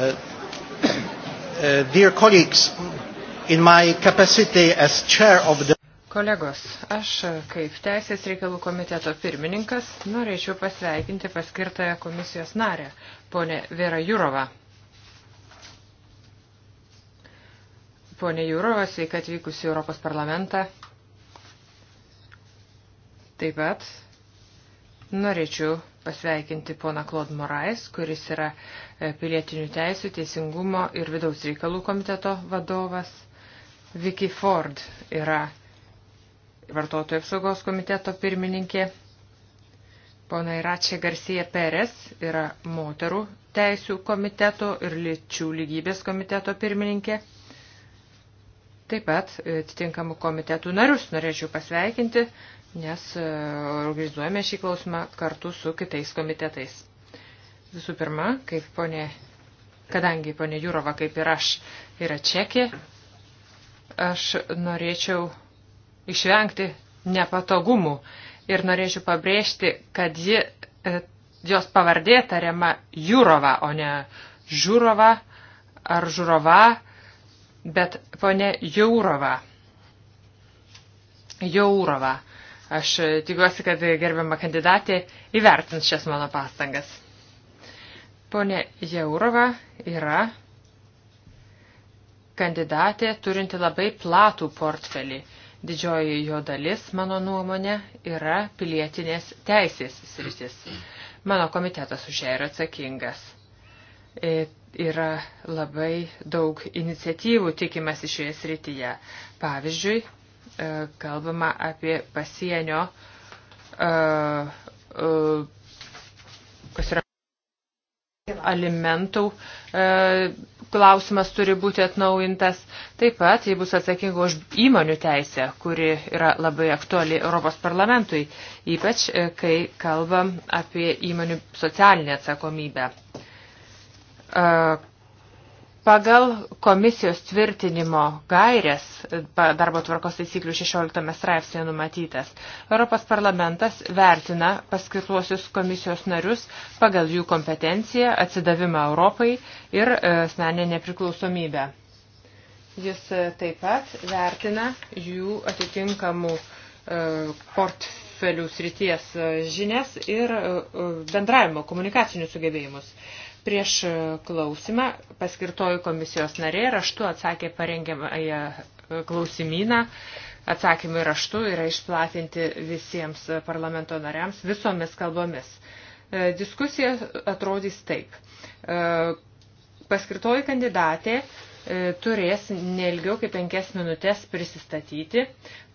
Uh, uh, dear colleagues, in my capacity as chair of the Kolegos, aš uh, kaip Teisės reikalų komiteto pirmininkas norėčiau pasveikinti paskirtąją komisijos narę, ponę Vera Jurova. Pone Jurova, sveika atvykusi Europos parlamentą. Taip pat norėčiau pasveikinti pona Claude Morais, kuris yra e, pilietinių teisų, teisingumo ir vidaus reikalų komiteto vadovas. Vicky Ford yra vartotojų apsaugos komiteto pirmininkė. Pona Iračia Garcia Perez yra moterų teisų komiteto ir lyčių lygybės komiteto pirmininkė. Taip pat e, atitinkamų komitetų narius norėčiau pasveikinti nes e, organizuojame šį klausimą kartu su kitais komitetais. Visų pirma, kaip ponė, kadangi ponė Jurova, kaip ir aš, yra čekė, aš norėčiau išvengti nepatogumų ir norėčiau pabrėžti, kad ji, e, jos pavardė tariama Jurova, o ne Žurova ar Žurova, bet ponė Jaurova. Jaurova. Aš tikiuosi, kad gerbiama kandidatė įvertins šias mano pastangas. Pone Jaurova yra kandidatė turinti labai platų portfelį. Didžioji jo dalis, mano nuomonė, yra pilietinės teisės sritis. Mano komitetas už ją yra atsakingas. E, yra labai daug iniciatyvų tikimasi šioje srityje. Pavyzdžiui, E, kalbama apie pasienio e, e, kas yra alimentų klausimas turi būti atnaujintas. Taip pat jie bus atsakinga už įmonių teisę, kuri yra labai aktuali Europos parlamentui, ypač kai kalbam apie įmonių socialinę atsakomybę. Pagal komisijos tvirtinimo gairės darbo tvarkos taisyklių 16 straipsnėje numatytas, Europos parlamentas vertina paskirtuosius komisijos narius pagal jų kompetenciją, atsidavimą Europai ir e, asmenę nepriklausomybę. Jis e, taip pat vertina jų atitinkamų e, portfelių srities žinias ir bendravimo komunikacinius sugebėjimus. Prieš klausimą paskirtoji komisijos narė raštu atsakė parengiamąją klausimyną. Atsakymai raštu yra išplatinti visiems parlamento nariams visomis kalbomis. E, diskusija atrodys taip. E, paskirtoji kandidatė e, turės nelgiau kaip penkias minutės prisistatyti.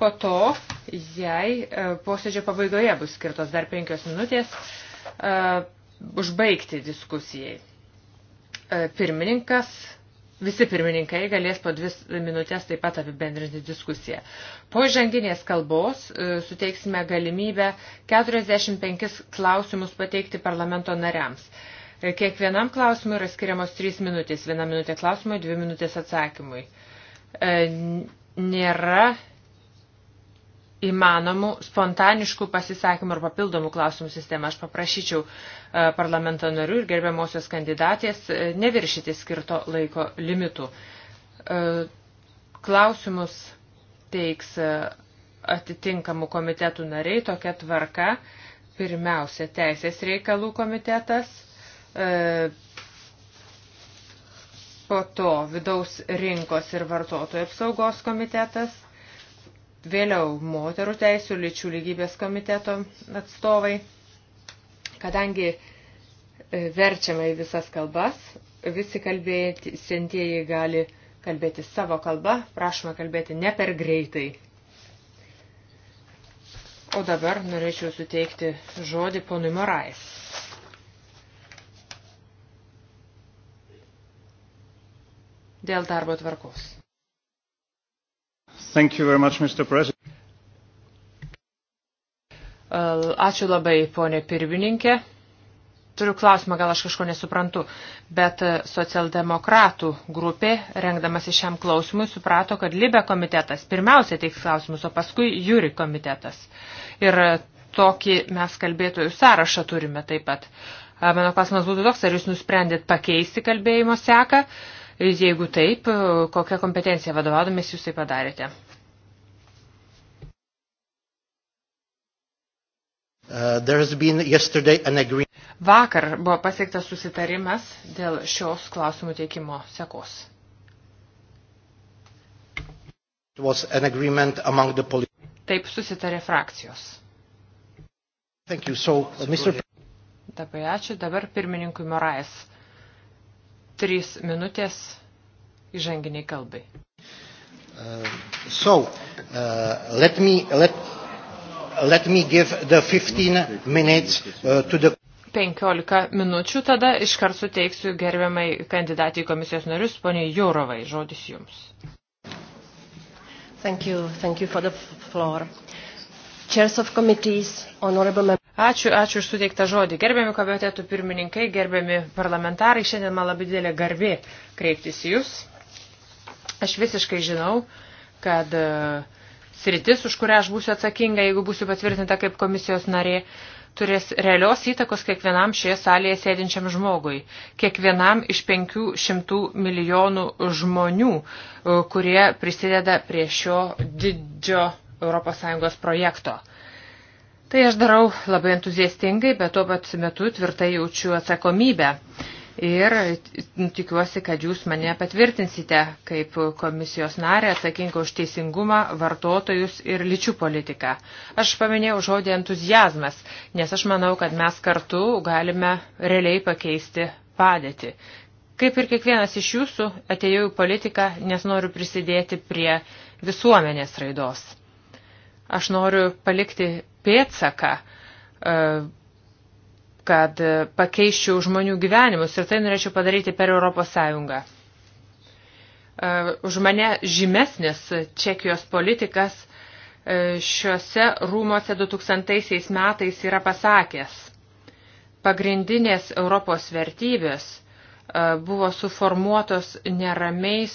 Po to, jei posėdžio pabaigoje bus skirtos dar penkios minutės, užbaigti diskusijai. E, pirmininkas, visi pirmininkai galės po dvi minutės taip pat apibendrinti diskusiją. Po žanginės kalbos e, suteiksime galimybę 45 klausimus pateikti parlamento nariams. E, kiekvienam klausimui yra skiriamos 3 minutės. Viena minutė klausimui, 2 minutės atsakymui. Nėra įmanomų spontaniškų pasisakymų ir papildomų klausimų sistemą. Aš paprašyčiau e, parlamento narių ir gerbiamosios kandidatės e, neviršyti skirto laiko limitų. E, klausimus teiks atitinkamų komitetų nariai tokia tvarka. Pirmiausia, teisės reikalų komitetas, po to vidaus rinkos ir vartotojų apsaugos komitetas, vėliau moterų teisų lyčių lygybės komiteto atstovai, kadangi e, verčiama į visas kalbas, visi kalbėti, sentieji gali kalbėti savo kalbą, prašoma kalbėti ne per greitai. O dabar norėčiau suteikti žodį ponui Morais. Dėl darbo tvarkos. Thank you very much, Mr. President. Ačiū labai, ponė pirmininkė. Turiu klausimą, gal aš kažko nesuprantu, bet e, socialdemokratų grupė, rengdamasi šiam klausimui, suprato, kad Libe komitetas pirmiausia teiks klausimus, o paskui Jūri komitetas. Ir e, tokį mes kalbėtojų sąrašą turime taip pat. Mano klausimas būtų toks, ar jūs nusprendėt pakeisti kalbėjimo seką? Uh, Jeigu taip, kokią kompetenciją vadovaudomės jūs tai padarėte? Uh, Vakar buvo pasiektas susitarimas dėl šios klausimų teikimo sekos. Taip susitarė frakcijos. Thank you. So, uh, Mr. Dabar ačiū. Dabar pirmininkui Morais trys minutės įžanginiai kalbai. Uh, so, uh, let me, let, let me give the 15 minutes uh, to the 15 minučių tada iškart suteiksiu gerbiamai kandidatai į komisijos narius, poniai Jūrovai, žodis jums. Thank you, thank you for the floor. Chairs of committees, honorable members. Ačiū, ačiū už suteiktą žodį. Gerbiami komitetų pirmininkai, gerbiami parlamentarai, šiandien man labai didelė garbė kreiptis į Jūs. Aš visiškai žinau, kad e, sritis, už kurią aš būsiu atsakinga, jeigu būsiu patvirtinta kaip komisijos narė, turės realios įtakos kiekvienam šioje salėje sėdinčiam žmogui, kiekvienam iš 500 milijonų žmonių, e, kurie prisideda prie šio didžio ES projekto. Tai aš darau labai entuziastingai, bet tuo pat metu tvirtai jaučiu atsakomybę. Ir tikiuosi, kad jūs mane patvirtinsite kaip komisijos narė atsakinga už teisingumą, vartotojus ir lyčių politiką. Aš paminėjau žodį entuzijazmas, nes aš manau, kad mes kartu galime realiai pakeisti padėtį. Kaip ir kiekvienas iš jūsų, atėjau į politiką, nes noriu prisidėti prie visuomenės raidos. Aš noriu palikti pėtsaką, e, kad pakeiščiau žmonių gyvenimus ir tai norėčiau padaryti per Europos Sąjungą. E, už mane žymesnis Čekijos politikas e, šiuose rūmose 2000 metais yra pasakęs. Pagrindinės Europos vertybės buvo suformuotos neramiais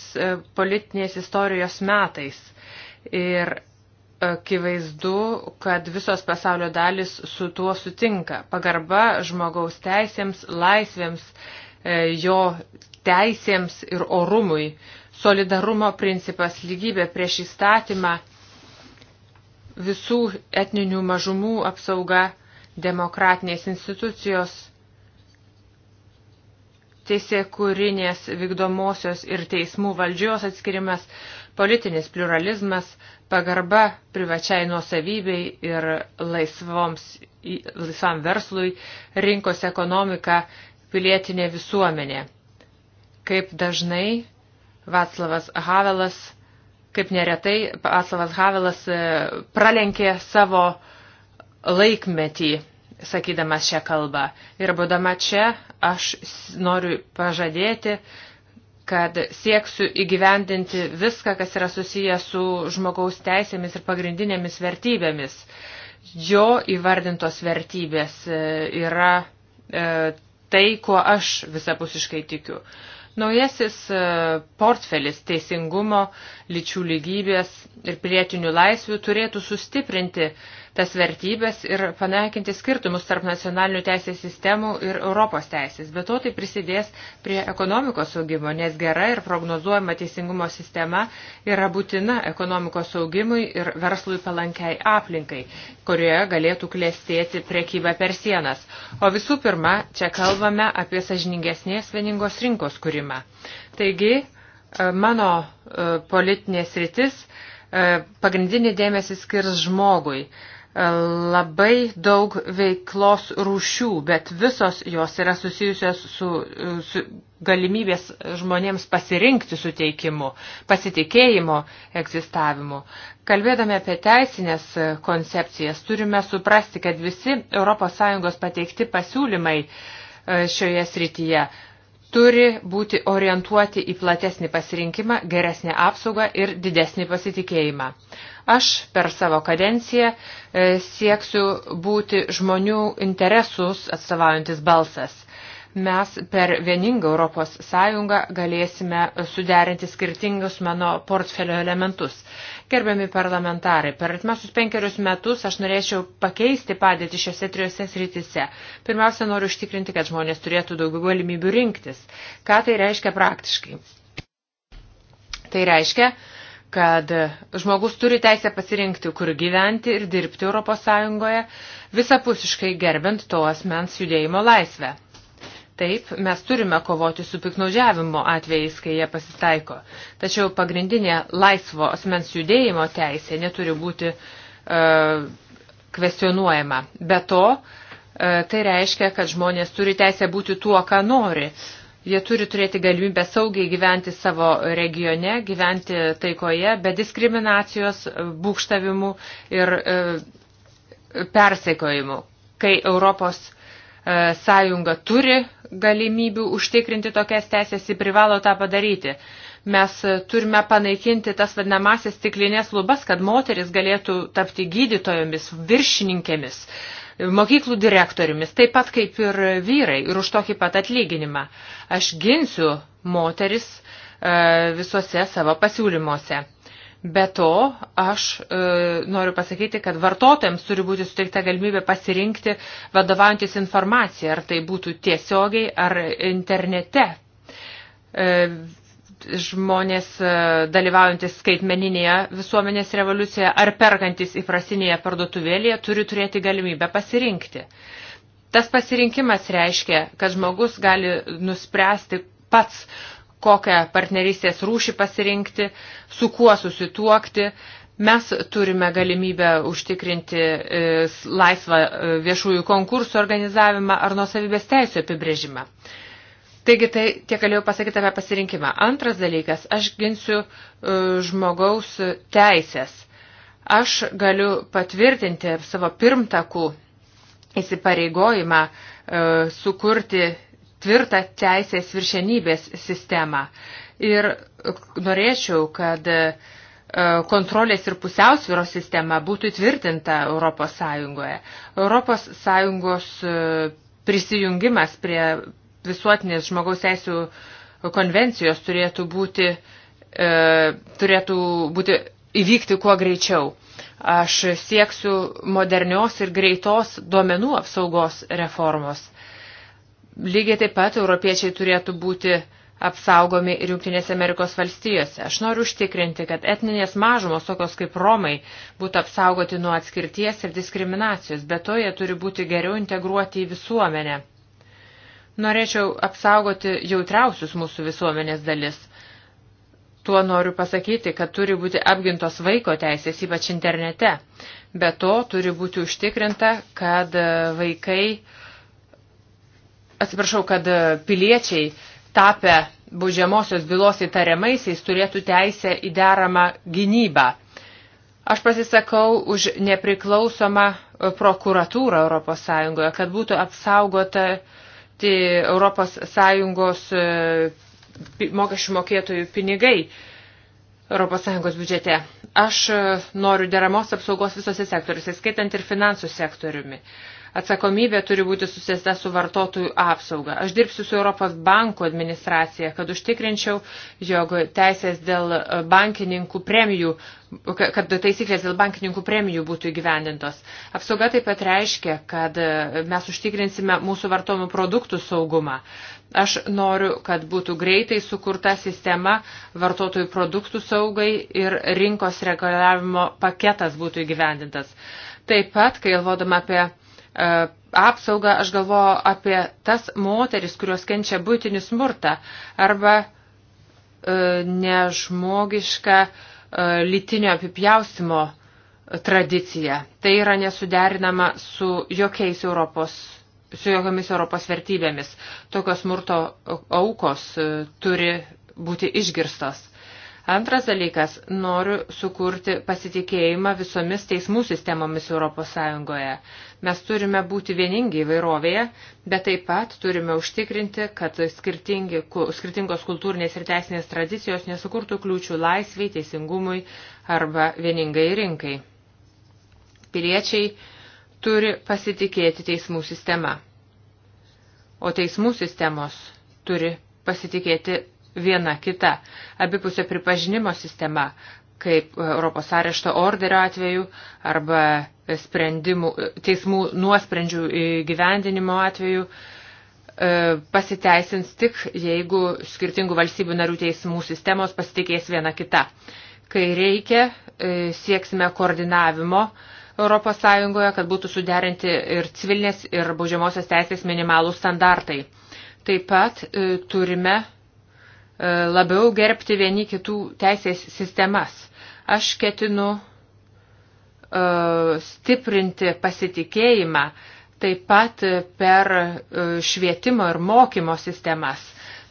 politinės istorijos metais. Ir akivaizdu, kad visos pasaulio dalis su tuo sutinka. Pagarba žmogaus teisėms, laisvėms, e, jo teisėms ir orumui, solidarumo principas, lygybė prieš įstatymą, visų etninių mažumų apsauga, demokratinės institucijos teisėkūrinės vykdomosios ir teismų valdžios atskirimas, politinis pluralizmas, pagarba privačiai nuosavybei ir laisvoms, laisvam verslui, rinkos ekonomika, pilietinė visuomenė. Kaip dažnai Vaclavas Havelas, kaip neretai Vaclavas Havelas e, pralenkė savo laikmetį sakydamas šią kalbą. Ir būdama čia, aš noriu pažadėti, kad sieksiu įgyvendinti viską, kas yra susiję su žmogaus teisėmis ir pagrindinėmis vertybėmis. Jo įvardintos vertybės e, yra e, tai, kuo aš visapusiškai tikiu. Naujasis e, portfelis teisingumo, lyčių lygybės ir pilietinių laisvių turėtų sustiprinti uh, tas vertybės ir panaikinti skirtumus tarp nacionalinių teisės sistemų ir Europos teisės. Be to tai prisidės prie ekonomikos augimo, nes gera ir prognozuojama teisingumo sistema yra būtina ekonomikos augimui ir verslui palankiai aplinkai, kurioje galėtų klėstėti prekyba per sienas. O visų pirma, čia kalbame apie sažiningesnės vieningos rinkos kūrimą. Taigi, e, mano e, politinės rytis e, pagrindinį dėmesį skirs žmogui labai daug veiklos rūšių, bet visos jos yra susijusios su, su galimybės žmonėms pasirinkti suteikimu, pasitikėjimo egzistavimu. Kalbėdami apie teisinės koncepcijas, turime suprasti, kad visi ES pateikti pasiūlymai e, šioje srityje turi būti orientuoti į platesnį pasirinkimą, geresnį apsaugą ir didesnį pasitikėjimą. Aš per savo kadenciją e, sieksiu būti žmonių interesus atstovaujantis balsas mes per vieningą Europos Sąjungą galėsime suderinti skirtingus mano portfelio elementus. Gerbiami parlamentarai, per atmesus penkerius metus aš norėčiau pakeisti padėtį šiuose trijose srityse. Pirmiausia, noriu užtikrinti, kad žmonės turėtų daugiau galimybių rinktis. Ką tai reiškia praktiškai? Tai reiškia, kad žmogus turi teisę pasirinkti, kur gyventi ir dirbti ES, visapusiškai gerbent to asmens judėjimo laisvę. Taip, mes turime kovoti su piknaudžiavimo atvejais, kai jie pasitaiko. Tačiau pagrindinė laisvo asmens judėjimo teisė neturi būti e, kvestionuojama. Be to, e, tai reiškia, kad žmonės turi teisę būti tuo, ką nori. Jie turi turėti galimybę saugiai gyventi savo regione, gyventi taikoje, be diskriminacijos, būkštavimų ir e, persekojimų. Kai Europos E, sąjunga turi galimybių užtikrinti tokias teisės, ji privalo tą padaryti. Mes turime panaikinti tas vadinamasis stiklinės lubas, kad moteris galėtų tapti gydytojomis, viršininkėmis, mokyklų direktoriumis, taip pat kaip ir vyrai, ir už tokį pat atlyginimą. Aš ginsiu moteris e, visuose savo pasiūlymuose. Be to, aš e, noriu pasakyti, kad vartotojams turi būti suteikta galimybė pasirinkti vadovaujantis informaciją, ar tai būtų tiesiogiai ar internete. E, žmonės e, dalyvaujantis skaitmeninėje visuomenės revoliucijoje ar perkantis įprasinėje parduotuvėlėje turi turėti galimybę pasirinkti. Tas pasirinkimas reiškia, kad žmogus gali nuspręsti pats kokią partnerystės rūšį pasirinkti, su kuo susituokti. Mes turime galimybę užtikrinti e, laisvą e, viešųjų konkursų organizavimą ar nuosavybės teisų apibrėžimą. Taigi tai tiek galėjau pasakyti apie pasirinkimą. Antras dalykas, aš ginsiu e, žmogaus teisės. Aš galiu patvirtinti savo pirmtakų įsipareigojimą sukurti tvirtą teisės viršenybės sistemą. Ir norėčiau, kad e, kontrolės ir pusiausvyros sistema būtų įtvirtinta Europos Sąjungoje. Europos Sąjungos e, prisijungimas prie visuotinės žmogaus teisų konvencijos turėtų būti, e, turėtų būti įvykti kuo greičiau. Aš sieksiu modernios ir greitos duomenų apsaugos reformos. Lygiai taip pat europiečiai turėtų būti apsaugomi ir Junktinėse Amerikos valstijose. Aš noriu užtikrinti, kad etninės mažumos, tokios kaip Romai, būtų apsaugoti nuo atskirties ir diskriminacijos, bet to jie turi būti geriau integruoti į visuomenę. Norėčiau apsaugoti jautriausius mūsų visuomenės dalis. Tuo noriu pasakyti, kad turi būti apgintos vaiko teisės, ypač internete. Be to turi būti užtikrinta, kad vaikai atsiprašau, kad e, piliečiai tapę baudžiamosios bylos įtariamaisiais turėtų teisę į deramą gynybą. Aš pasisakau už nepriklausomą e, prokuratūrą ES, kad būtų apsaugota ES e, mokesčių mokėtojų pinigai ES biudžete. Aš noriu deramos apsaugos visose sektoriuose, skaitant ir finansų sektoriumi. Uh, Atsakomybė turi būti susėsta su vartotojų apsauga. Aš dirbsiu su Europos bankų administracija, kad užtikrinčiau, jog teisės dėl bankininkų premijų, kad taisyklės dėl bankininkų premijų būtų įgyvendintos. Apsauga taip pat reiškia, kad mes užtikrinsime mūsų vartojimų produktų saugumą. Aš noriu, kad būtų greitai sukurta sistema vartotojų produktų saugai ir rinkos reguliavimo paketas būtų įgyvendintas. Taip pat, kai galvodama apie E, apsaugą, aš galvoju apie tas moteris, kurios kenčia būtinį smurtą arba e, nežmogišką e, litinio apipjaustimo tradiciją. Tai yra nesuderinama su jokiais Europos su jokiamis Europos vertybėmis. Tokios smurto aukos e, turi būti išgirstos. Antras dalykas - noriu sukurti pasitikėjimą visomis teismų sistemomis Europos Sąjungoje. Mes turime būti vieningi įvairovėje, bet taip pat turime užtikrinti, kad skirtingos kultūrinės ir teisinės tradicijos nesukurtų kliūčių laisviai, teisingumui arba vieningai rinkai. Piliečiai turi pasitikėti teismų sistema, o teismų sistemos turi pasitikėti viena kita, abipusio pripažinimo sistema, kaip e, Europos arešto orderio atveju arba sprendimų, e, teismų nuosprendžių gyvendinimo atveju e, pasiteisins tik, jeigu skirtingų valstybių narių teismų sistemos pasitikės viena kita. Kai reikia, sieksime koordinavimo ES, kad būtų suderinti ir civilinės, ir baudžiamosios teisės minimalų standartai. Taip pat turime labiau gerbti vieni kitų teisės sistemas. Aš ketinu e, stiprinti pasitikėjimą taip pat per e, švietimo ir mokymo sistemas.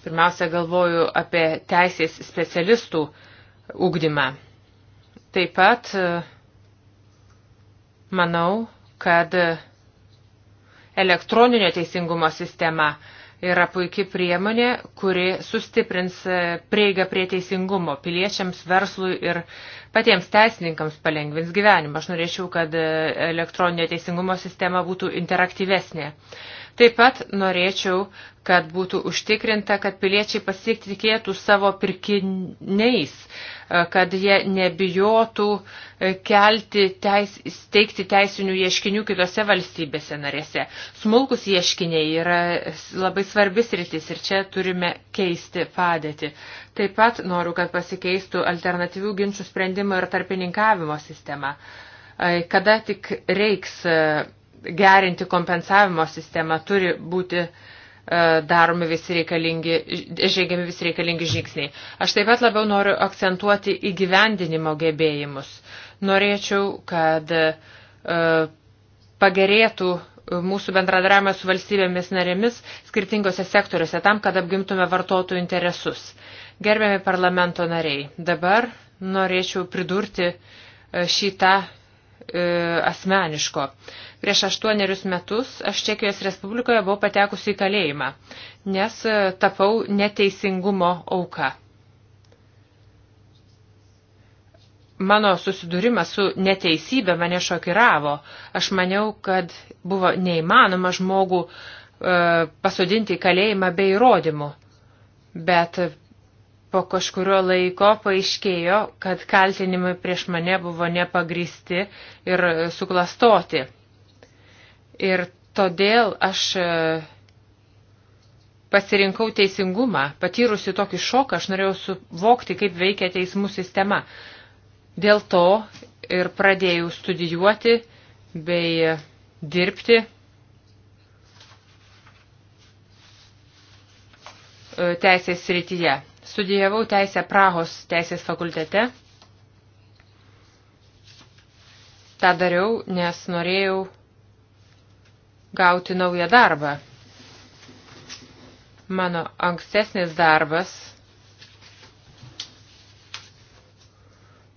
Pirmiausia, galvoju apie teisės specialistų ūkdymą. Taip pat e, manau, kad elektroninio teisingumo sistema uh, yra puikia priemonė, kuri sustiprins e, prieigą prie teisingumo piliečiams, verslui ir patiems teisininkams palengvins gyvenimą. Aš norėčiau, kad e, elektroninio teisingumo sistema būtų interaktyvesnė. Taip pat norėčiau, kad būtų užtikrinta, kad piliečiai pasitikėtų savo pirkiniais, e, kad jie nebijotų e, kelti teis, steigti teisinių ieškinių kitose valstybėse narėse. Smulkus ieškiniai yra labai svarbis rytis ir čia turime keisti padėtį. Taip pat noriu, kad pasikeistų alternatyvių ginčių sprendimo ir tarpininkavimo sistema. E, kada tik reiks gerinti kompensavimo sistemą, turi būti e, daromi visi reikalingi, žaigiami visi reikalingi žingsniai. Aš taip pat labiau noriu akcentuoti įgyvendinimo gebėjimus. Norėčiau, kad e, pagerėtų mūsų bendradarbiavimas su valstybėmis narėmis skirtingose sektoriuose tam, kad apgimtume vartotojų interesus. Gerbiami parlamento nariai, dabar norėčiau pridurti e, šitą e, asmeniško. Prieš aštuonerius metus aš Čekijos Respublikoje buvau patekusi į kalėjimą, nes e, tapau neteisingumo auka. Mano susidūrimas su neteisybė mane šokiravo. Aš maniau, kad buvo neįmanoma žmogų e, pasodinti į kalėjimą be įrodymų. Bet Po kažkurio laiko paaiškėjo, kad kaltinimai prieš mane buvo nepagristi ir suklastoti. Ir todėl aš e, pasirinkau teisingumą. Patyrusi tokį šoką, aš norėjau suvokti, kaip veikia teismų sistema. Dėl to ir pradėjau studijuoti bei dirbti e, teisės srityje. Studijavau teisę Prahos teisės fakultete. Ta dariau, nes norėjau gauti naują darbą. Mano ankstesnis darbas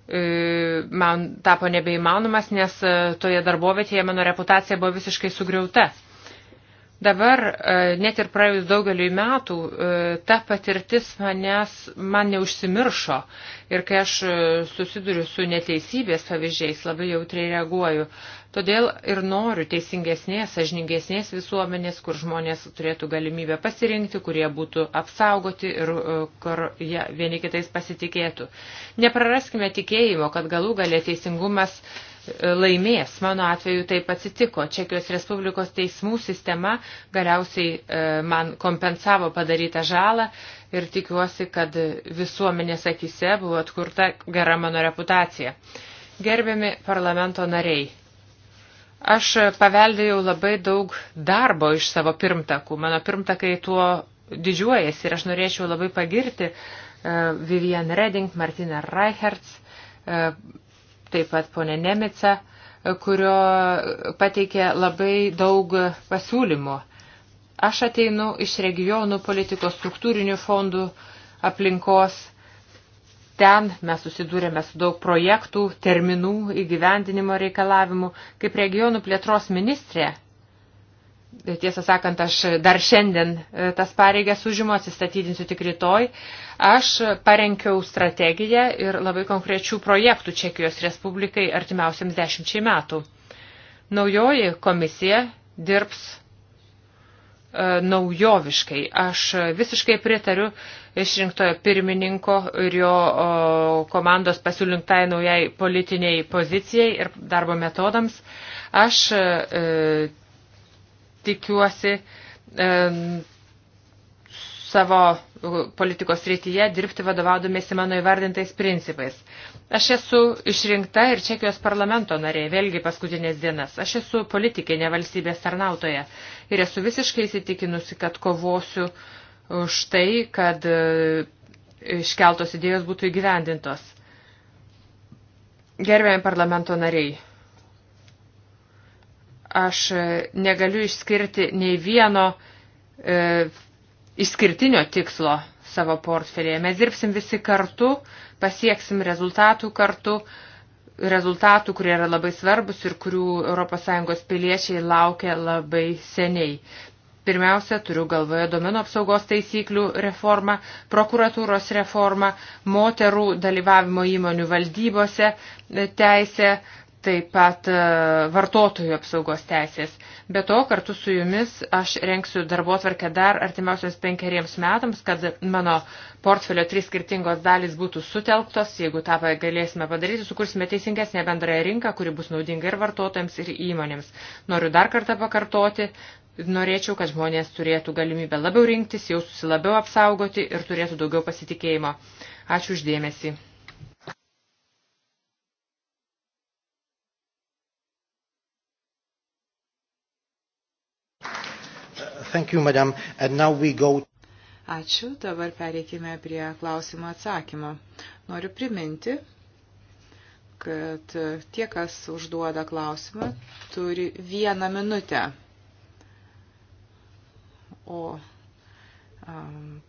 e, man tapo nebeįmanomas, nes e, toje darbovietėje mano reputacija buvo visiškai sugriauta. Dabar, e, net ir praėjus daugeliui metų, e, ta patirtis manęs, man neužsimiršo. Ir kai aš e, susiduriu su neteisybės pavyzdžiais, labai jautriai reaguoju. Todėl ir noriu teisingesnės, sažiningesnės visuomenės, kur žmonės turėtų galimybę pasirinkti, kurie būtų apsaugoti ir kur jie vieni kitais pasitikėtų. Nepraraskime tikėjimo, kad galų galė teisingumas laimės. Mano atveju taip atsitiko. Čekijos Respublikos teismų sistema galiausiai e, man kompensavo padarytą žalą ir tikiuosi, kad visuomenės akise buvo atkurta gera mano reputacija. Gerbiami parlamento nariai, aš paveldėjau labai daug darbo iš savo pirmtakų. Mano pirmtakai tuo didžiuojasi ir aš norėčiau labai pagirti e, Vivian Redding, Martina Reichertz, e, taip pat ponė Nemica, kurio pateikė labai daug pasiūlymų. Aš ateinu iš regionų politikos struktūrinių fondų aplinkos. Ten mes susidūrėme su daug projektų, terminų, įgyvendinimo reikalavimų. Kaip regionų plėtros ministrė, tiesą sakant, aš dar šiandien e, tas pareigas užimu, atsistatydinsiu tik rytoj. Aš parenkiau strategiją ir labai konkrečių projektų Čekijos Respublikai artimiausiams dešimčiai metų. Naujoji komisija dirbs e, naujoviškai. Aš visiškai pritariu išrinktojo pirmininko ir jo o, komandos pasiūlinktai naujai politiniai pozicijai ir darbo metodams. Aš e, tikiuosi savo politikos rytyje dirbti vadovaudomėsi mano įvardintais principais. Aš esu išrinkta ir Čekijos parlamento narė, vėlgi paskutinės dienas. Aš esu politikė, ne valstybės tarnautoja. Ir esu visiškai įsitikinusi, kad kovosiu už tai, kad e, iškeltos idėjos būtų įgyvendintos. Gerbėjami parlamento nariai, Aš negaliu išskirti nei vieno e, išskirtinio tikslo savo portfelėje. Mes dirbsim visi kartu, pasieksim rezultatų kartu, rezultatų, kurie yra labai svarbus ir kurių ES piliečiai laukia labai seniai. Pirmiausia, turiu galvoje domino apsaugos taisyklių reformą, prokuratūros reformą, moterų dalyvavimo įmonių valdybose teisę, taip pat e, vartotojų apsaugos teisės. Be to, kartu su jumis aš renksiu darbo atvarkę dar artimiausios penkeriems metams, kad mano portfelio trys skirtingos dalys būtų sutelktos. Jeigu tą galėsime padaryti, sukursime teisingesnę bendrąją rinką, kuri bus naudinga ir vartotojams, ir įmonėms. Noriu dar kartą pakartoti. Norėčiau, kad žmonės turėtų galimybę labiau rinktis, jaustųsi labiau apsaugoti ir turėtų daugiau pasitikėjimo. Ačiū uždėmesi. Thank you, madam. And now we go. Ačiū, dabar pereikime prie klausimo atsakymo. Noriu priminti, kad tie, kas užduoda klausimą, turi vieną minutę. O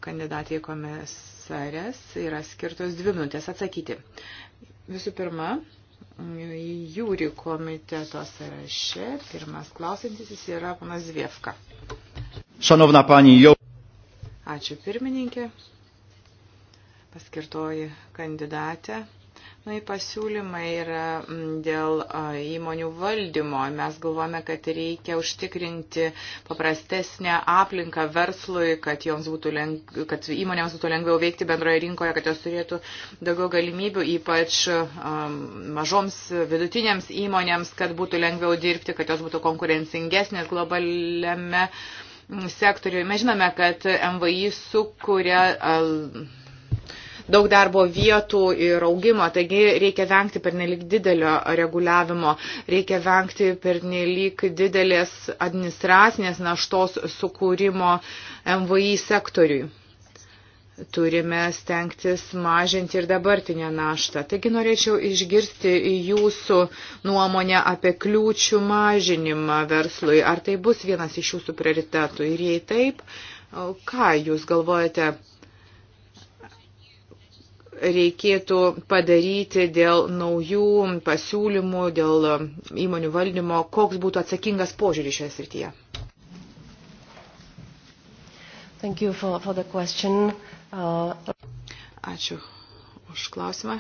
kandidatė į komisarės yra skirtos dvi minutės atsakyti. Visų pirma, jūri komiteto sąraše pirmas klausantis jis yra panas Zviefka. Szanowna Pani Jo. Ačiū pirmininkė, paskirtoji kandidatė. Na, pasiūlymai yra mm, dėl įmonių valdymo. Mes galvome, kad reikia užtikrinti paprastesnę aplinką verslui, kad, būtų leng... kad įmonėms būtų lengviau veikti bendroje rinkoje, kad jos turėtų daugiau galimybių, ypač um, mažoms vidutinėms įmonėms, kad būtų lengviau dirbti, kad jos būtų konkurencingesnės globaliame. Um, sektoriui. Mes žinome, kad MVI sukuria daug darbo vietų ir augimo, taigi reikia vengti pernelik didelio reguliavimo, reikia vengti pernelik didelės administracinės naštos sukūrimo MVI sektoriui turime stengtis mažinti ir dabartinę naštą. Taigi norėčiau išgirsti jūsų nuomonę apie kliūčių mažinimą verslui. Ar tai bus vienas iš jūsų prioritetų? Ir jei taip, ką jūs galvojate reikėtų padaryti dėl naujų pasiūlymų, dėl įmonių valdymo, koks būtų atsakingas požiūris šioje srityje? Thank you for, for the question. Ačiū už klausimą.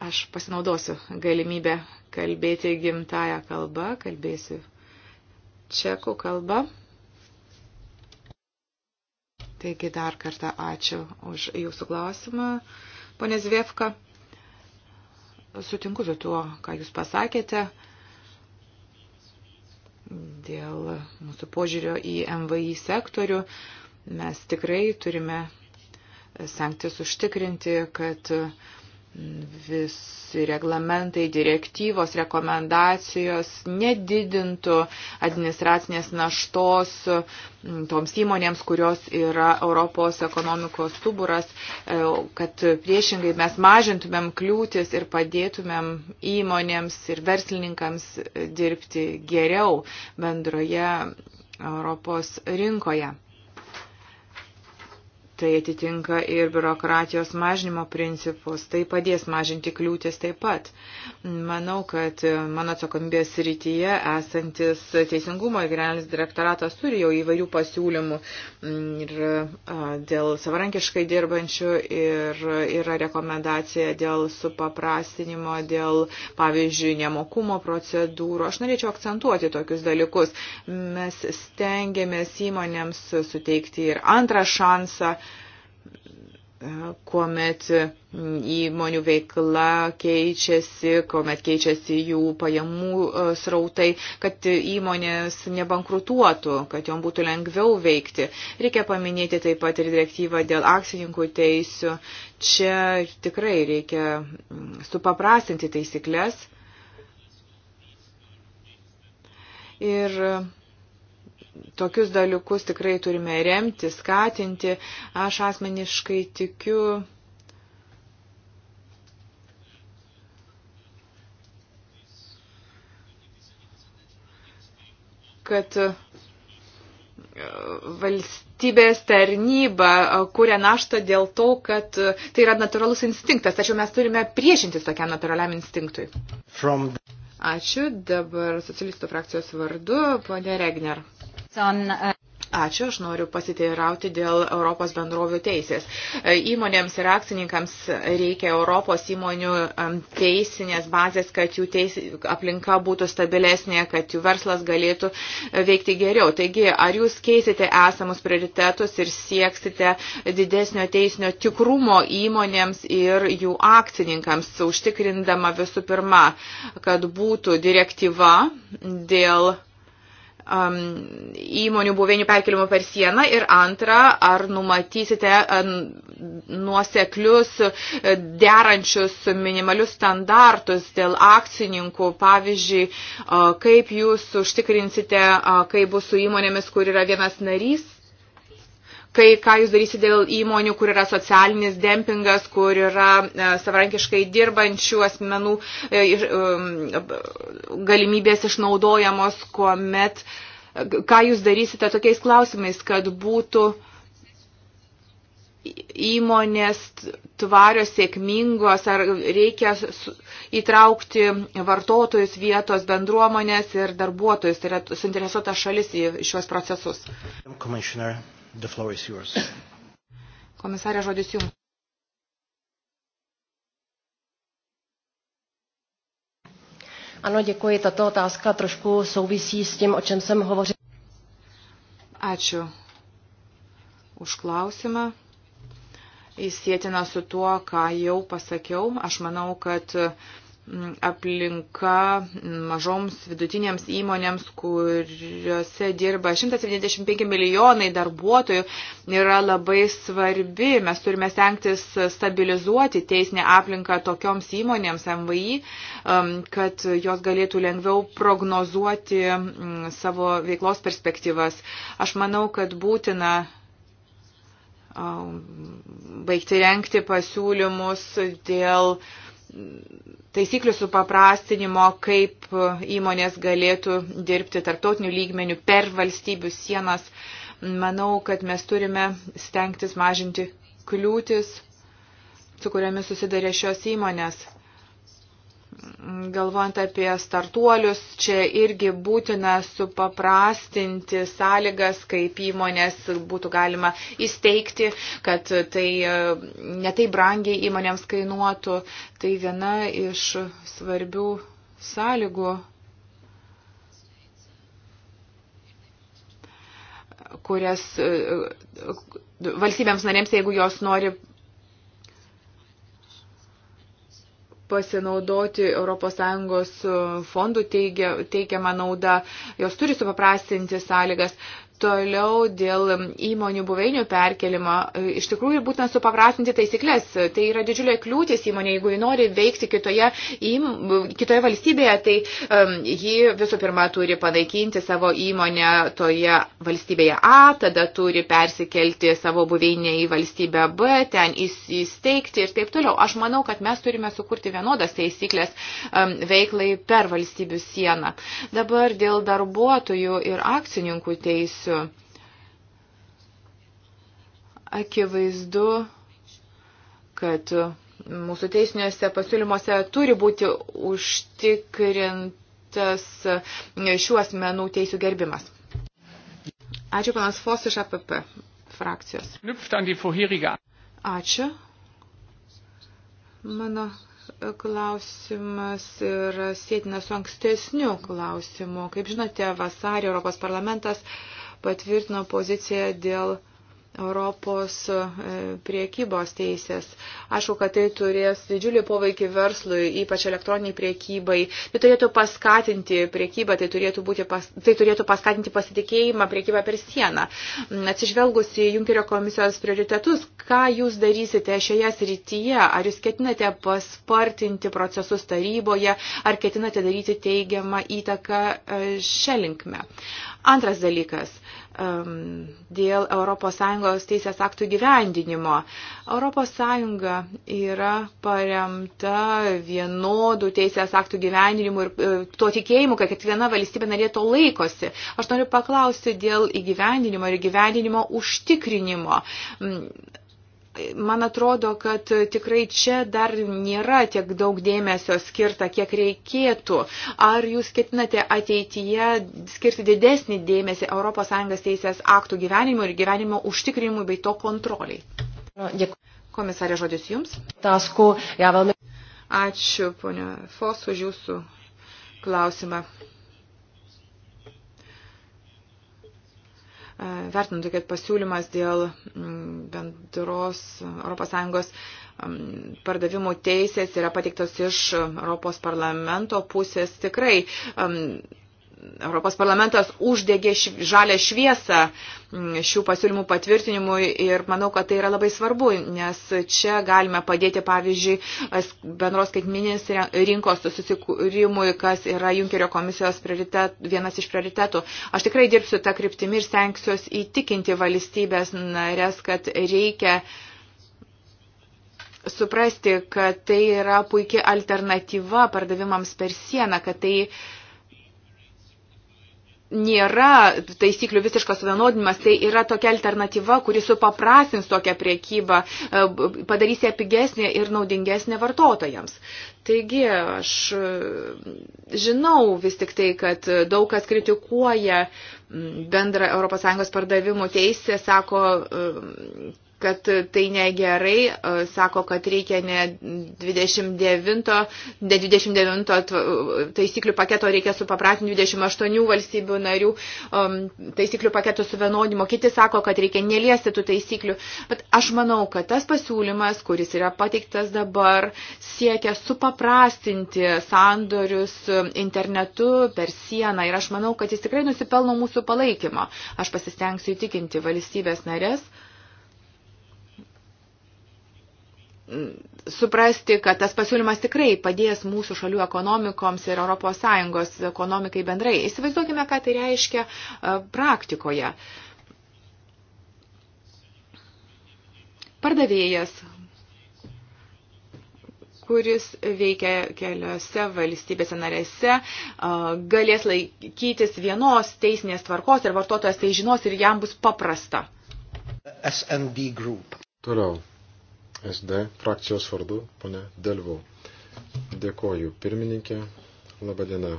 Aš pasinaudosiu galimybę kalbėti gimtają kalbą, kalbėsiu čekų kalbą. Taigi dar kartą ačiū už jūsų klausimą, ponė Zviefka. Sutinku su tuo, ką jūs pasakėte dėl mūsų požiūrio į MVI sektorių. Uh, Mes tikrai turime sankcijas užtikrinti, kad visi reglamentai, direktyvos, rekomendacijos nedidintų administracinės naštos toms įmonėms, kurios yra Europos ekonomikos stuburas, kad priešingai mes mažintumėm kliūtis ir padėtumėm įmonėms ir verslininkams dirbti geriau bendroje Europos rinkoje. Tai atitinka ir biurokratijos mažinimo principus. Tai padės mažinti kliūtis taip pat. Manau, kad mano atsakomybės rytyje esantis Teisingumo ir generalinis direktoratas turi jau įvairių pasiūlymų ir dėl savarankiškai dirbančių ir yra rekomendacija dėl supaprastinimo, dėl, pavyzdžiui, nemokumo procedūrų. Aš norėčiau akcentuoti tokius dalykus. Mes stengiamės įmonėms suteikti ir antrą šansą kuomet įmonių veikla keičiasi, kuomet keičiasi jų pajamų e, srautai, kad įmonės nebankrutuotų, kad jom būtų lengviau veikti. Reikia paminėti taip pat ir direktyvą dėl akcininkų teisių. Čia tikrai reikia mm, supaprastinti taisyklės. Ir tokius dalykus tikrai turime remti, skatinti. Aš asmeniškai tikiu kad e, valstybės tarnyba e, kūrė naštą dėl to, kad e, tai yra natūralus instinktas, tačiau mes turime priešintis tokiam natūraliam instinktui. From... Ačiū dabar socialistų frakcijos vardu, ponė Regner. Uh, Ačiū, aš noriu pasiteirauti dėl Europos bendrovių teisės. E, įmonėms ir akcininkams reikia Europos įmonių um, teisinės bazės, kad jų teis, aplinka būtų stabilesnė, kad jų verslas galėtų e, veikti geriau. Taigi, ar jūs keisite esamus prioritetus ir sieksite didesnio teisinio tikrumo įmonėms ir jų akcininkams, užtikrindama visų pirma, kad būtų direktyva dėl um, įmonių buveinių perkelimo per sieną ir antra, ar numatysite uh, nuoseklius uh, derančius minimalius standartus dėl akcininkų, pavyzdžiui, uh, kaip jūs užtikrinsite, kaip bus su įmonėmis, kur yra vienas narys tai ką jūs darysite dėl įmonių, kur yra socialinis dempingas, kur yra e, savarankiškai dirbančių asmenų e, um, galimybės išnaudojamos, kuomet, e, ką jūs darysite tokiais klausimais, kad būtų įmonės tvarios, sėkmingos, ar reikia įtraukti vartotojus, vietos bendruomonės ir darbuotojus, tai yra suinteresuotas šalis į šiuos procesus. Komisioner. The floor is yours. Komisarė, žodis jums. Ano, děkuji. Tato otázka trošku souvisí s tím, o čem jsem hovořil. Ačiū už klausimą. Įsietina su tuo, ką jau pasakiau. Aš manau, kad uh, aplinka mažoms vidutinėms įmonėms, kuriuose dirba 175 milijonai darbuotojų, yra labai svarbi. Mes turime stengtis stabilizuoti teisinę aplinką tokioms įmonėms MVI, um, kad jos galėtų lengviau prognozuoti mm, savo veiklos perspektyvas. Aš manau, kad būtina um, baigti renkti pasiūlymus dėl uh, taisyklių supaprastinimo, kaip įmonės galėtų dirbti tarptautinių lygmenių per valstybių sienas. Manau, kad mes turime stengtis mažinti kliūtis, su kuriamis susidarė šios įmonės galvojant apie startuolius, čia irgi būtina supaprastinti sąlygas, kaip įmonės būtų galima įsteigti, kad tai e, netai brangiai įmonėms kainuotų. Tai viena iš svarbių sąlygų kurias e, valstybėms narėms, jeigu jos nori pasinaudoti ES uh, fondų teigia, teigiamą naudą, jos turi supaprastinti sąlygas. Toliau dėl įmonių buveinių perkelimo. E, iš tikrųjų, būtina supaprastinti taisyklės. Tai yra didžiulė kliūtis įmonė. Jeigu ji nori veikti kitoje, im, kitoje valstybėje, tai um, ji visų pirma turi panaikinti savo įmonę toje valstybėje A, tada turi persikelti savo buveinę į valstybę B, ten įsteigti ir taip toliau. Aš manau, kad mes turime sukurti vienodas taisyklės um, veiklai per valstybių sieną. Dabar dėl darbuotojų ir akcininkų teisų mėnesių. Akivaizdu, kad mūsų teisiniuose pasiūlymuose turi būti užtikrintas šių asmenų teisų gerbimas. Ačiū panas Fos iš APP frakcijos. Ačiū. Mano klausimas yra sėtina su ankstesniu klausimu. Kaip žinote, vasarį Europos parlamentas uh, patvirtino poziciją dėl Europos e, priekybos teisės. Aišku, kad tai turės didžiulį poveikį verslui, ypač elektroniniai priekybai. Tai turėtų paskatinti priekybą, tai turėtų, būti pas, tai turėtų paskatinti pasitikėjimą priekybą per sieną. Mm, atsižvelgus į Junkerio komisijos prioritetus, ką jūs darysite šioje srityje? Ar jūs ketinate paspartinti procesus taryboje, ar ketinate daryti teigiamą įtaką e, šią linkmę? Antras dalykas um, dėl ES teisės aktų gyvendinimo. ES yra paremta vienodų teisės aktų gyvendinimu ir e, tuo tikėjimu, kad kiekviena valstybė narė to laikosi. Aš noriu paklausti dėl įgyvendinimo ir įgyvendinimo užtikrinimo. Mm man atrodo, kad tikrai čia dar nėra tiek daug dėmesio skirta, kiek reikėtų. Ar jūs ketinate ateityje skirti didesnį dėmesį ES teisės aktų gyvenimui ir gyvenimo užtikrinimui bei to kontroliai? Komisarė, žodis jums. Tasku, ja, Ačiū, ponia Fos, už jūsų klausimą. vertinant, tai, kad pasiūlymas dėl mm, bendros ES mm, pardavimų teisės yra pateiktas iš Europos parlamento pusės tikrai mm, Europos parlamentas uždegė žalę šviesą mm, šių pasiūlymų patvirtinimui ir manau, kad tai yra labai svarbu, nes čia galime padėti, pavyzdžiui, bendros skaitminės rinkos susikūrimui, kas yra Junkerio komisijos prioritet, vienas iš prioritetų. Aš tikrai dirbsiu tą kryptimį ir stengsiuos įtikinti valstybės narės, kad reikia suprasti, kad tai yra puikia alternatyva pardavimams per sieną, kad tai uh, nėra taisyklių visiškas vienodinimas, tai yra tokia alternatyva, kuri supaprasins tokią priekybą, e, padarys ją pigesnė ir naudingesnė vartotojams. Taigi aš e, žinau vis tik tai, kad daug kas kritikuoja bendrą ES pardavimų teisę, sako, e, kad tai negerai, e, sako, kad reikia ne 29, ne 29 taisyklių paketo, reikia supapratinti 28 valstybių narių um, taisyklių paketo suvienodimo, kiti sako, kad reikia neliesti tų taisyklių. Bet aš manau, kad tas pasiūlymas, kuris yra pateiktas dabar, siekia supaprastinti sandorius um, internetu per sieną ir aš manau, kad jis tikrai nusipelno mūsų palaikymo. Aš pasistengsiu įtikinti valstybės narės. suprasti, kad tas pasiūlymas tikrai padės mūsų šalių ekonomikoms ir ES ekonomikai bendrai. Įsivaizduokime, ką tai reiškia e, praktikoje. Pardavėjas, kuris veikia keliose valstybėse narėse, e, galės laikytis vienos teisinės tvarkos ir vartotojas tai žinos ir jam bus paprasta. SND Group. Toliau. SD frakcijos vardu, ponė Delvau. Dėkoju pirmininkė, labadiena.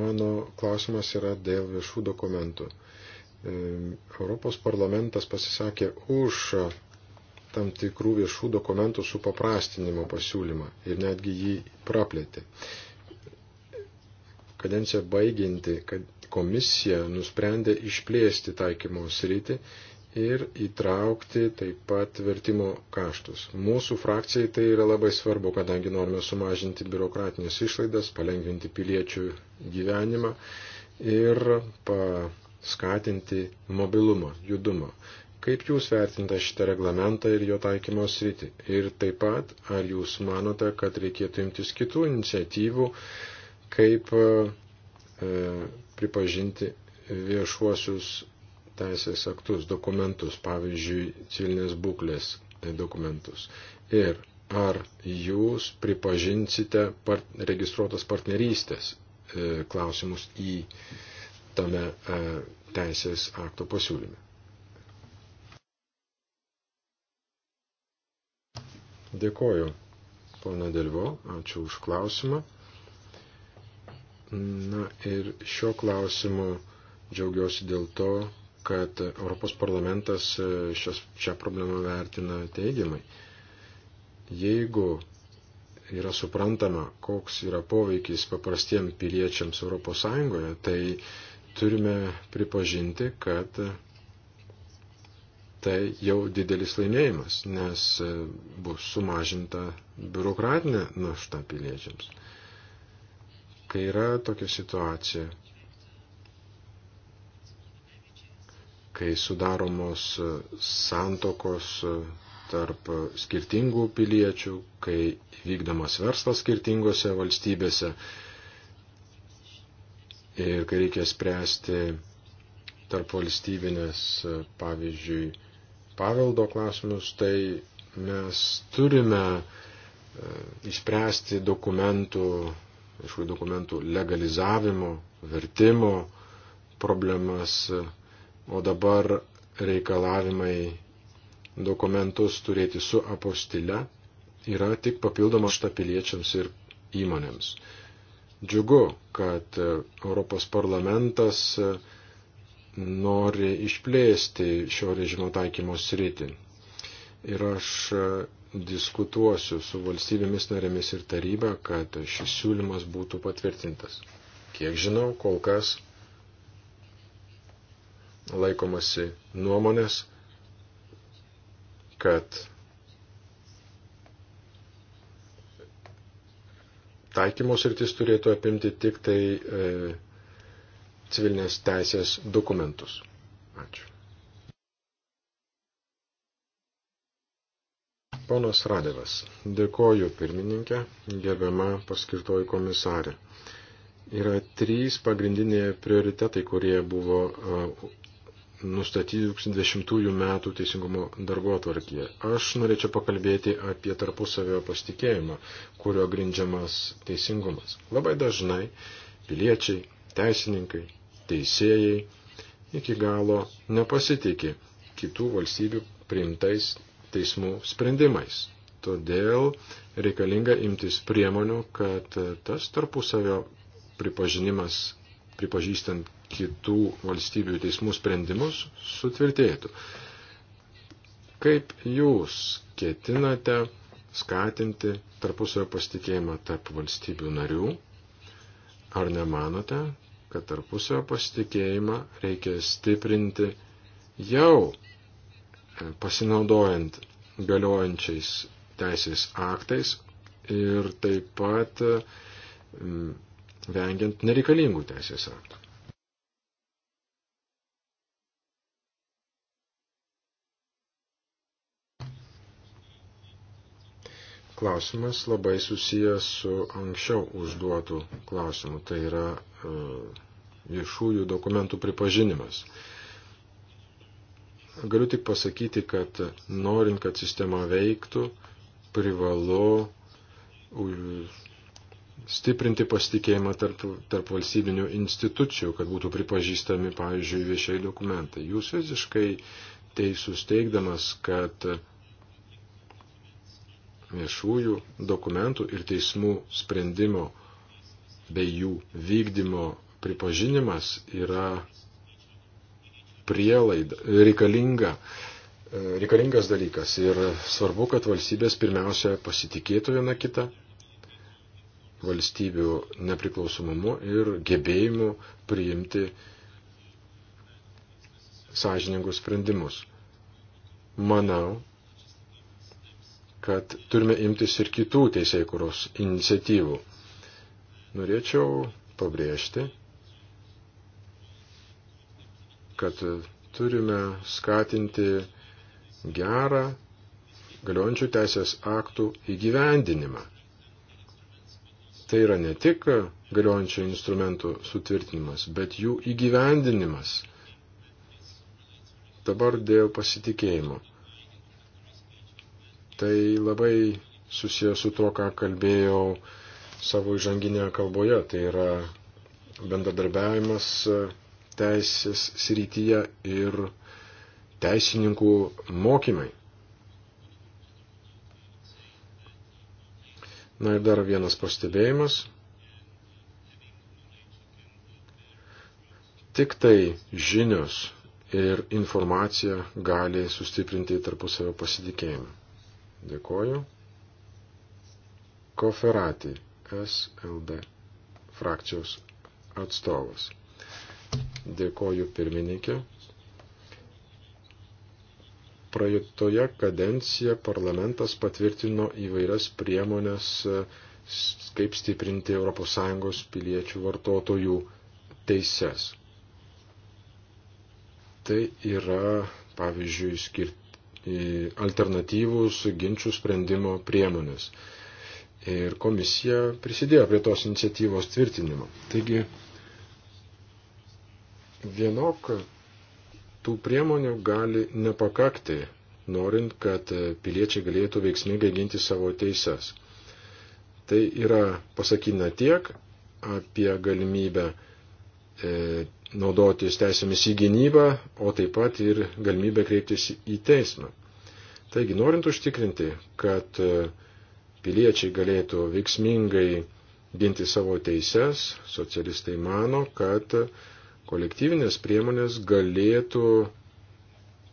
Mano klausimas yra dėl viešų dokumentų. E, Europos parlamentas pasisakė už tam tikrų viešų dokumentų supaprastinimo pasiūlymą ir netgi jį praplėtė. Kadencija baiginti, kad komisija nusprendė išplėsti taikymo sritį ir įtraukti taip pat vertimo kaštus. Mūsų frakcijai tai yra labai svarbu, kadangi norime sumažinti biurokratinės išlaidas, palengvinti piliečių gyvenimą ir paskatinti mobilumą, judumą. Kaip jūs vertinate šitą reglamentą ir jo taikymo sritį? Ir taip pat, ar jūs manote, kad reikėtų imtis kitų iniciatyvų, kaip e, pripažinti viešuosius teisės aktus, dokumentus, pavyzdžiui, civilinės būklės tai dokumentus. Ir ar jūs pripažinsite part, registruotas partnerystės e, klausimus į tame e, teisės akto pasiūlyme. Dėkoju, pana Delvo, ačiū už klausimą. Na ir šio klausimu džiaugiuosi dėl to, kad Europos parlamentas e, šios, šią problemą vertina teigiamai. Jeigu yra suprantama, koks yra poveikis paprastiem piliečiams ES, tai turime pripažinti, kad tai jau didelis laimėjimas, nes e, bus sumažinta biurokratinė našta piliečiams. Kai yra tokia situacija, kai sudaromos e, santokos e, tarp skirtingų piliečių, kai vykdomas verslas skirtingose valstybėse ir kai reikia spręsti tarp valstybinės, e, pavyzdžiui, paveldo klausimus, tai mes turime išspręsti dokumentų, iš dokumentų legalizavimo, vertimo problemas o dabar reikalavimai dokumentus turėti su apostile yra tik papildoma šta piliečiams ir įmonėms. Džiugu, kad e, Europos parlamentas e, nori išplėsti šio režimo taikymo sritį. Ir aš e, diskutuosiu su valstybėmis narėmis ir taryba, kad šis siūlymas būtų patvirtintas. Kiek žinau, kol kas laikomasi nuomonės, kad taikymos rytis turėtų apimti tik tai e, civilinės teisės dokumentus. Ačiū. Ponas Radevas, dėkoju pirmininkė, gerbiama paskirtoji komisarė. Yra trys pagrindiniai prioritetai, kurie buvo e, nustatyti 2020 metų teisingumo darbo atvarkyje. Aš norėčiau pakalbėti apie tarpusavio pasitikėjimą, kurio grindžiamas teisingumas. Labai dažnai piliečiai, teisininkai, teisėjai iki galo nepasitikė kitų valstybių priimtais teismų sprendimais. Todėl reikalinga imtis priemonių, kad tas tarpusavio pripažinimas, pripažįstant kitų valstybių teismų sprendimus sutvirtėtų. Kaip jūs ketinate skatinti tarpusavio pasitikėjimą tarp valstybių narių? Ar nemanote, kad tarpusavio pasitikėjimą reikia stiprinti jau e, pasinaudojant galiojančiais teisės aktais ir taip pat vengiant nereikalingų teisės aktų? klausimas labai susijęs su anksčiau užduotų klausimų, tai yra e, viešųjų dokumentų pripažinimas. Galiu tik pasakyti, kad norint, kad sistema veiktų, privalu stiprinti pasitikėjimą tarp, tarp valstybinių institucijų, kad būtų pripažįstami, pavyzdžiui, viešiai dokumentai. Jūs visiškai teisus teikdamas, kad viešųjų dokumentų ir teismų sprendimo bei jų vykdymo pripažinimas yra prielaida, reikalinga, e, reikalingas dalykas ir svarbu, kad valstybės pirmiausia pasitikėtų viena kita valstybių nepriklausomumu ir gebėjimu priimti sąžiningus sprendimus. Manau, kad turime imtis ir kitų teisėkuros iniciatyvų. Norėčiau pabrėžti, kad turime skatinti gerą galiojančių teisės aktų įgyvendinimą. Tai yra ne tik galiojančių instrumentų sutvirtinimas, bet jų įgyvendinimas. Dabar dėl pasitikėjimo. Tai labai susijęs su to, ką kalbėjau savo įžanginėje kalboje. Tai yra bendradarbiavimas teisės srityje ir teisininkų mokymai. Na ir dar vienas pastebėjimas. Tik tai žinios ir informacija gali sustiprinti tarpusavio pasitikėjimą. Dėkoju. Koferatį, SLD frakcijos atstovas. Dėkoju pirmininkė. Praeitoje kadencijoje parlamentas patvirtino įvairias priemonės, kaip stiprinti ES piliečių vartotojų teises. Tai yra, pavyzdžiui, skirti alternatyvus ginčių sprendimo priemonės. Ir komisija prisidėjo prie tos iniciatyvos tvirtinimo. Taigi, vienok tų priemonių gali nepakakti, norint, kad piliečiai galėtų veiksmingai ginti savo teises. Tai yra pasakyna tiek apie galimybę e, naudotis teisėmis į gynybą, o taip pat ir galimybę kreiptis į teismą. Taigi, norint užtikrinti, kad e, piliečiai galėtų veiksmingai ginti savo teises, socialistai mano, kad kolektyvinės priemonės galėtų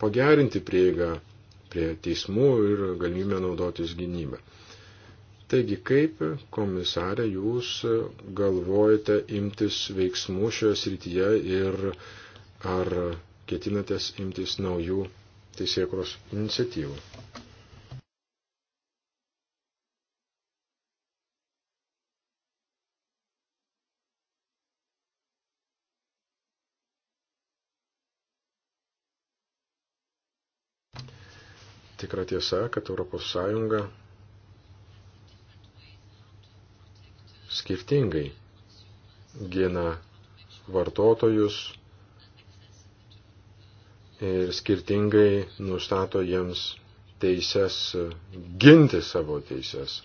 pagerinti prieigą prie teismų ir galimybę naudotis gynybą. Taigi, kaip komisarė jūs galvojate imtis veiksmų šioje srityje ir ar ketinatės imtis naujų teisėkros iniciatyvų? Tikra tiesa, kad ES skirtingai gina vartotojus ir skirtingai nustato jiems teises ginti savo teises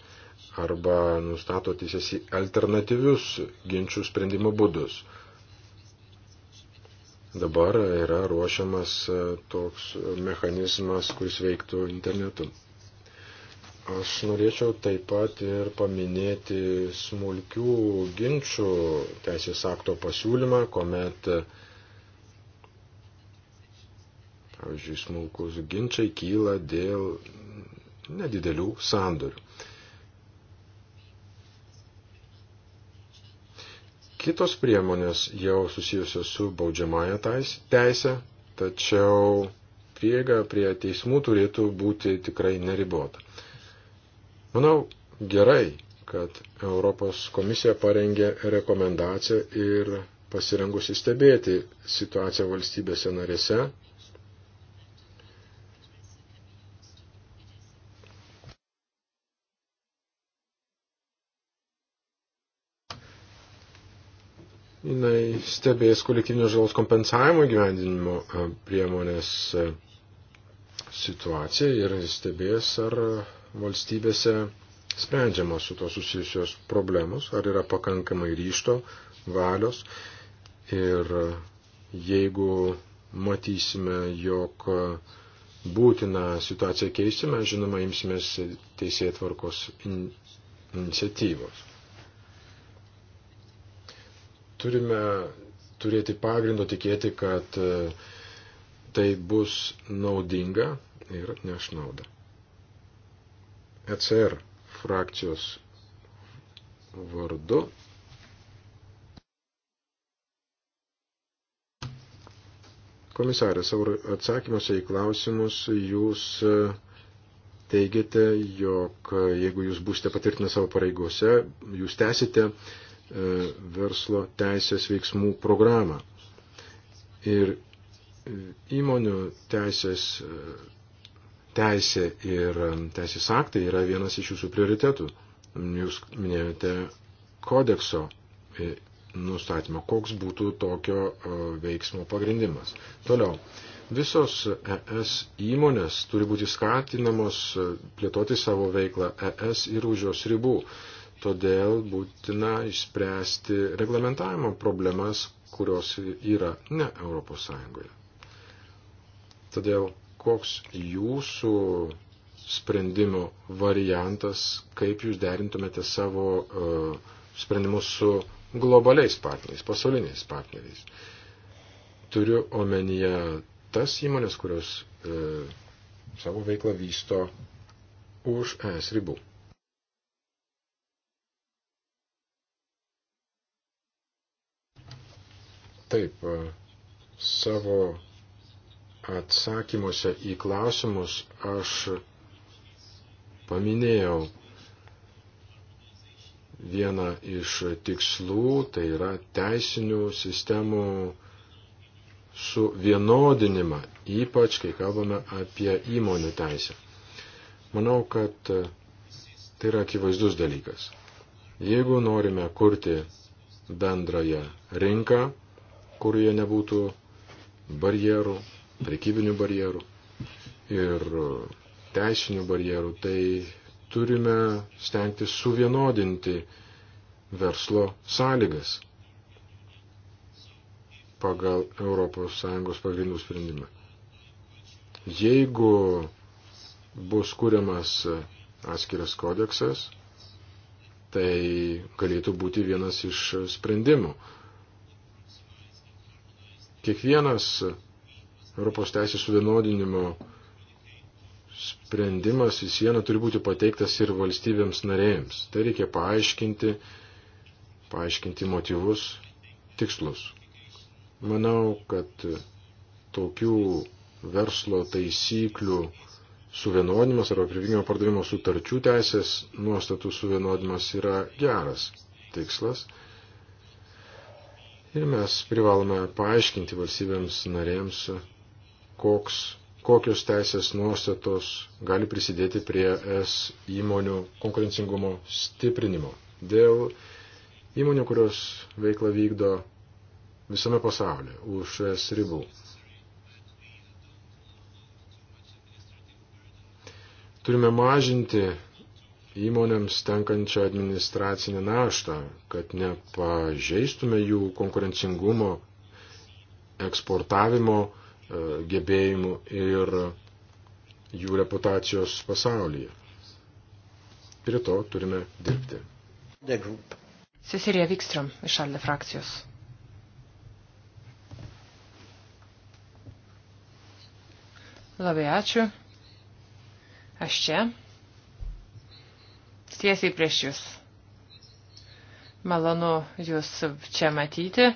arba nustato teises į alternatyvius ginčių sprendimo būdus. Dabar yra ruošiamas toks mechanizmas, kuris veiktų internetu. Aš norėčiau taip pat ir paminėti smulkių ginčių teisės akto pasiūlymą, kuomet, pavyzdžiui, smulkus ginčiai kyla dėl nedidelių sandorių. Kitos priemonės jau susijusios su baudžiamąją teisę, tačiau prieiga prie teismų turėtų būti tikrai neribota. Manau, gerai, kad Europos komisija parengė rekomendaciją ir pasirengusi stebėti situaciją valstybėse narėse. Jis stebės kolektyvinio žalos kompensavimo gyvendinimo e, priemonės e, situaciją ir stebės, ar valstybėse sprendžiamos su to susijusios problemos, ar yra pakankamai ryšto, valios ir jeigu matysime, jog būtina situaciją keisti, mes žinoma imsimės teisėtvarkos in iniciatyvos. Turime turėti pagrindo tikėti, kad e, tai bus naudinga ir neš naudą. ECR frakcijos vardu. Komisarė, savo atsakymuose į klausimus jūs e, teigiate, jog e, jeigu jūs būsite patvirtinę savo pareigose, jūs tęsite e, verslo teisės veiksmų programą. Ir įmonių teisės teisė ir um, teisės aktai yra vienas iš jūsų prioritetų. Jūs minėjote kodekso e, nustatymą, koks būtų tokio veiksmo pagrindimas. Toliau, visos ES įmonės turi būti skatinamos e, plėtoti savo veiklą ES ir už jos ribų. Todėl būtina išspręsti reglamentavimo problemas, kurios yra ne Europos Sąjungoje. Todėl koks jūsų sprendimų variantas, kaip jūs derintumėte savo e, sprendimus su globaliais partneriais, pasauliniais partneriais. Turiu omenyje tas įmonės, kurios e, savo veiklą vysto už ES ribų. Taip, e, savo atsakymuose į klausimus aš paminėjau vieną iš tikslų, tai yra teisinių sistemų suvienodinimą, ypač kai kalbame apie įmonių teisę. Manau, kad tai yra akivaizdus dalykas. Jeigu norime kurti bendrąją rinką, kurioje nebūtų barjerų, prekybinių barjerų ir teisinių barjerų, tai turime stengti suvienodinti verslo sąlygas pagal ES pagrindų sprendimą. Jeigu bus kuriamas atskiras kodeksas, tai galėtų būti vienas iš sprendimų. Kiekvienas Europos teisės suvienodinimo sprendimas į sieną turi būti pateiktas ir valstybėms narėjams. Tai reikia paaiškinti, paaiškinti motyvus, tikslus. Manau, kad tokių verslo taisyklių suvienodinimas arba pirkimo pardavimo sutarčių teisės nuostatų suvienodinimas yra geras tikslas. Ir mes privalome paaiškinti valstybėms narėms koks, kokios teisės nuostatos gali prisidėti prie S įmonių konkurencingumo stiprinimo. Dėl įmonių, kurios veiklą vykdo visame pasaulyje už S ribų. Turime mažinti įmonėms tenkančią administracinę naštą, kad nepažeistume jų konkurencingumo eksportavimo E, gebėjimų ir jų reputacijos pasaulyje. Prie to turime dirbti. Cecilija Vikstrom iš Alde frakcijos. Labai ačiū. Aš čia. Tiesiai prieš Jūs. Malonu Jūs čia matyti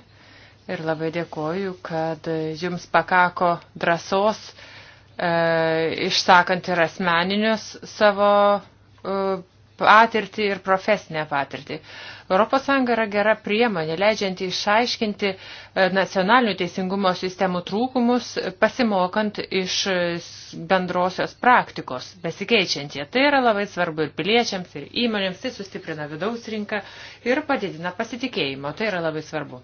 ir labai dėkoju, kad jums pakako drąsos e, išsakant ir asmeninius savo e, patirtį ir profesinę patirtį. ES yra gera priemonė, leidžianti išaiškinti e, nacionalinių teisingumo sistemų trūkumus, pasimokant iš bendrosios praktikos, besikeičiant jie. Tai yra labai svarbu ir piliečiams, ir įmonėms, tai sustiprina vidaus rinką ir padidina pasitikėjimo. Tai yra labai svarbu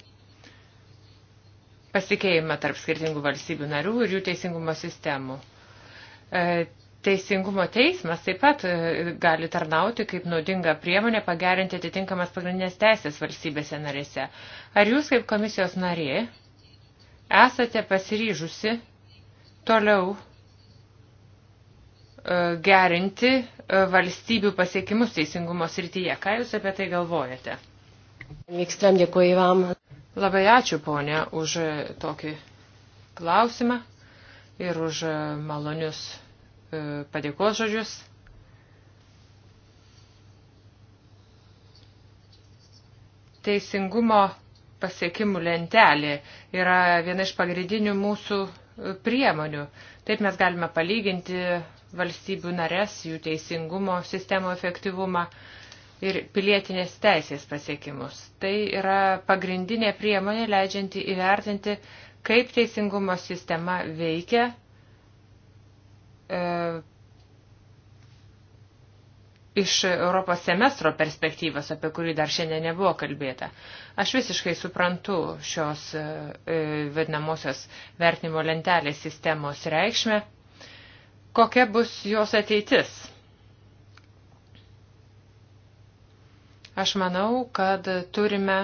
pasikeimą tarp skirtingų valstybių narių ir jų teisingumo sistemų. E, teisingumo teismas taip pat e, gali tarnauti kaip naudinga priemonė pagerinti atitinkamas pagrindinės teisės valstybėse narėse. Ar jūs kaip komisijos narė esate pasiryžusi toliau e, gerinti valstybių pasiekimus teisingumo srityje? Ką jūs apie tai galvojate? Vikström, dėkuoju vam. Labai ačiū, ponė, už tokį klausimą ir už malonius e, padėkos žodžius. Teisingumo pasiekimų lentelė yra viena iš pagrindinių mūsų e, priemonių. Taip mes galime palyginti valstybių narės, jų teisingumo sistemo efektyvumą ir pilietinės teisės pasiekimus. Tai yra pagrindinė priemonė leidžianti įvertinti, kaip teisingumo sistema veikia e, iš Europos semestro perspektyvos, apie kurį dar šiandien nebuvo kalbėta. Aš visiškai suprantu šios e, e vadinamosios vertinimo lentelės sistemos reikšmę. Kokia bus jos ateitis? Aš manau, kad turime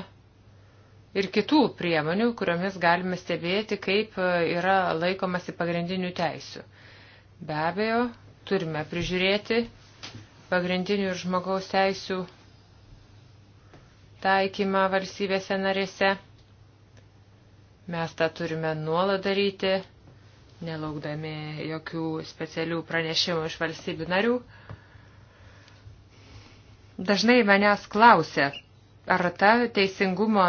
ir kitų priemonių, kuriomis galime stebėti, kaip yra laikomasi pagrindinių teisių. Be abejo, turime prižiūrėti pagrindinių ir žmogaus teisių taikymą valstybėse narėse. Mes tą turime nuolat daryti, nelaukdami jokių specialių pranešimų iš valstybių narių. Dažnai manęs klausia, ar ta teisingumo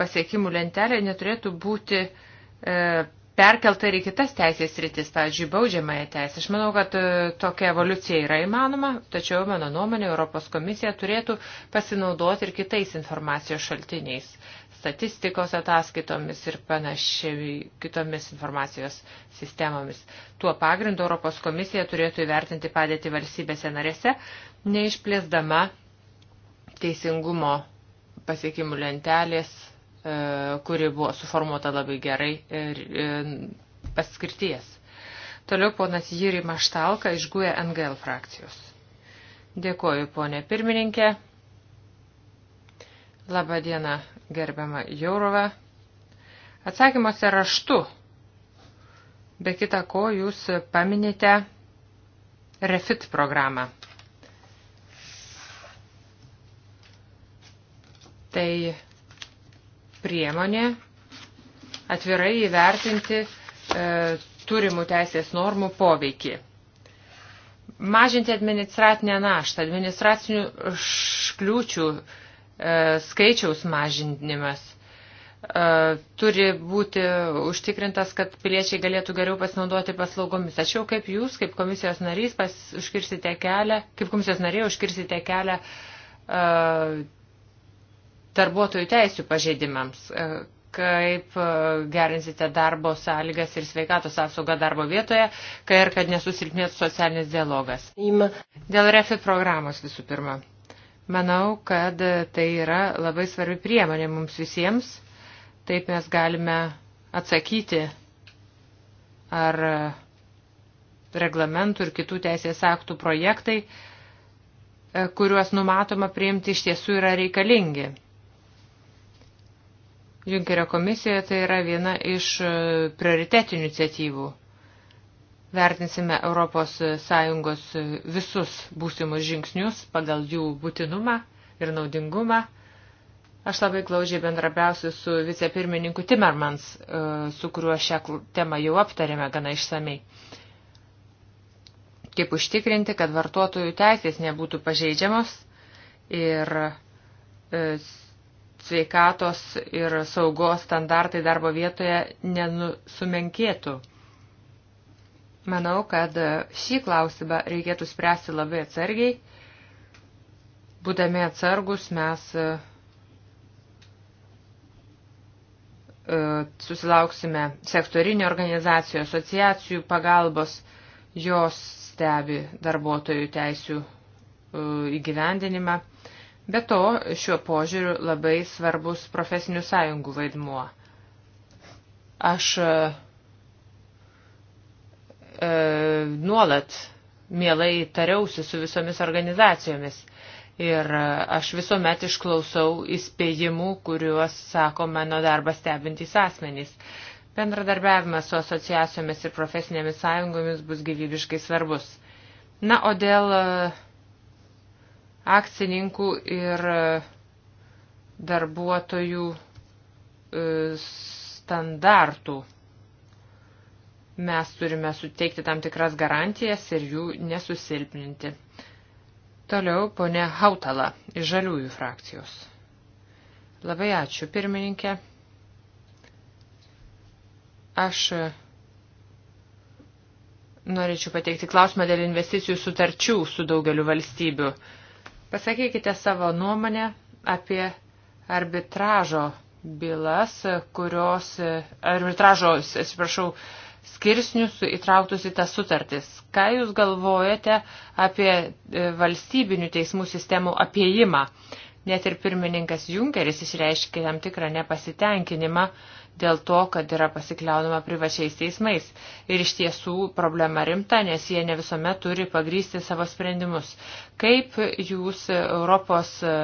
pasiekimų lentelė neturėtų būti e, perkelta ir į kitas teisės rytis, pavyzdžiui, baudžiamąją teisę. Aš manau, kad e, tokia evoliucija yra įmanoma, tačiau, mano nuomonė, Europos komisija turėtų pasinaudoti ir kitais informacijos šaltiniais statistikos ataskaitomis ir panašiai kitomis informacijos sistemomis. Tuo pagrindu Europos komisija turėtų įvertinti padėtį valstybėse narėse, neišplėsdama teisingumo pasiekimų lentelės, e, kuri buvo suformuota labai gerai ir e, paskirties. Toliau ponas Jiri Maštalka iš GUE NGL frakcijos. Dėkoju, ponė pirmininkė. Labą dieną, gerbiama Jaurova. Atsakymuose raštu. Be kita ko, jūs paminite REFIT programą. tai priemonė atvirai įvertinti e, turimų teisės normų poveikį. Mažinti administracinę naštą, administracinių kliūčių e, skaičiaus mažinimas e, turi būti užtikrintas, kad piliečiai galėtų geriau pasinaudoti paslaugomis. Tačiau kaip jūs, kaip komisijos narys, pas, užkirsite kelią, kaip komisijos narė užkirsite kelią uh, darbuotojų teisų pažeidimams, e, kaip e, gerinsite darbo sąlygas ir sveikatos apsaugą darbo vietoje, kai ir kad nesusilpnėtų socialinis dialogas. Dėl refit programos visų pirma. Manau, kad tai yra labai svarbi priemonė mums visiems. Taip mes galime atsakyti, ar e, reglamentų ir kitų teisės aktų projektai, kuriuos numatoma priimti, iš tiesų yra reikalingi. Junkerio komisijoje tai yra viena iš e, prioritetinių iniciatyvų. Vertinsime Europos Sąjungos visus būsimus žingsnius pagal jų būtinumą ir naudingumą. Aš labai glaudžiai bendrabiausiu su vicepirmininku Timmermans, e, su kuriuo šią temą jau aptarėme gana išsamei. Kaip užtikrinti, kad vartotojų teisės nebūtų pažeidžiamos ir e, sveikatos ir saugos standartai darbo vietoje nesumenkėtų. Manau, kad šį klausimą reikėtų spręsti labai atsargiai. Būdami atsargus mes e, e, susilauksime sektorinio organizacijų, asociacijų pagalbos, jos stebi darbuotojų teisių e, įgyvendinimą. Be to, šiuo požiūriu labai svarbus profesinių sąjungų vaidmuo. Aš e, e nuolat mielai tariausi su visomis organizacijomis ir e, aš visuomet išklausau įspėjimų, kuriuos sako mano darbą stebintys asmenys. Bendradarbiavimas su asociacijomis ir profesinėmis sąjungomis bus gyvybiškai svarbus. Na, o dėl e, akcininkų ir e, darbuotojų e, standartų. Mes turime suteikti tam tikras garantijas ir jų nesusilpninti. Toliau ponė Hautala iš Žaliųjų frakcijos. Labai ačiū, pirmininkė. Aš e, norėčiau pateikti klausimą dėl investicijų sutarčių su daugeliu valstybių. Pasakykite savo nuomonę apie arbitražo bylas, kurios, arbitražo, atsiprašau, skirsnius įtrauktus į tas sutartis. Ką Jūs galvojate apie e, valstybinių teismų sistemų apiejimą? Net ir pirmininkas Junkeris išreiškė tam tikrą nepasitenkinimą uh, dėl to, kad yra pasikliaunama privačiais teismais. Ir iš tiesų problema rimta, nes jie ne visuomet turi pagrysti savo sprendimus. Kaip jūs Europos e,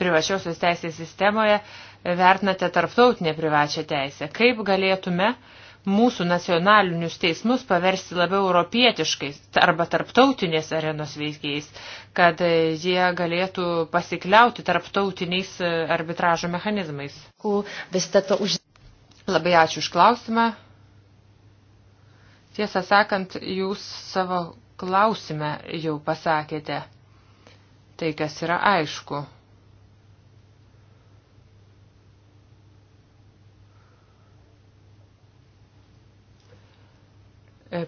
privačiosios teisės sistemoje vertinate tarptautinę privačią teisę? Kaip galėtume mūsų nacionalinius teismus paversti labiau europietiškais arba tarptautinės arenos veikėjais, kad jie galėtų pasikliauti tarptautiniais e, arbitražo mechanizmais. Labai ačiū už klausimą. Tiesą sakant, jūs savo klausime jau pasakėte tai, kas yra aišku.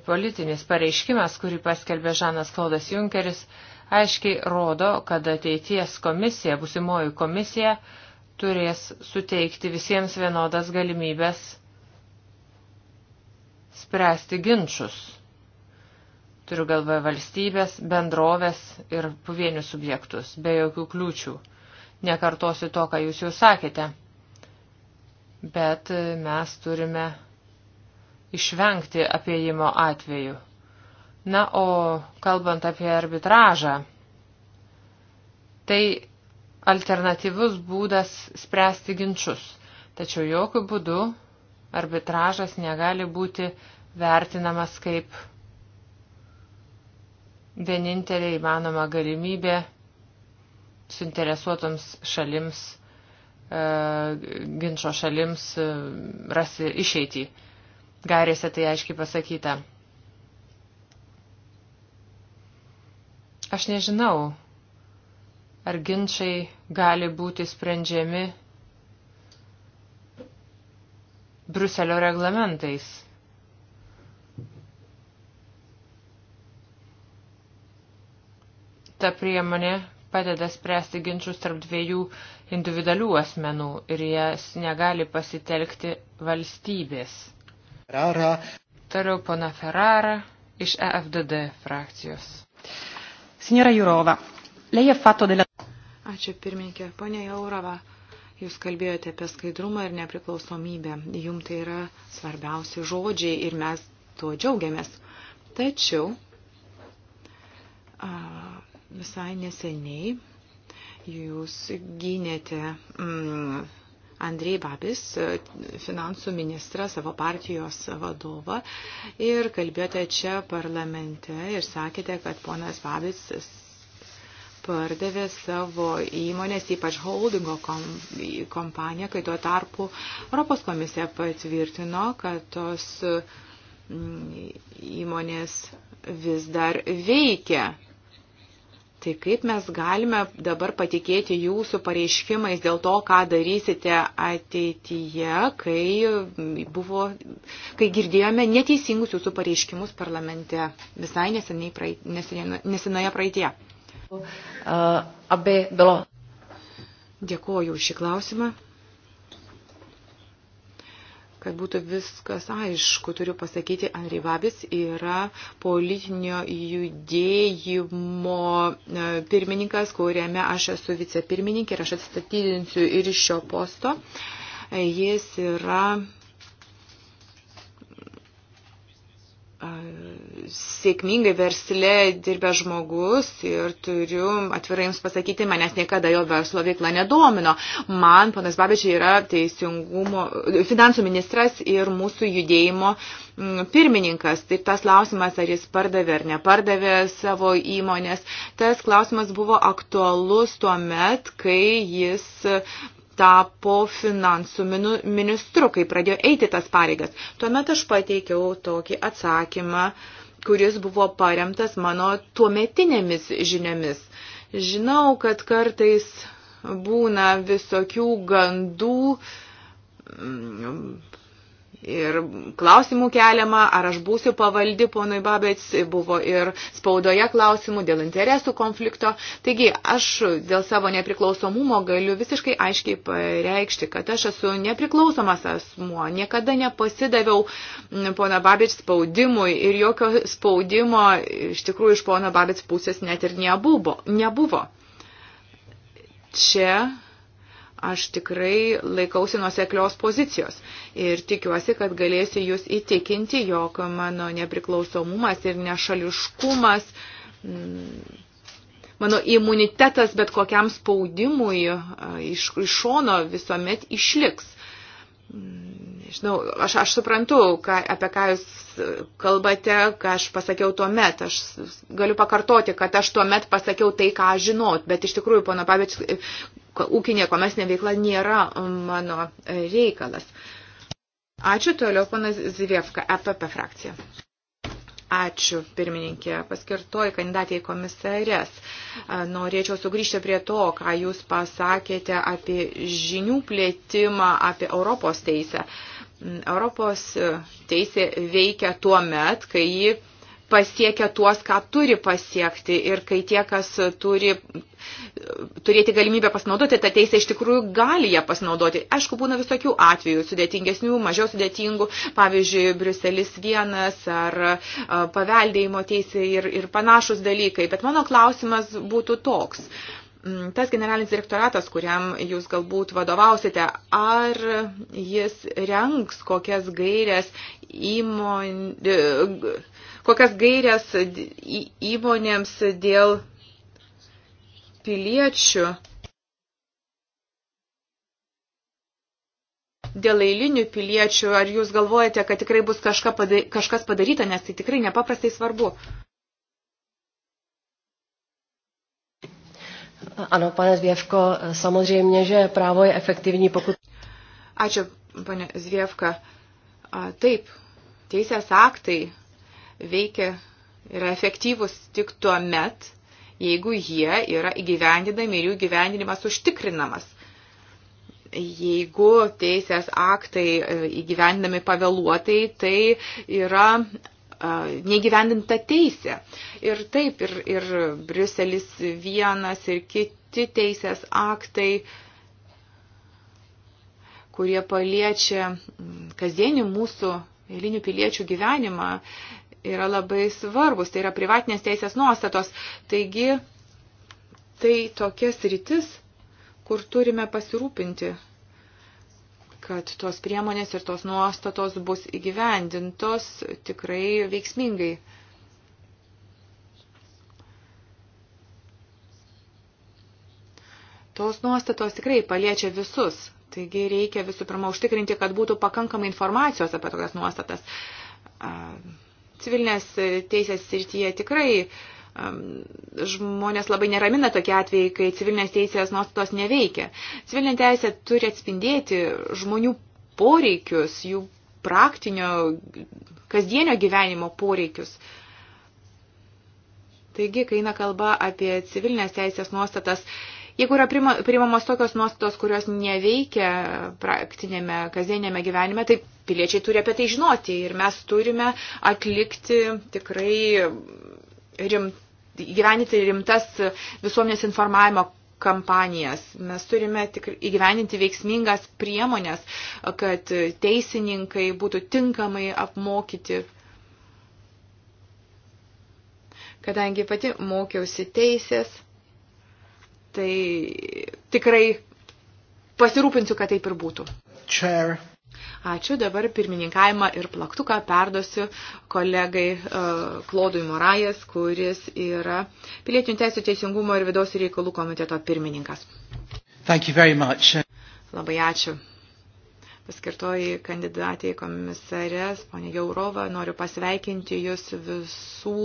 Politinis pareiškimas, kurį paskelbė Žanas Klaudas Junkeris, aiškiai rodo, kad ateities komisija, busimoji komisija, turės suteikti visiems vienodas galimybės spręsti ginčius. Turiu galvoje valstybės, bendrovės ir pavienius subjektus, be jokių kliūčių. Nekartosiu to, ką jūs jau sakėte, bet mes turime išvengti apiejimo atveju. Na, o kalbant apie arbitražą, tai alternatyvus būdas spręsti ginčius. Tačiau jokių būdų arbitražas negali būti vertinamas kaip vienintelė įmanoma galimybė suinteresuotoms šalims, e, ginčio šalims e, rasti išeitį. Gairėse tai aiškiai pasakyta. Aš nežinau, ar ginčiai gali būti sprendžiami Bruselio reglamentais. Ta priemonė padeda spręsti ginčius tarp dviejų individualių asmenų ir jas negali pasitelkti valstybės. Ferrara. Toliau pana Ferrara iš EFDD frakcijos. Signora Jurova, lei ha fatto della... Ačiū pirmininkė. Pone Jaurova, jūs kalbėjote apie skaidrumą ir nepriklausomybę. Jum tai yra svarbiausi žodžiai ir mes tuo džiaugiamės. Tačiau visai neseniai jūs gynėte mm, Andrei Babis, finansų ministrą, savo partijos vadovą ir kalbėjote čia parlamente ir sakėte, kad ponas Babis pardavė savo įmonės, ypač holdingo kom, kompaniją, kai tuo tarpu Europos komisija patvirtino, kad tos mm, įmonės vis dar veikia. Tai kaip mes galime dabar patikėti jūsų pareiškimais dėl to, ką darysite ateityje, kai, buvo, kai girdėjome neteisingus jūsų pareiškimus parlamente visai neseniai praeit, nesenoje praeitie. Eh, aby bylo. Dėkuoju už šį klausimą. Kad būtų viskas aišku, turiu pasakyti, Andrei Vabis yra politinio judėjimo eh, pirmininkas, kuriame aš esu vicepirmininkė ir aš atstatydinsiu ir iš šio posto. Jis yra sėkmingai verslė dirbęs žmogus ir turiu atvirai jums pasakyti, manęs niekada jo verslo veikla nedomino. Man panas Babičiai yra teisingumo, finansų ministras ir mūsų judėjimo mm, pirmininkas. Taip tas klausimas, ar jis pardavė ar nepardavė savo įmonės, tas klausimas buvo aktualus tuo met, kai jis tapo finansų ministru, kai pradėjo eiti tas pareigas. Tuomet aš pateikiau tokį atsakymą. Uh, kuris buvo paremtas mano tuometinėmis žiniomis. Žinau, kad kartais būna visokių gandų, mm, Ir klausimų keliama, ar aš būsiu pavaldi ponui Babets, buvo ir spaudoje klausimų dėl interesų konflikto. Taigi aš dėl savo nepriklausomumo galiu visiškai aiškiai pareikšti, kad aš esu nepriklausomas asmuo. Niekada nepasidaviau pono Babets spaudimui ir jokio spaudimo iš tikrųjų iš pono Babets pusės net ir nebuvo. nebuvo. Čia Aš tikrai laikausi nuoseklios pozicijos ir tikiuosi, kad galėsiu jūs įtikinti, jog mano nepriklausomumas ir nešališkumas, mm, mano imunitetas bet kokiam spaudimui e, iš, iš šono visuomet išliks. Mm, žinau, aš, aš suprantu, ką, apie ką jūs kalbate, ką aš pasakiau tuo met. Aš galiu pakartoti, kad aš tuo met pasakiau tai, ką aš žinot, bet iš tikrųjų, pana Pavič, ūkinė komersinė veikla nėra mano reikalas. Ačiū toliau, panas Zivievka, EPP frakcija. Ačiū, pirmininkė, paskirtoji kandidatė į komisarės. Norėčiau sugrįžti prie to, ką jūs pasakėte apie žinių plėtimą, apie Europos teisę. Europos teisė veikia tuo met, kai ji pasiekia tuos, ką turi pasiekti ir kai tie, kas turi turėti galimybę pasinaudoti tą teisę, iš tikrųjų gali ją pasinaudoti. Aišku, būna visokių atvejų, sudėtingesnių, mažiau sudėtingų, pavyzdžiui, Briuselis vienas ar paveldėjimo teisė ir, ir panašus dalykai. Bet mano klausimas būtų toks. Mm, tas generalinis direktoratas, kuriam jūs galbūt vadovausite, ar jis renks kokias gairias įmonė e, kokias gairias įmonėms dėl piliečių, dėl eilinių piliečių, ar jūs galvojate, kad tikrai bus kažka padary, kažkas padaryta, nes tai tikrai nepaprastai svarbu. Ano, pane Zvěvko, samozřejmě, že právo je efektivní, pokud... Ačiū, pane Zvěvka. Taip, teisės aktai veikia, yra efektyvus tik tuo met, jeigu jie yra įgyvendinami ir jų gyvendinimas užtikrinamas. Jeigu teisės aktai e, įgyvendinami pavėluotai, tai yra e, neįgyvendinta teisė. Ir taip, ir, ir Briuselis vienas, ir kiti teisės aktai, kurie paliečia kasdienį mūsų eilinių piliečių gyvenimą, yra labai svarbus, tai yra privatinės teisės nuostatos. Taigi, tai tokias rytis, kur turime pasirūpinti, kad tos priemonės ir tos nuostatos bus įgyvendintos tikrai veiksmingai. Tos nuostatos tikrai paliečia visus, taigi reikia visų pirma užtikrinti, kad būtų pakankamai informacijos apie tokias nuostatas. Uh civilinės teisės srityje tikrai žmonės labai neramina tokie atvejai, kai civilinės teisės nuostatos neveikia. Civilinė teisė turi atspindėti žmonių poreikius, jų praktinio, kasdienio gyvenimo poreikius. Taigi, kai eina kalba apie civilinės teisės nuostatas, jeigu yra priimamos tokios nuostatos, kurios neveikia praktinėme, kasdienėme gyvenime, tai piliečiai turi apie tai žinoti ir mes turime atlikti tikrai rimt, įgyveninti rimtas visuomenės informavimo kampanijas. Mes turime tik įgyveninti veiksmingas priemonės, kad teisininkai būtų tinkamai apmokyti. Kadangi pati mokiausi teisės, tai tikrai pasirūpinsiu, kad taip ir būtų. Chair. Ačiū, dabar pirmininkavimą ir plaktuką perdosiu kolegai uh, Klodui Morajas, kuris yra Pilietinių teisų teisingumo ir vidaus reikalų komiteto pirmininkas. Labai ačiū paskirtoji kandidatė į komisarės, ponė Jaurova, noriu pasveikinti jūs visų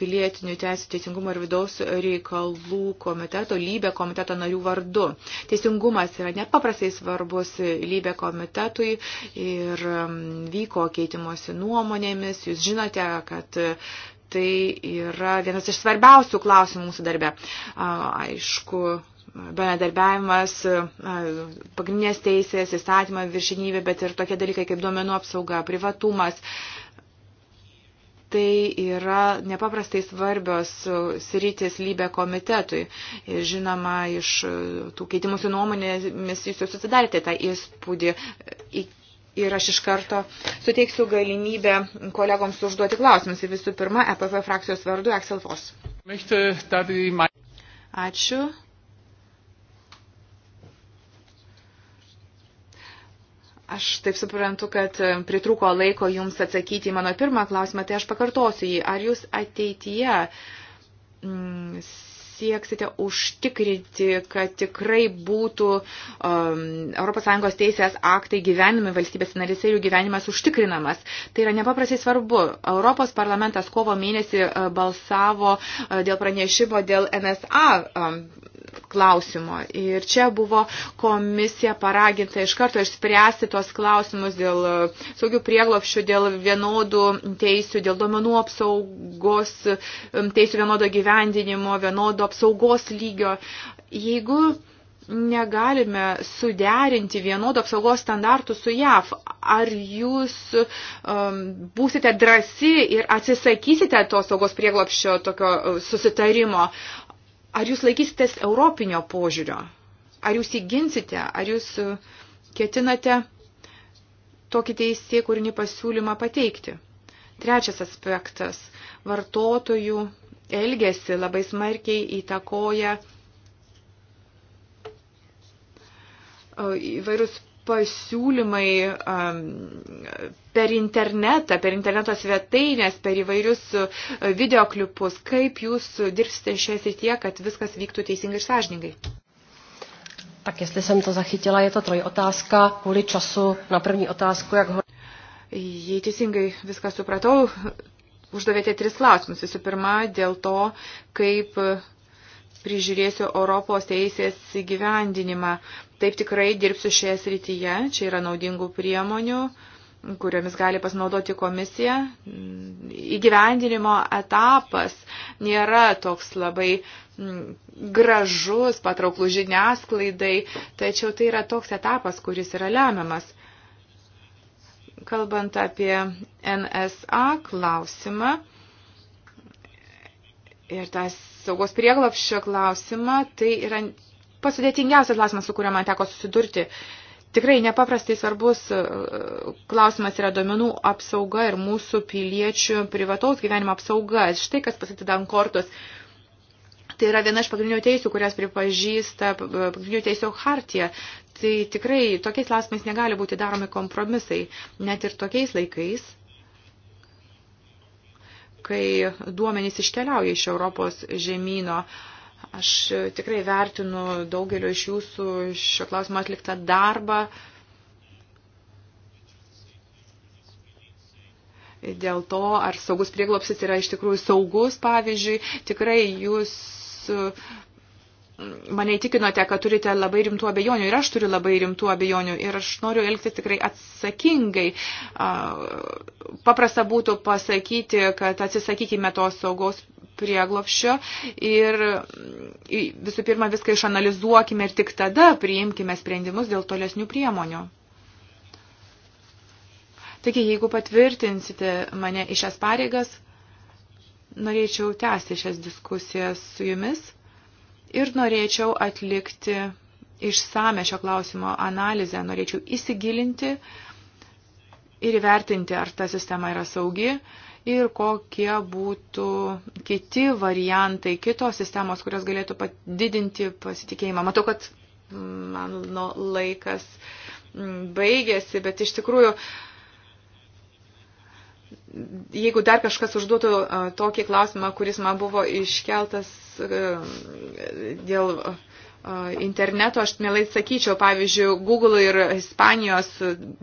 pilietinių teisų teisingumo ir vidaus reikalų komiteto, lybė komiteto narių vardu. Teisingumas yra nepaprastai svarbus lybė komitetui ir um, vyko keitimosi nuomonėmis. Jūs žinote, kad tai yra vienas iš svarbiausių klausimų mūsų darbe. Aišku, bendradarbiavimas, pagrindinės teisės, įstatymo viršinybė, bet ir tokie dalykai kaip duomenų apsauga, privatumas, tai yra nepaprastai svarbios sritis lybė komitetui. Ir žinoma, iš tų keitimusių nuomonėmis jūs jau susidarėte tą įspūdį. Ir aš iš karto suteiksiu galimybę kolegoms užduoti klausimus. Visų pirma, EPP frakcijos vardu Axel Voss. Ačiū. Aš taip suprantu, kad e, pritruko laiko jums atsakyti į mano pirmą klausimą, tai aš pakartosiu jį. Ar jūs ateityje mm, sieksite užtikrinti, kad tikrai būtų um, ES teisės aktai gyvenimai valstybės narėse ir jų gyvenimas užtikrinamas. Tai yra nepaprastai svarbu. Europos parlamentas kovo mėnesį e, balsavo e, dėl pranešimo dėl NSA um, klausimo. Ir čia buvo komisija paraginta iš karto išspręsti tuos klausimus dėl e, saugių prieglopščių, dėl vienodų teisių, dėl domenų apsaugos, teisių vienodo gyvendinimo, vienodo apsaugos lygio. Jeigu negalime suderinti vienodų apsaugos standartų su JAV. Ar jūs um, būsite drasi ir atsisakysite to saugos prieglopščio tokio e, susitarimo? Ar jūs laikysitės europinio požiūrio? Ar jūs įginsite? Ar jūs e, ketinate tokį teisė kūrinį pasiūlymą pateikti? Trečias aspektas – vartotojų elgesi labai smarkiai įtakoja e, įvairius pasiūlymai um, per internetą, per interneto svetainės, per įvairius uh, videokliupus, kaip jūs dirbsite šioje srityje, kad viskas vyktų teisingai ir sąžiningai? Tak jestli jsem to zachytila, je to troj otázka kvůli času na první otázku, jak ho... Jei teisingai viską supratau, uždavėte tris klausimus. Visų pirma, dėl to, kaip prižiūrėsiu Europos teisės įgyvendinimą. Taip tikrai dirbsiu šioje srityje, čia yra naudingų priemonių kuriomis gali pasinaudoti komisija. Įgyvendinimo etapas nėra toks labai mm, gražus, patrauklus žiniasklaidai, tačiau tai yra toks etapas, kuris yra lemiamas. Kalbant apie NSA klausimą, ir tą saugos prieglapščio klausimą, tai yra pasudėtingiausias klausimas, su kuriuo man teko susidurti. Tikrai nepaprastai svarbus e, klausimas yra domenų apsauga ir mūsų piliečių privataus gyvenimo apsauga. Štai kas pasitida ant kortos. Tai yra viena iš pagrindinių teisų, kurias pripažįsta e, pagrindinių teisų hartija. Tai tikrai tokiais klausimais negali būti daromi kompromisai, net ir tokiais laikais kai duomenys iškeliauja iš Europos žemyno. Aš tikrai vertinu daugelio iš jūsų šio klausimo atliktą darbą. Dėl to, ar saugus prieglopsis yra iš tikrųjų saugus, pavyzdžiui, tikrai jūs mane įtikinote, kad turite labai rimtų abejonių ir aš turiu labai rimtų abejonių ir aš noriu elgtis tikrai atsakingai. Paprasta būtų pasakyti, kad atsisakykime tos saugos prieglopščio ir visų pirma viską išanalizuokime ir tik tada priimkime sprendimus dėl tolesnių priemonių. Taigi, jeigu patvirtinsite mane į šias pareigas, norėčiau tęsti šias diskusijas su jumis ir norėčiau atlikti išsame šio klausimo analizę, norėčiau įsigilinti ir įvertinti, ar ta sistema yra saugi ir kokie būtų kiti variantai, kitos sistemos, kurios galėtų padidinti pasitikėjimą. Matau, kad mm, mano laikas mm, baigėsi, bet iš tikrųjų jeigu dar kažkas užduotų tokį klausimą, kuris man buvo iškeltas E, dėl e, interneto, aš mielai sakyčiau, pavyzdžiui, Google ir Ispanijos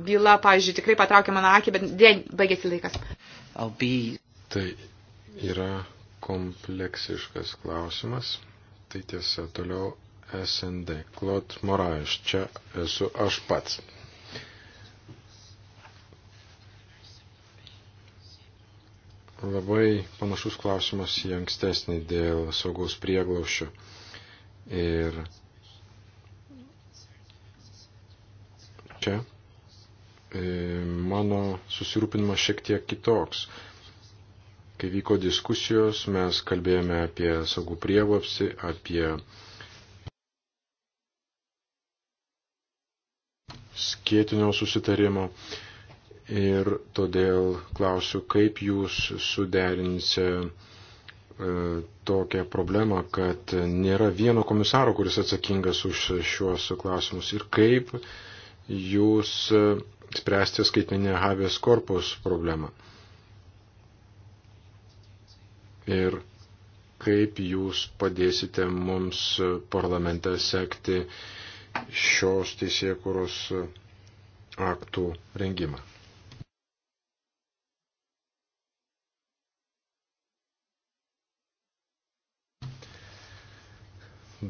byla, pavyzdžiui, tikrai patraukė mano akį, bet dien, baigėsi laikas. Be... Tai yra kompleksiškas klausimas. Tai tiesa, toliau SND. Klot Morais, čia esu aš pats. Labai panašus klausimas į ankstesnį dėl saugaus prieglaušio. Ir čia e, mano susirūpinimas šiek tiek kitoks. Kai vyko diskusijos, mes kalbėjome apie saugų prievapsi, apie skėtinio susitarimo. Ir todėl klausiu, kaip jūs suderinsite e, tokią problemą, kad nėra vieno komisaro, kuris atsakingas už šiuos klausimus ir kaip jūs spręsti skaitmenę Havės korpus problemą. Ir kaip jūs padėsite mums parlamente sekti šios teisėkuros aktų rengimą.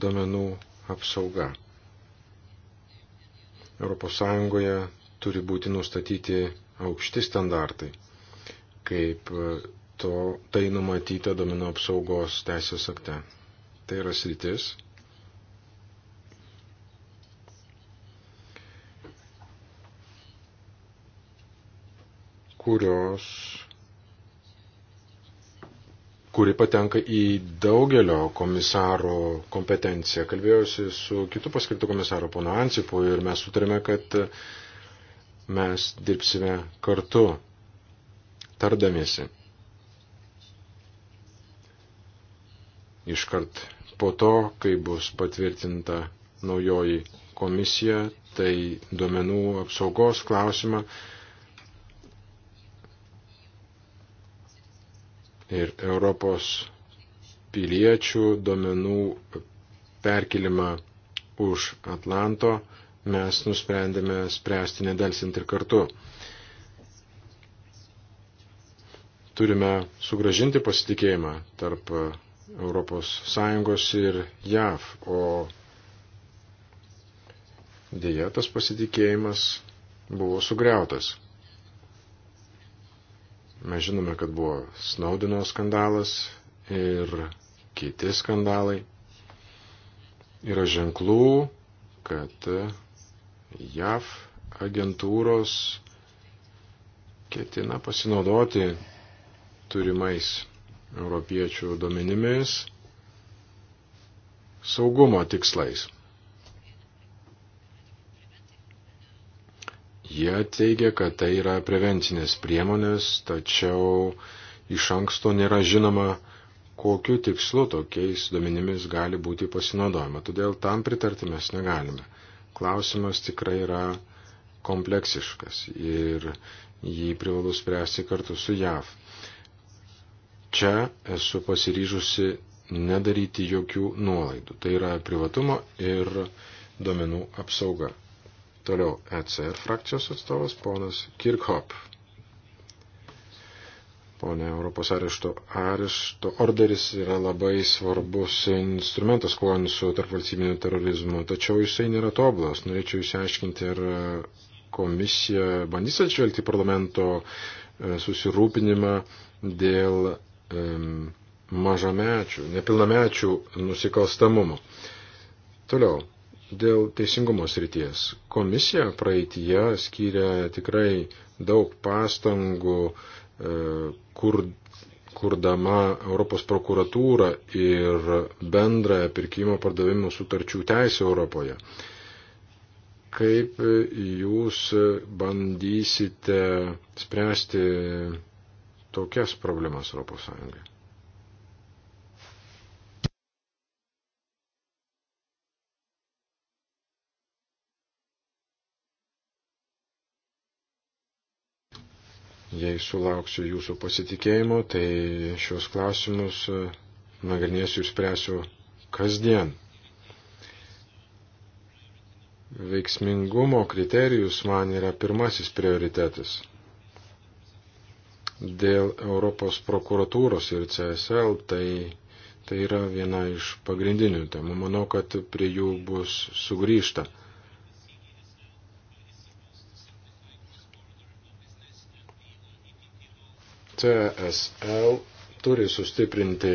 duomenų apsauga. ES turi būti nustatyti aukšti standartai, kaip to, tai numatyta duomenų apsaugos teisės akte. Tai yra sritis, kurios kuri patenka į daugelio komisarų kompetenciją. Kalbėjausi su kitu paskirtu komisaru, pono Ansipu, ir mes sutarėme, kad mes dirbsime kartu, tardamiesi. Iškart po to, kai bus patvirtinta naujoji komisija, tai duomenų apsaugos klausimą ir Europos piliečių duomenų perkelimą už Atlanto mes nusprendėme spręsti nedelsint ir kartu. Turime sugražinti pasitikėjimą tarp ES ir JAV, o dėja tas pasitikėjimas buvo sugriautas. Mes žinome, kad buvo Snaudino skandalas ir kiti skandalai. Yra ženklų, kad JAV agentūros ketina pasinaudoti turimais europiečių duomenimis saugumo tikslais. Jie teigia, kad tai yra prevencinės priemonės, tačiau iš anksto nėra žinoma, kokiu tikslu tokiais duomenimis gali būti pasinaudojama. Todėl tam pritarti mes negalime. Klausimas tikrai yra kompleksiškas ir jį privalu spręsti kartu su JAV. Čia esu pasiryžusi nedaryti jokių nuolaidų. Tai yra privatumo ir duomenų apsauga. Toliau ECR frakcijos atstovas ponas Kirkhop. Pone Europos arešto, arešto orderis yra labai svarbus instrumentas kovojant su tarpvalstybiniu terorizmu, tačiau jisai nėra tobulas. Norėčiau išsiaiškinti, ar komisija bandys atžvelgti parlamento e, susirūpinimą dėl um, mažamečių, nepilnamečių nusikalstamumo. Toliau, dėl teisingumo srities. Komisija praeitie skyrė tikrai daug pastangų, e, kur, kurdama Europos prokuratūrą ir bendrąją pirkimo pardavimų sutarčių teisę Europoje. Kaip jūs bandysite spręsti tokias problemas Europos Sąjungai? Jei sulauksiu jūsų pasitikėjimo, tai šios klausimus e, nagrinėsiu ir spręsiu kasdien. Veiksmingumo kriterijus man yra pirmasis prioritetas. Dėl Europos prokuratūros ir CSL tai, tai yra viena iš pagrindinių temų. Manau, kad prie jų bus sugrįžta. CSL turi sustiprinti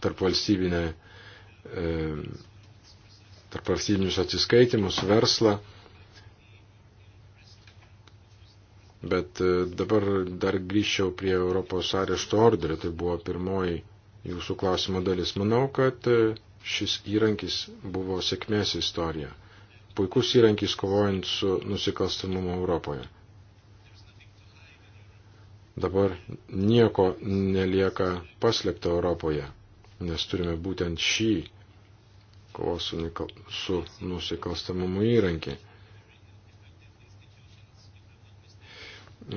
tarpvalstybinę, e, tarpvalstybinius atsiskaitimus, verslą. Bet e, dabar dar grįžčiau prie Europos arešto orderio, tai buvo pirmoji jūsų klausimo dalis. Manau, kad e, šis įrankis buvo sėkmės istorija. Puikus įrankis kovojant su nusikalstamumu Europoje. Dabar nieko nelieka paslėpta Europoje, nes turime būtent šį kovos su, nikal, su nusikalstamumu įrankį.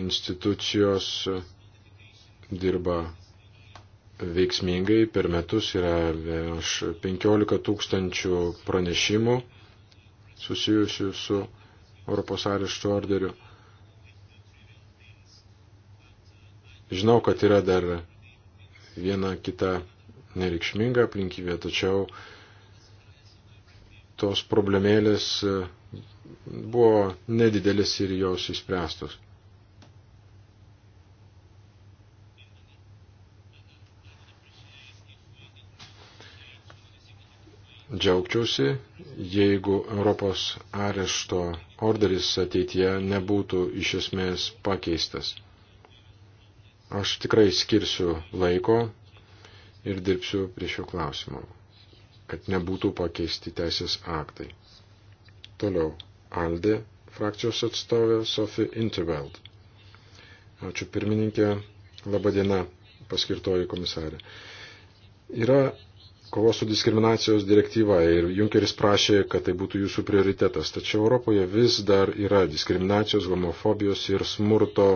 Institucijos dirba veiksmingai, per metus yra 15 tūkstančių pranešimų susijusių su Europos areštų orderiu. Žinau, kad yra dar viena kita nereikšminga aplinkybė, tačiau tos problemėlės e, buvo nedidelis ir jos įspręstos. Džiaugčiausi, jeigu Europos arešto orderis ateityje nebūtų iš esmės pakeistas. Aš tikrai skirsiu laiko ir dirbsiu prie šio klausimo, kad nebūtų pakeisti teisės aktai. Toliau Aldė frakcijos atstovė Sophie Interveld. Ačiū pirmininkė, laba diena, paskirtoji komisarė. Yra kovos su diskriminacijos direktyva ir Junkeris prašė, kad tai būtų jūsų prioritetas. Tačiau Europoje vis dar yra diskriminacijos, homofobijos ir smurto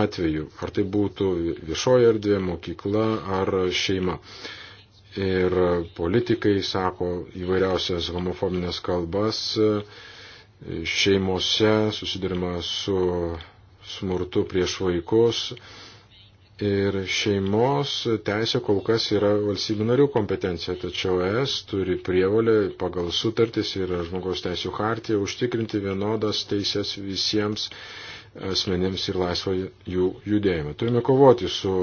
atvejų. Ar tai būtų viešoje erdvė, mokykla ar šeima. Ir politikai sako įvairiausias homofobinės kalbas, šeimose susidurima su smurtu prieš vaikus Ir šeimos teisė kol kas yra valstybių narių kompetencija, tačiau ES turi prievalę pagal sutartis ir žmogaus teisų hartiją užtikrinti vienodas teisės visiems asmenėms ir laisvą jų judėjimą. Turime kovoti su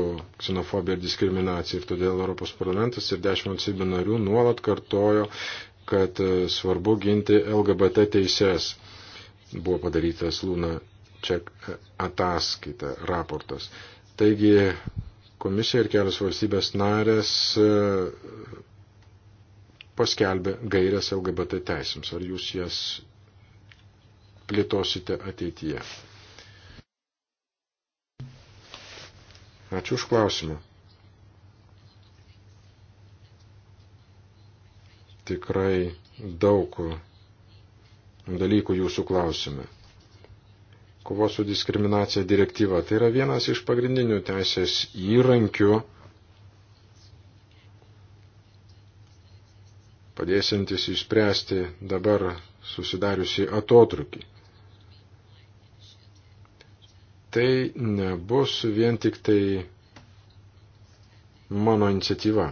ksenofobija ir diskriminacija ir todėl Europos parlamentas ir dešimt valstybių narių nuolat kartojo, kad svarbu ginti LGBT teises. Buvo padarytas Lūna Ček ataskaita, raportas. Taigi komisija ir kelios valstybės narės e, paskelbė gairias LGBT teisėms. Ar jūs jas plėtosite ateityje? Ačiū už klausimą. Tikrai daug dalykų jūsų klausime kovos su diskriminacija direktyva. Tai yra vienas iš pagrindinių teisės įrankių, padėsintis išspręsti dabar susidariusi atotrukį. Tai nebus vien tik tai mano iniciatyva.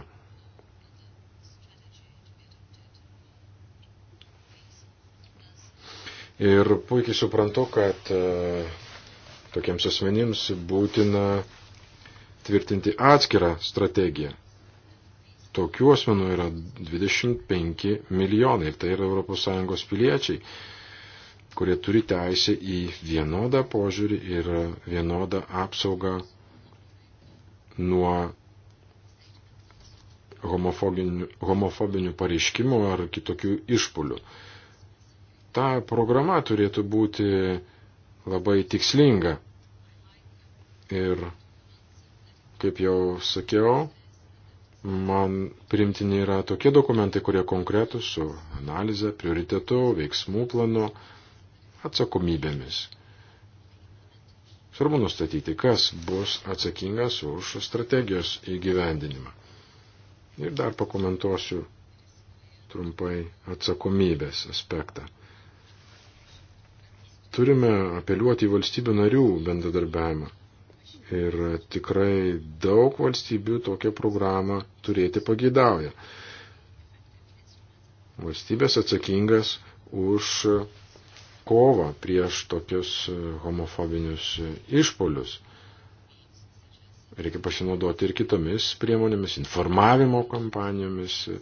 Ir puikiai suprantu, kad e, tokiems asmenims būtina tvirtinti atskirą strategiją. Tokių asmenų yra 25 milijonai ir tai yra ES piliečiai, kurie turi teisę į vienodą požiūrį ir vienodą apsaugą nuo homofobinių pareiškimų ar kitokių išpolių ta programa turėtų būti labai tikslinga. Ir, kaip jau sakiau, man primtini yra tokie dokumentai, kurie konkretus su analize, prioritetu, veiksmų planu, atsakomybėmis. Svarbu nustatyti, kas bus atsakingas už strategijos įgyvendinimą. Ir dar pakomentuosiu trumpai atsakomybės aspektą. Turime apeliuoti į valstybių narių bendradarbiavimą. Ir tikrai daug valstybių tokią programą turėti pagydauja. Valstybės atsakingas už kovą prieš tokius homofobinius išpolius. Reikia pasinaudoti ir kitomis priemonėmis, informavimo kampanijomis, e,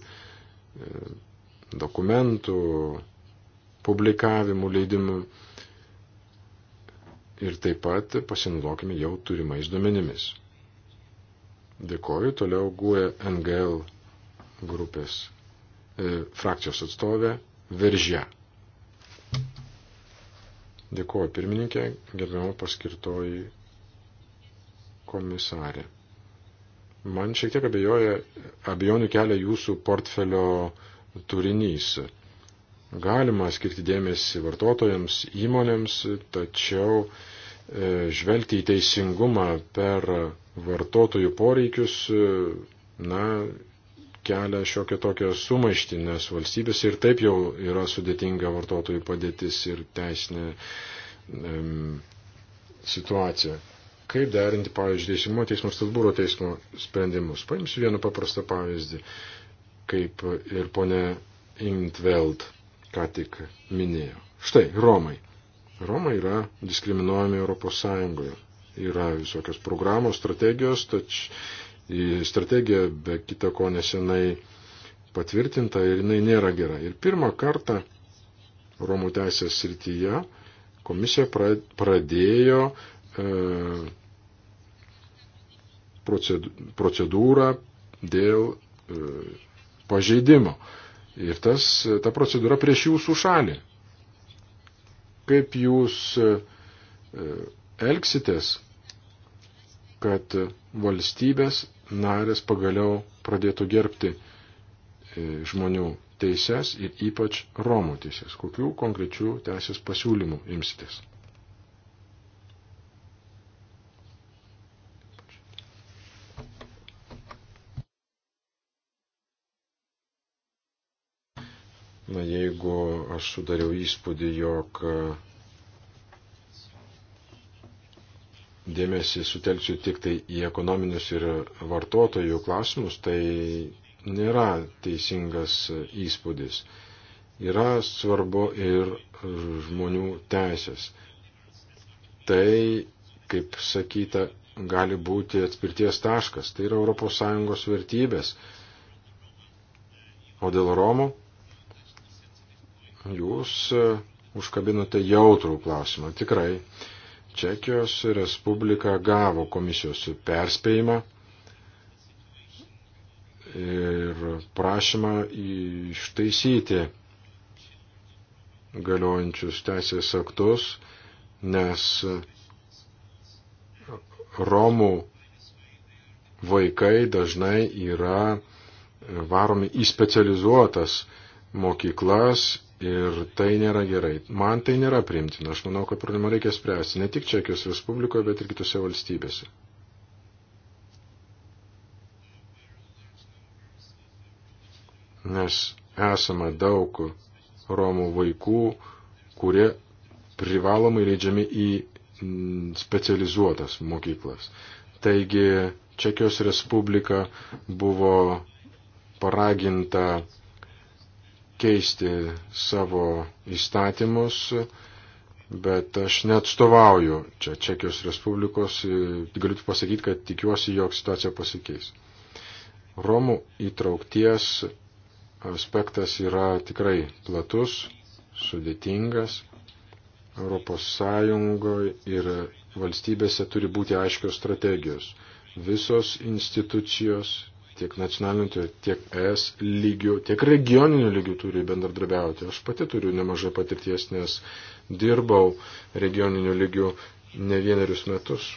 dokumentų, publikavimų, leidimų ir taip pat pasinaudokime jau turimais duomenimis. Dėkoju, toliau guoja NGL grupės e, frakcijos atstovė Veržia. Dėkoju pirmininkė, gerbiamo paskirtoji komisarė. Man šiek tiek abejoja, abejonių kelia jūsų portfelio turinys. Galima skirti dėmesį vartotojams, įmonėms, tačiau e, žvelgti į teisingumą per vartotojų poreikius, e, na, kelia šiokią tokią sumaištį, nes valstybės ir taip jau yra sudėtinga vartotojų padėtis ir teisinė em, situacija. Kaip derinti, pavyzdžiui, teisimo teismo Stalbūro teismo sprendimus? Paimsiu vieną paprastą pavyzdį, kaip ir ponė Intveld ką tik minėjo. Štai, Romai. Romai yra diskriminuojami Europos Sąjungoje. Yra visokios programos, strategijos, tač strategija be kita ko nesenai patvirtinta ir jinai nėra gera. Ir pirmą kartą Romų teisės srityje komisija pradėjo e, procedūrą dėl e, pažeidimo ir tas, ta procedūra prieš jūsų šalį. Kaip jūs e, e, elgsitės, kad valstybės narės pagaliau pradėtų gerbti e, žmonių teises ir ypač Romų teises. Kokių konkrečių teisės pasiūlymų imsitės? Na jeigu aš sudariau įspūdį, jog e, dėmesį sutelksiu tik tai į ekonominius ir vartotojų klausimus, tai nėra teisingas įspūdis. Yra svarbu ir žmonių teisės. Tai, kaip sakyta, gali būti atspirties taškas. Tai yra ES vertybės. O dėl Romų Jūs e, užkabinote jautrų klausimą. Tikrai, Čekijos Respublika gavo komisijos perspėjimą ir prašymą ištaisyti galiojančius teisės aktus, nes Romų vaikai dažnai yra varomi į specializuotas mokyklas Ir tai nėra gerai. Man tai nėra primtina. Aš manau, kad problemą reikia spręsti ne tik Čekijos Respublikoje, bet ir kitose valstybėse. Nes esame daug Romų vaikų, kurie privalomai leidžiami į specializuotas mokyklas. Taigi Čekijos Respublika buvo paraginta keisti savo įstatymus, bet aš neatstovauju čia Čekijos Respublikos, galiu pasakyti, kad tikiuosi, jog situacija pasikeis. Romų įtraukties aspektas yra tikrai platus, sudėtingas. Europos Sąjungoje ir valstybėse turi būti aiškios strategijos. Visos institucijos, tiek nacionaliniu, tiek ES lygiu, tiek regioniniu lygiu turi bendradarbiauti. Aš pati turiu nemažai patirties, nes dirbau regioniniu lygiu ne vienerius metus.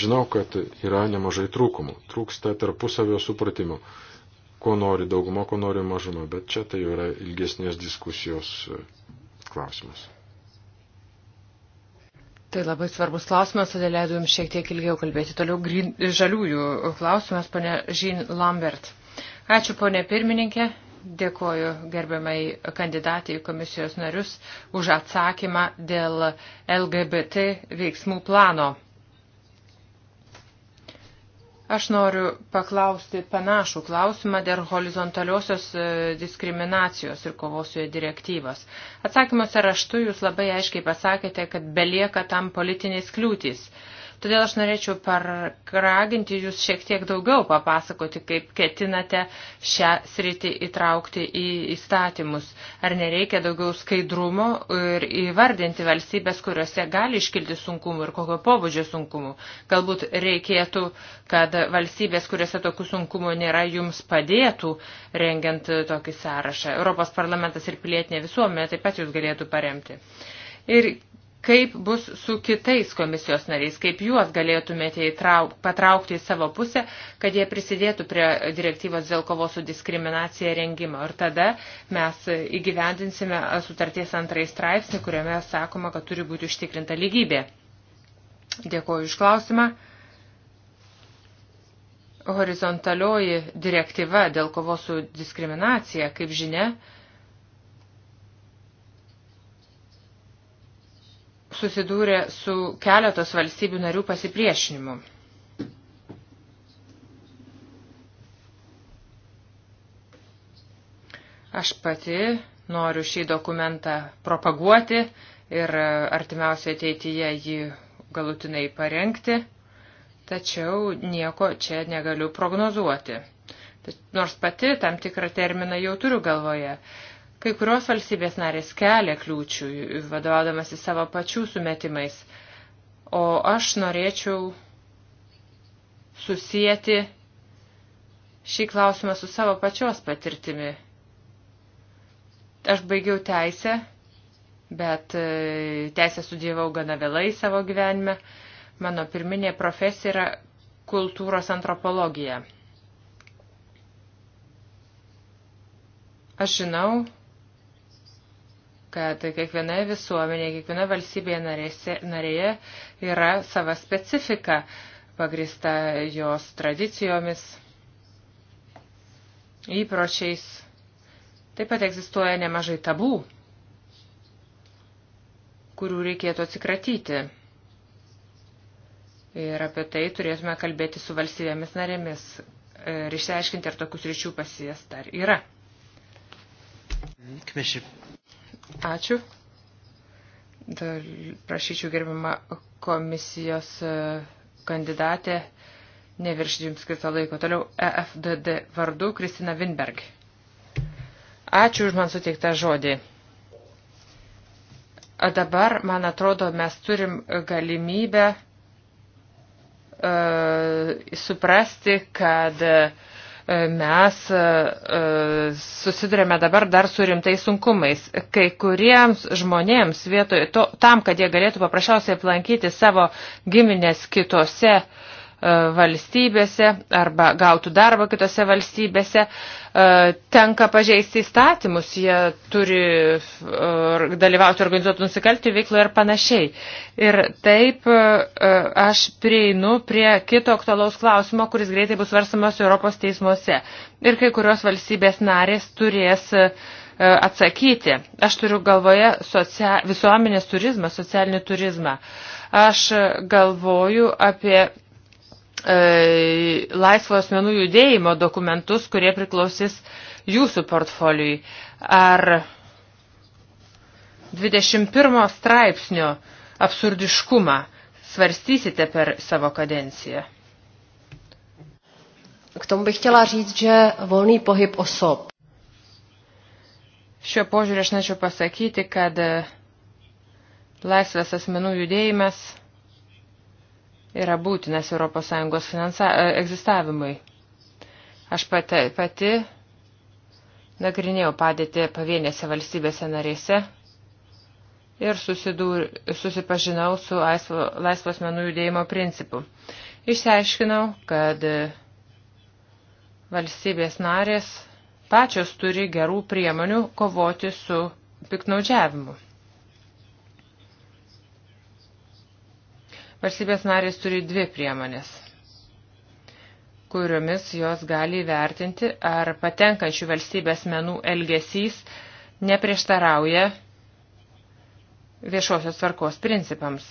Žinau, kad yra nemažai trūkumų, trūksta tarpusavio supratimo, ko nori dauguma, ko nori mažuma, bet čia tai yra ilgesnės diskusijos e, klausimas. Tai labai svarbus klausimas, todėl leidau jums šiek tiek ilgiau kalbėti. Toliau green, žaliųjų klausimas, ponė Žin Lambert. Ačiū, ponė pirmininkė. Dėkoju gerbiamai kandidatai į komisijos narius už atsakymą dėl LGBT veiksmų plano. Aš noriu paklausti panašų klausimą dėl horizontaliosios e, diskriminacijos ir kovos su jie direktyvos. Atsakymuose raštu jūs labai aiškiai pasakėte, kad belieka tam politinės kliūtys. Uh, Todėl aš norėčiau paraginti jūs šiek tiek daugiau papasakoti, kaip ketinate šią sritį įtraukti į įstatymus. Ar nereikia daugiau skaidrumo ir įvardinti valstybės, kuriuose gali iškilti sunkumų ir kokio pobūdžio sunkumų. Galbūt reikėtų, kad valstybės, kuriuose tokių sunkumų nėra, jums padėtų rengiant tokį sąrašą. Europos parlamentas ir pilietinė visuomenė taip pat jūs galėtų paremti. Ir kaip bus su kitais komisijos nariais, kaip juos galėtumėte įtrauk, patraukti į savo pusę, kad jie prisidėtų prie direktyvos dėl kovos su diskriminacija rengimo. Ir tada mes įgyvendinsime sutarties antrai straipsnį, kuriame sakoma, kad turi būti užtikrinta lygybė. Dėkuoju iš klausimą. Horizontalioji direktyva dėl kovos su diskriminacija, kaip žinia, susidūrė su keletos valstybių narių pasipriešinimu. Aš pati noriu šį dokumentą propaguoti ir artimiausioje ateityje jį galutinai parengti, tačiau nieko čia negaliu prognozuoti. Nors pati tam tikrą terminą jau turiu galvoje. Kai kurios valstybės narės kelia kliūčių, vadovaudamasi savo pačių sumetimais, o aš norėčiau susijęti šį klausimą su savo pačios patirtimi. Aš baigiau teisę, bet e, teisę studijavau gana vėlai savo gyvenime. Mano pirminė profesija yra kultūros antropologija. Aš žinau, kad kiekvienoje visuomenėje, kiekvienoje valstybėje narėse, narėje yra sava specifika pagrista jos tradicijomis, įpročiais. Taip pat egzistuoja nemažai tabų, kurių reikėtų atsikratyti. Ir apie tai turėtume kalbėti su valstybėmis narėmis e, ir išsiaiškinti, ar tokius ryšių pas jas dar yra. Commissioner Ačiū. Dar prašyčiau gerbimą komisijos e, kandidatę neviršyti jums skirtą laiko. Toliau EFDD vardu Kristina Winberg. Ačiū už man suteiktą žodį. A dabar, man atrodo, mes turim galimybę uh, suprasti, kad uh, mes e, e, susidurėme dabar dar su rimtais sunkumais. Kai kuriems žmonėms vietoj to, tam, kad jie galėtų paprasčiausiai aplankyti savo giminės kitose uh, E, valstybėse arba gautų darbą kitose valstybėse, e, tenka pažeisti įstatymus, jie turi e, dalyvauti organizuotų nusikaltį veikloje ir panašiai. Ir taip aš prieinu prie kito aktualaus klausimo, kuris greitai bus varsamas Europos teismuose. Ir kai kurios valstybės narės turės atsakyti. Aš turiu galvoje socia visuomenės turizmą, socialinį turizmą. Aš galvoju apie E, laisvo asmenų judėjimo dokumentus, kurie priklausys jūsų portfoliui. Ar 21 straipsnio absurdiškumą svarstysite per savo kadenciją? K tomu bych chtěla říct, že volný pohyb osob. Šiuo požiūrį aš norėčiau pasakyti, kad laisvas asmenų judėjimas yra būtinas ES finansa, e, egzistavimui. Aš pati, pati nagrinėjau padėti pavienėse valstybėse narėse ir susidūr, susipažinau su laisvo, laisvos menų judėjimo principu. Išsiaiškinau, kad valstybės narės pačios turi gerų priemonių kovoti su piknaudžiavimu. Valstybės narės turi dvi priemonės, kuriomis jos gali įvertinti, ar patenkančių valstybės menų elgesys neprieštarauja viešosios tvarkos principams.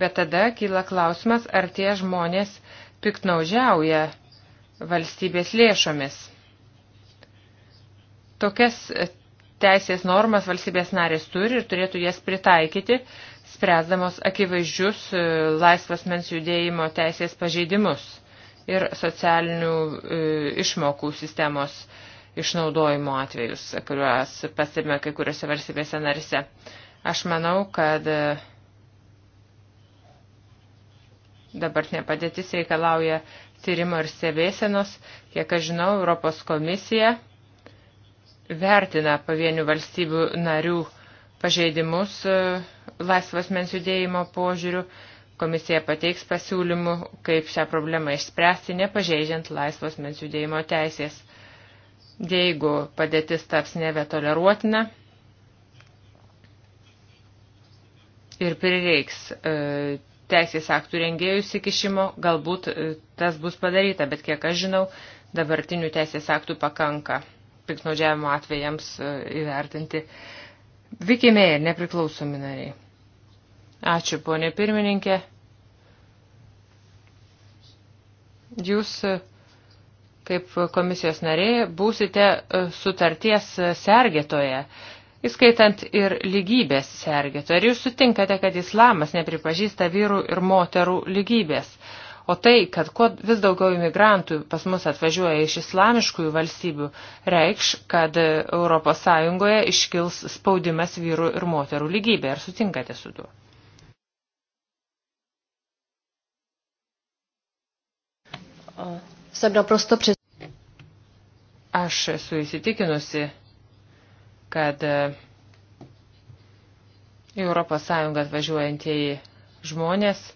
Bet tada kyla klausimas, ar tie žmonės piknaudžiauja valstybės lėšomis. Tokias teisės normas valstybės narės turi ir turėtų jas pritaikyti, spręsdamos akivaizdžius e, laisvas mens judėjimo teisės pažeidimus ir socialinių e, išmokų sistemos išnaudojimo atvejus, kuriuos pastebime kai kuriuose valstybėse narise. Aš manau, kad e, dabartinė padėtis reikalauja tyrimo ir stebėsenos. Kiek aš žinau, Europos komisija vertina pavienių valstybių narių pažeidimus e, laisvas mens judėjimo požiūrių. Komisija pateiks pasiūlymų, kaip šią problemą išspręsti, nepažeidžiant laisvos mens judėjimo teisės. Jeigu padėtis taps nebetoleruotina ir prireiks e, teisės aktų rengėjų įsikišimo, galbūt e, tas bus padaryta, bet kiek aš žinau, dabartinių teisės aktų pakanka piknaudžiavimo atvejams e, įvertinti. Vikimėjai ir nepriklausomi nariai. Ačiū, ponė pirmininkė. Jūs e, kaip komisijos nariai būsite e, sutarties sergėtoje, įskaitant ir lygybės sergėtoje. Ar jūs sutinkate, kad islamas nepripažįsta vyrų ir moterų lygybės? O tai, kad kuo vis daugiau imigrantų pas mus atvažiuoja iš islamiškųjų valstybių, reikš, kad ES iškils spaudimas vyrų ir moterų lygybė. Ar sutinkate su tuo? Jsem naprosto přes... Aš esu įsitikinusi, kad e, į Europos Sąjungą atvažiuojantieji žmonės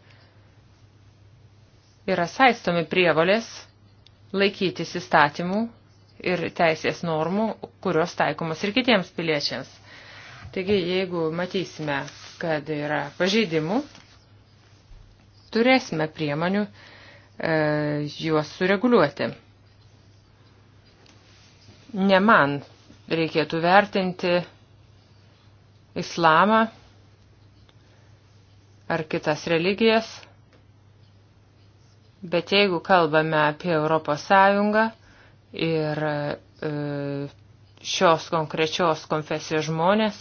yra saistomi prievalės laikytis įstatymų ir teisės normų, kurios taikomos ir kitiems piliečiams. Taigi, jeigu matysime, kad yra pažeidimų, turėsime priemonių e, juos sureguliuoti. Ne man reikėtų vertinti islamą ar kitas religijas Bet jeigu kalbame apie Europos Sąjungą ir e, šios konkrečios konfesijos žmonės,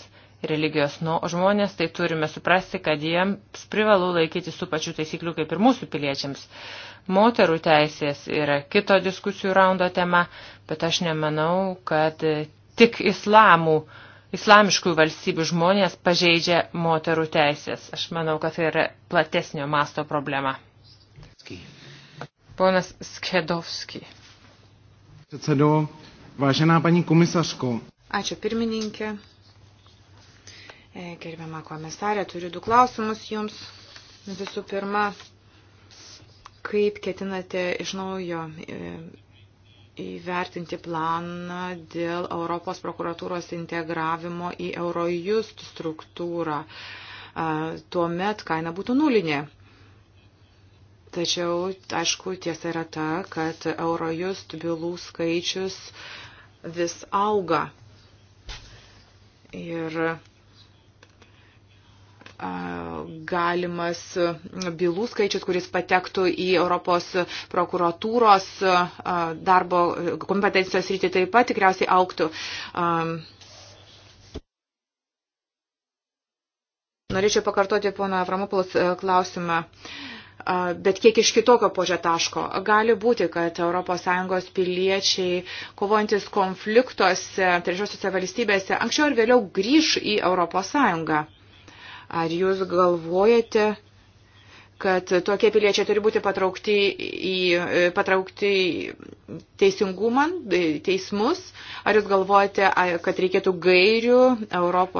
religijos žmonės, tai turime suprasti, kad jiems privalu laikytis tų pačių taisyklių kaip ir mūsų piliečiams. Moterų teisės yra kito diskusijų raundo tema, bet aš nemanau, kad tik islamų, islamiškų valstybių žmonės pažeidžia moterų teisės. Aš manau, kad tai yra platesnio masto problema. Ski. Ponas Skedovski. Předsedo, vážená paní komisařko. Ačiū pirmininkė. E, gerbiama komisarė, turiu du klausimus jums. Visų pirma, kaip ketinate iš naujo e, įvertinti planą dėl Europos prokuratūros integravimo į Eurojust struktūrą? Tuomet kaina būtų nulinė. Tačiau, aišku, tiesa yra ta, kad Eurojust bylų skaičius vis auga. Ir galimas bylų skaičius, kuris patektų į Europos prokuratūros darbo kompetencijos rytį taip pat tikriausiai auktų. Norėčiau pakartoti pono Avramopolos klausimą. Uh, bet kiek iš kitokio požio taško. Gali būti, kad ES piliečiai, kovojantis konfliktuose, trečiosiuose valstybėse, anksčiau ir vėliau grįž į ES. Ar jūs galvojate, kad tokie piliečiai turi būti patraukti į, patraukti į teisingumą, teismus. Ar jūs galvojate, kad reikėtų gairių ES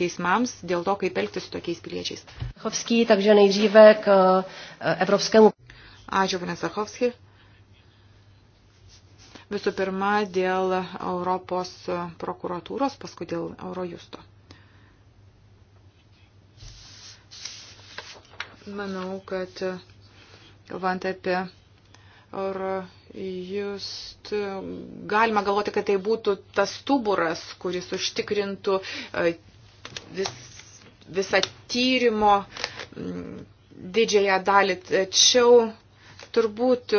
teismams dėl to, kaip elgtis su tokiais piliečiais? E, Ačiū, panas Zachovski. Visų pirma, dėl Europos prokuratūros, paskui dėl Eurojusto. manau, kad galvant apie Ar jūs galima galvoti, kad tai būtų tas stuburas, kuris užtikrintų e, vis, visą tyrimo didžiąją dalį. Tačiau turbūt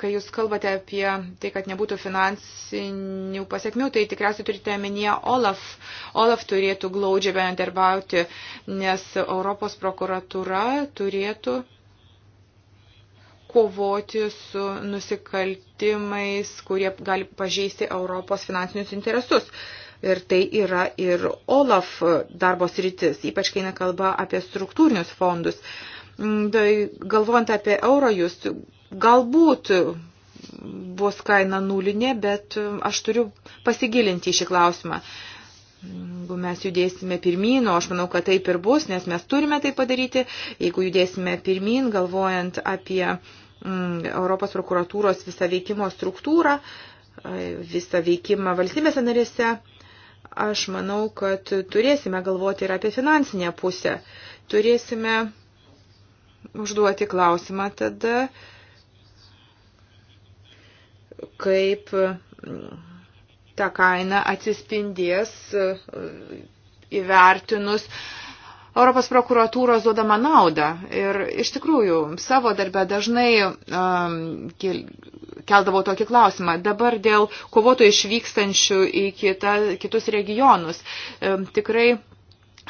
kai jūs kalbate apie tai, kad nebūtų finansinių pasiekmių, tai tikriausiai turite minėję Olaf. Olaf turėtų glaudžiai bendarbiauti, nes Europos prokuratura turėtų kovoti su nusikaltimais, kurie gali pažeisti Europos finansinius interesus. Ir tai yra ir Olaf darbos rytis, ypač kai nekalba apie struktūrinius fondus. Tai galvojant apie Eurojus, Galbūt bus kaina nulinė, bet aš turiu pasigilinti į šį klausimą. Jeigu mes judėsime pirmin, o aš manau, kad taip ir bus, nes mes turime tai padaryti, jeigu judėsime pirmin, galvojant apie mm, Europos prokuratūros visą veikimo struktūrą, visą veikimą valstybėse narėse, aš manau, kad turėsime galvoti ir apie finansinę pusę. Turėsime užduoti klausimą tada, mm, kaip mm, ta kaina atsispindės e, įvertinus Europos prokuratūros duodama naudą. Ir iš tikrųjų, savo darbę dažnai um, keldavau tokį klausimą. Dabar dėl kovotojų išvykstančių į kita, kitus regionus. Um, tikrai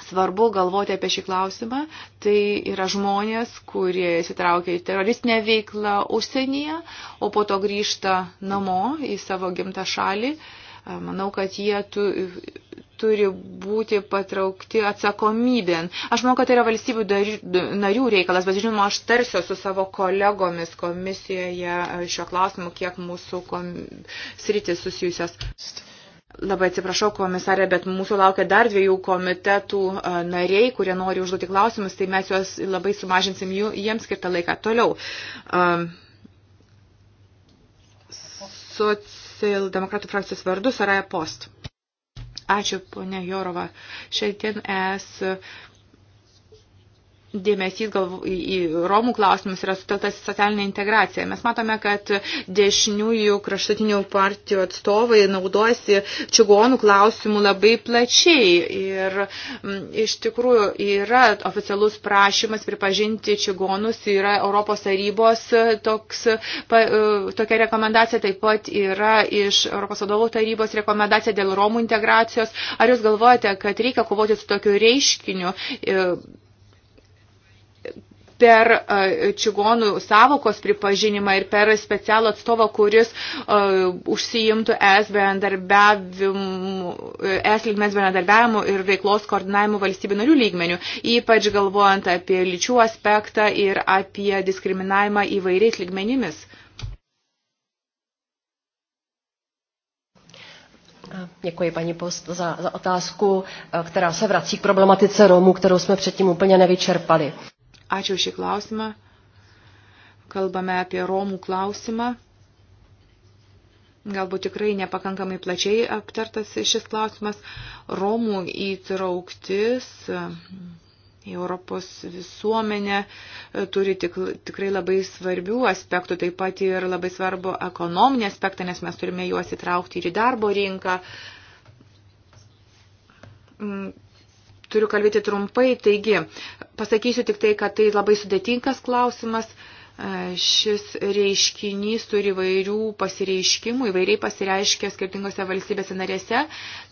svarbu galvoti apie šį klausimą. Tai yra žmonės, kurie įsitraukia į teroristinę veiklą užsienyje, o po to grįžta namo į savo gimtą šalį. Manau, kad jie tu, turi būti patraukti atsakomybėn. Aš manau, kad tai yra valstybių dar, narių reikalas, bet žinoma, aš tarsiu su savo kolegomis komisijoje šiuo klausimu, kiek mūsų kom... sritis susijusios. Labai atsiprašau, komisarė, bet mūsų laukia dar dviejų komitetų nariai, kurie nori užduoti klausimus, tai mes juos labai sumažinsim jų, jiems skirtą laiką. Toliau. Um, Socialdemokratų frakcijos vardu Saraja Post. Ačiū, ponė Jorova. Šiandien es dėmesys gal į, į Romų klausimus yra suteltas į socialinę integraciją. Mes matome, kad dešiniųjų kraštutinių partijų atstovai naudojasi čigonų klausimų labai plačiai. Ir m, iš tikrųjų yra oficialus prašymas pripažinti čigonus, yra Europos tarybos toks, pa, e, tokia rekomendacija, taip pat yra iš Europos vadovų tarybos rekomendacija dėl Romų integracijos. Ar jūs galvojate, kad reikia kovoti su tokiu reiškiniu? E, per čigonų savokos pripažinimą ir per specialų atstovą, kuris uh, užsiimtų es lygmens bendradarbiavimu ir veiklos koordinavimu valstybių narių lygmenių, ypač galvojant apie lyčių aspektą ir apie diskriminavimą įvairiais lygmenimis. Děkuji paní post za, za otázku, která se vrací k problematice Romů, kterou jsme předtím úplně nevyčerpali. Ačiū šį klausimą. Kalbame apie Romų klausimą. Galbūt tikrai nepakankamai plačiai aptartas šis klausimas. Romų įtrauktis į Europos visuomenę turi tik, tikrai labai svarbių aspektų, taip pat ir labai svarbu ekonominį aspektą, nes mes turime juos įtraukti ir į darbo rinką mm, turiu kalbėti trumpai, taigi pasakysiu tik tai, kad tai labai sudėtingas klausimas. E, šis reiškinys turi įvairių pasireiškimų, įvairiai pasireiškia skirtingose valstybėse narėse,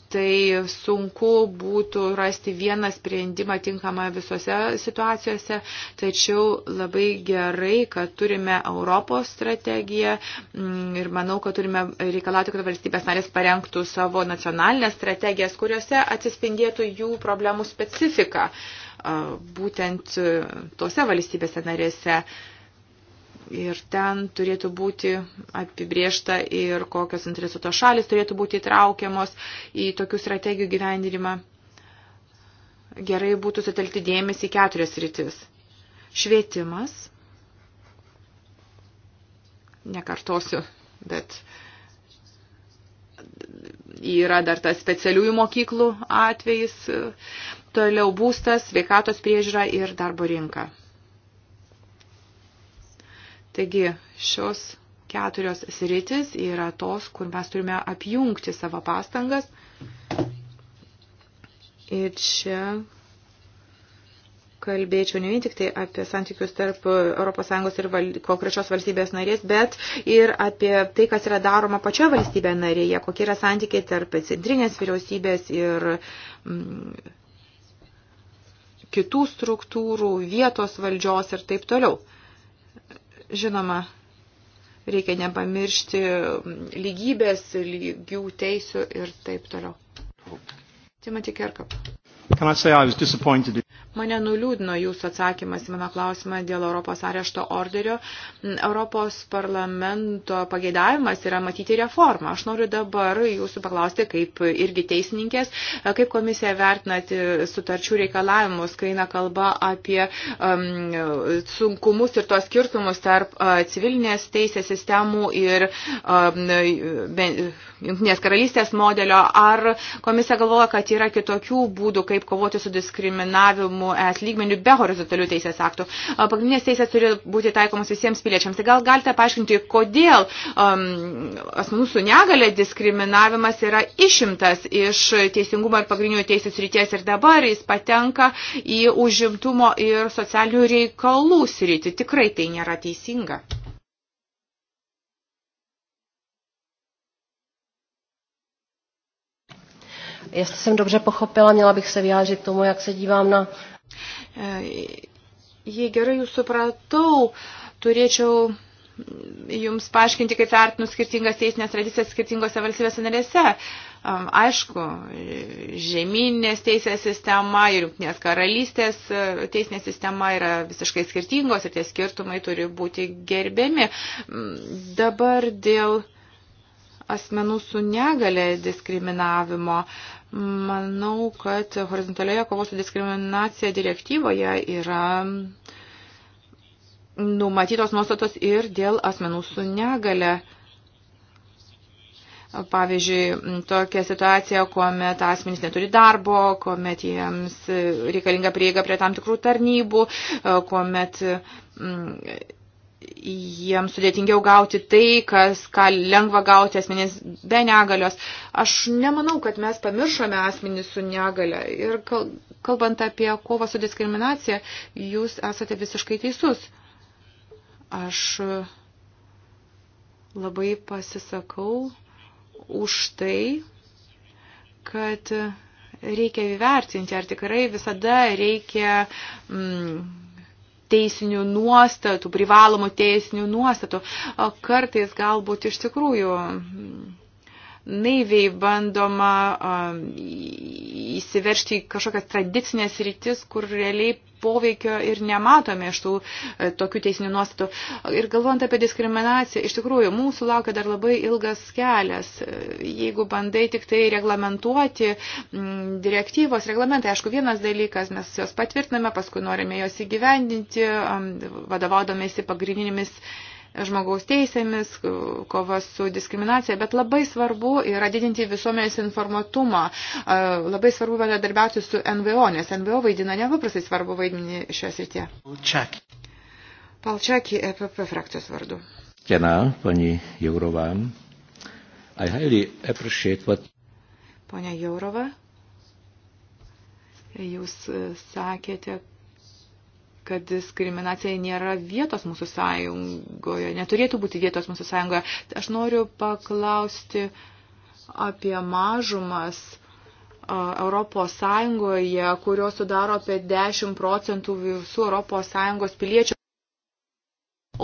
tai sunku būtų rasti vieną sprendimą tinkamą visose situacijose, tačiau labai gerai, kad turime Europos strategiją mm, ir manau, kad turime reikalauti, kad valstybės narės parengtų savo nacionalinės strategijas, kuriuose atsispindėtų jų problemų specifika būtent e, tose valstybėse narėse. Ir ten turėtų būti apibriešta ir kokios interesuotos šalis turėtų būti įtraukiamos į tokių strategijų gyvendinimą. Gerai būtų sutelkti dėmesį į keturias rytis. Švietimas. Nekartosiu, bet yra dar tas specialiųjų mokyklų atvejis. Toliau būstas, sveikatos priežiūra ir darbo rinka. Taigi šios keturios sritis yra tos, kur mes turime apjungti savo pastangas. Ir čia kalbėčiau ne vien tik tai apie santykius tarp ES ir val, konkrečios valstybės narės, bet ir apie tai, kas yra daroma pačioje valstybė narėje, kokie yra santykiai tarp centrinės vyriausybės ir mm, kitų struktūrų, vietos valdžios ir taip toliau. Žinoma, reikia nepamiršti lygybės, lygių teisių ir taip toliau. Timothy Kerkap. Can I say I was disappointed? Mane nuliūdino jūsų atsakymas į mano klausimą dėl Europos arešto orderio. Europos parlamento pageidavimas yra matyti reformą. Aš noriu dabar jūsų paklausti, kaip irgi teisininkės, kaip komisija vertinate sutarčių reikalavimus, kai eina kalba apie um, sunkumus ir tos skirtumus tarp uh, civilinės teisės sistemų ir um, Junktinės karalystės modelio. Ar komisija galvoja, kad yra kitokių būdų, kaip kovoti su diskriminavimu? įstatymų es lygmenių be horizontalių teisės aktų. Pagrindinės teisės turi būti taikomas visiems piliečiams. Tai gal galite paaiškinti, kodėl um, asmenų su negale diskriminavimas yra išimtas iš teisingumo ir pagrindinių teisės ryties ir dabar jis patenka į užimtumo ir socialinių reikalų sritį. Tikrai tai nėra teisinga. jestli jsem dobře pochopila, měla bych se vyjádřit tomu, jak se dívám na E, jei gerai jūs supratau, turėčiau jums paaiškinti, kaip vertinu skirtingas teisinės tradicijas skirtingose valstybėse narėse. E, aišku, žemynės teisės sistema ir jungtinės karalystės e, teisinė sistema yra visiškai skirtingos ir tie skirtumai turi būti gerbiami. Mm, dabar dėl asmenų su negale diskriminavimo. Uh, Manau, kad horizontalioje kovos su diskriminacija direktyvoje yra numatytos nuostatos ir dėl asmenų su negale. Pavyzdžiui, tokia situacija, kuomet asmenys neturi darbo, kuomet jiems reikalinga prieiga prie tam tikrų tarnybų, kuomet mm, jiems sudėtingiau gauti tai, kas, ką lengva gauti asmenys be negalios. Aš nemanau, kad mes pamiršome asmenį su negale. Ir kalbant apie kovą su diskriminacija, jūs esate visiškai teisus. Aš labai pasisakau už tai, kad reikia įvertinti, ar tikrai visada reikia. Mm, teisinių nuostatų, privalomų teisinių nuostatų. Kartais galbūt iš tikrųjų naiviai bandoma um, įsiveršti į kažkokias tradicinės rytis, kur realiai poveikio ir nematome iš tų e, tokių teisinių nuostatų. Ir galvojant apie diskriminaciją, iš tikrųjų, mūsų laukia dar labai ilgas kelias. E, jeigu bandai tik tai reglamentuoti m, direktyvos, reglamentai, aišku, vienas dalykas, mes jos patvirtiname, paskui norime jos įgyvendinti, vadovaudomėsi pagrindinėmis žmogaus teisėmis, kova su diskriminacija, bet labai svarbu yra didinti visuomenės informatumą, labai svarbu bendradarbiauti su NVO, nes NVO vaidina nepaprastai svarbu vaidmenį šioje srityje. Palčiakį. Palčiakį EPP frakcijos vardu. Diena, pani Jaurova. I highly appreciate what... Ponia Jaurova, jūs e, sakėte, kad diskriminacija nėra vietos mūsų sąjungoje, neturėtų būti vietos mūsų sąjungoje. Aš noriu paklausti apie mažumas. Europos Sąjungoje, kurios sudaro apie 10 procentų visų Europos Sąjungos piliečių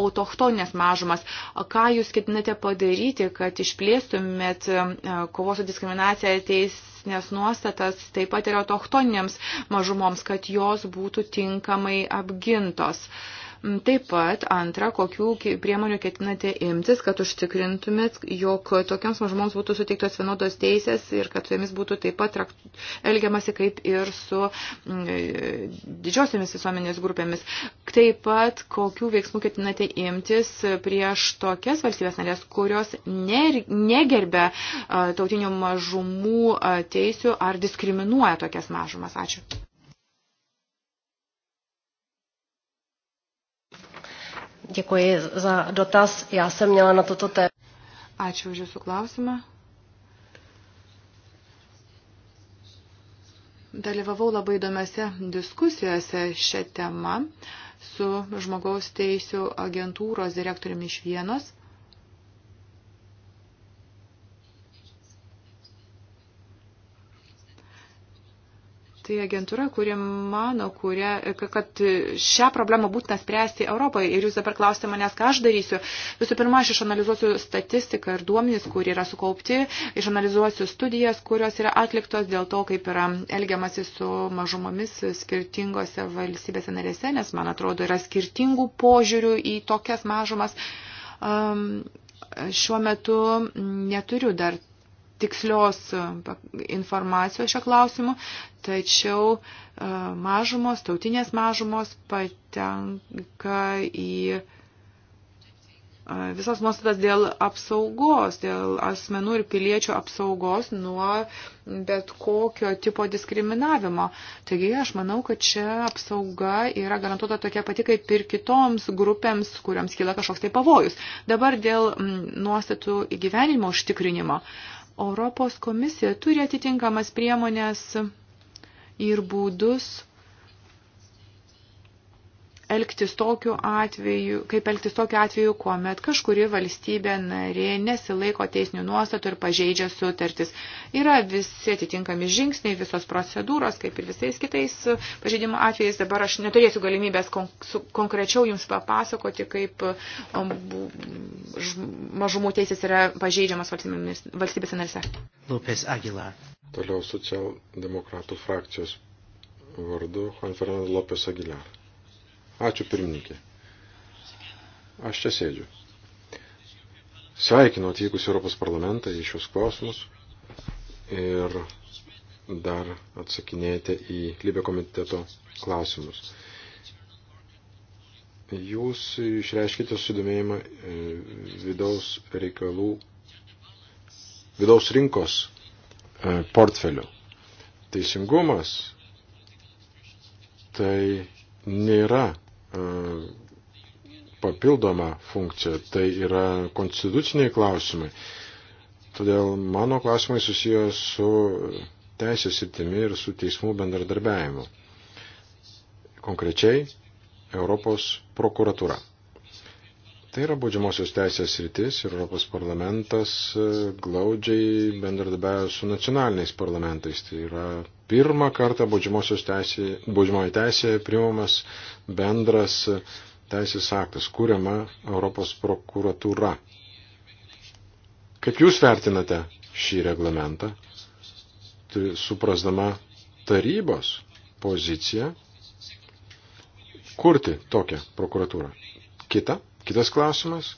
autochtoninės mažumas. Ką jūs ketinate padaryti, kad išplėstumėt e, kovos su diskriminacija teisinės nuostatas taip pat ir autochtoninėms mažumoms, kad jos būtų tinkamai apgintos? Uh, Taip pat, antra, kokių priemonių ketinate imtis, kad užtikrintumėt, jog tokiams mažumoms būtų suteiktos vienodos teisės ir kad su jomis būtų taip pat trakt... elgiamasi kaip ir su mm, e, didžiosiamis visuomenės grupėmis. Taip pat, kokių veiksmų ketinate imtis prieš tokias valstybės narės, kurios negerbė tautinių mažumų teisių ar diskriminuoja tokias mažumas. Ačiū. Děkuji za dotaz. Já jsem měla na toto téma. Ačiū už Jūsų klausimą. Dalyvavau labai įdomiose diskusijose šią temą su žmogaus teisų agentūros direktoriumi iš Vienos. Tai agentūra, kuri mano, kuria, kad šią problemą būtina spręsti Europoje. Ir jūs dabar klausite manęs, ką aš darysiu. Visų pirma, aš išanalizuosiu statistiką ir duomenys, kur yra sukaupti, išanalizuosiu studijas, kurios yra atliktos dėl to, kaip yra elgiamasi su mažumomis skirtingose valstybėse narėse, nes, man atrodo, yra skirtingų požiūrių į tokias mažumas. Um, šiuo metu neturiu dar tikslios e, informacijos šio klausimu, tačiau e, mažumos, tautinės mažumos patenka į e, visas nuostatas dėl apsaugos, dėl asmenų ir piliečių apsaugos nuo bet kokio tipo diskriminavimo. Taigi aš manau, kad čia apsauga yra garantuota tokia pati kaip ir kitoms grupėms, kuriams kyla kažkoks tai pavojus. Dabar dėl mm, nuostatų įgyvenimo užtikrinimo. Uh, Europos komisija turi atitinkamas priemonės ir būdus elgtis tokiu atveju, kaip elgtis tokiu atveju, kuomet kažkuri valstybė narė nesilaiko teisinių nuostatų ir pažeidžia sutartis. Yra visi atitinkami žingsniai, visos procedūros, kaip ir visais kitais pažeidimo atvejais. Dabar aš neturėsiu galimybės konkrečiau jums papasakoti, kaip um, mažumų teisės yra pažeidžiamas valstybėse narėse. Lopez Aguilar. Toliau socialdemokratų frakcijos vardu Juan Fernando Lopez Aguilar. Ačiū pirmininkė. Aš čia sėdžiu. Sveikinu atvykus Europos parlamentą į šios klausimus ir dar atsakinėjate į Libė komiteto klausimus. Jūs išreiškite sudomėjimą e, vidaus reikalų, vidaus rinkos e, portfeliu. Teisingumas tai nėra papildomą funkciją. Tai yra konstituciniai klausimai. Todėl mano klausimai susiję su teisės sritimi ir su teismų bendradarbiavimu. Konkrečiai Europos prokuratūra. Tai yra baudžiamosios teisės rytis ir Europos parlamentas e, glaudžiai bendradarbiavo su nacionaliniais parlamentais. Tai yra pirmą kartą baudžiamosios teisė, baudžiamoji teisė primamas bendras teisės aktas, kuriama Europos prokuratūra. Kaip Jūs vertinate šį reglamentą, tai suprasdama tarybos poziciją, kurti tokią prokuratūrą? Kita Kitas klausimas.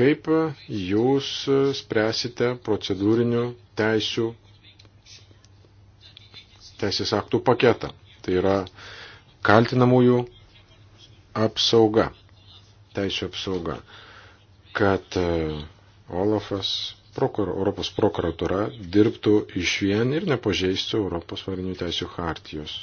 Kaip jūs spręsite procedūrinių teisių, teisės aktų paketą? Tai yra kaltinamųjų apsauga, teisų apsauga, kad e, Olafas, prokur, Europos prokuratura dirbtų iš vien ir nepažeistų Europos varinių teisų hartijos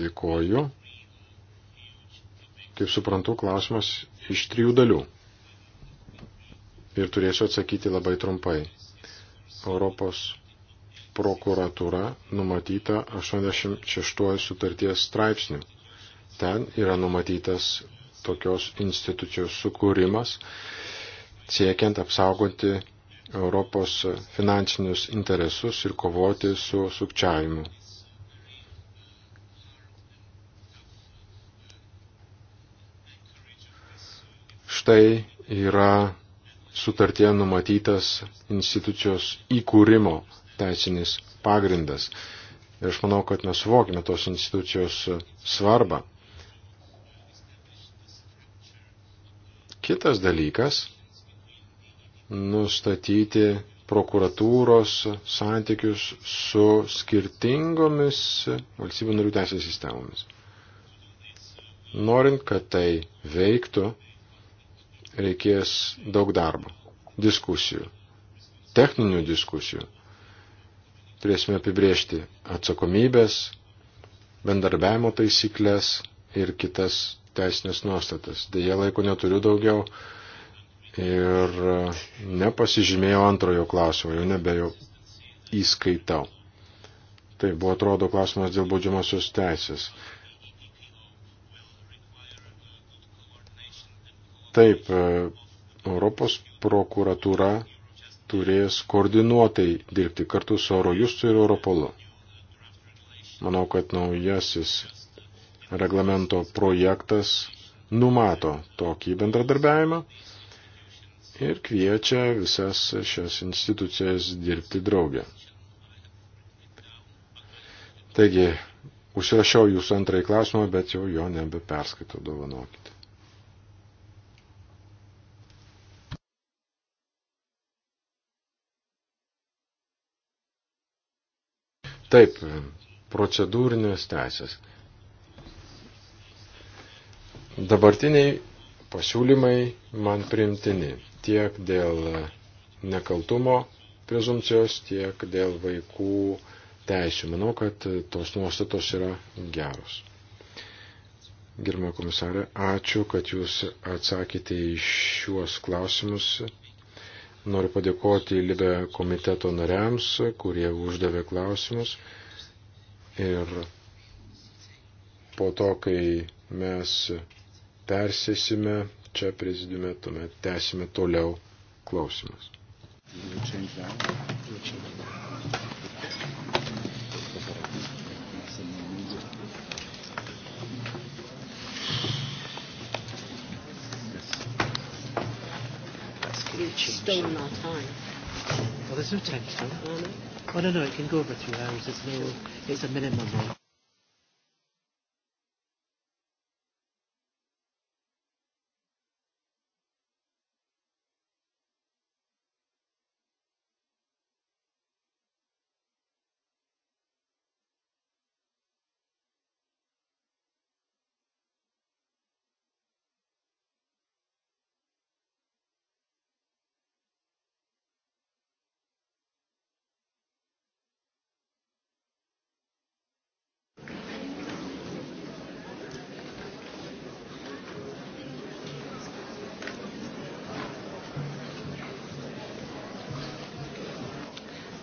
Dėkoju. Kaip suprantu, klausimas iš trijų dalių. Ir turėsiu atsakyti labai trumpai. Europos prokuratūra numatyta 86 sutarties straipsnių. Ten yra numatytas tokios institucijos sukūrimas, siekiant apsaugoti Europos finansinius interesus ir kovoti su sukčiavimu. štai yra sutartie numatytas institucijos įkūrimo teisinis pagrindas. Ir aš manau, kad nesuvokime tos institucijos svarbą. Kitas dalykas - nustatyti prokuratūros santykius su skirtingomis valstybių narių teisės sistemomis. Norint, kad tai veiktų, reikės daug darbo, diskusijų, techninių diskusijų. Turėsime apibriežti atsakomybės, bendarbiavimo taisyklės ir kitas teisinės nuostatas. Deja, laiko neturiu daugiau ir nepasižymėjau antrojo klausimo, jau nebejo įskaitau. Tai buvo, atrodo, klausimas dėl baudžiamosios teisės. Taip, e, Europos prokuratūra turės koordinuotai dirbti kartu su Eurojustu ir Europolu. Manau, kad naujasis reglamento projektas numato tokį bendradarbiavimą ir kviečia visas šias institucijas dirbti draugę. Taigi, užrašiau jūsų antrąjį klausimą, bet jau jo nebeperskaitau, dovanokite. Taip, procedūrinės teisės. Dabartiniai pasiūlymai man primtini tiek dėl nekaltumo prezumcijos, tiek dėl vaikų teisų. Manau, kad tos nuostatos yra geros. Gerbimo komisarė, ačiū, kad jūs atsakėte į šiuos klausimus. Noriu padėkoti Libe komiteto nariams, kurie uždavė klausimus. Ir po to, kai mes persėsime čia prezidiume, tuomet tęsime toliau klausimus. We'll change that. We'll change that. You've stolen our time. Well, there's no time, Tom. Oh, no. Oh, no, no, it can go over two hours. There's no, it's a minimum. Rate.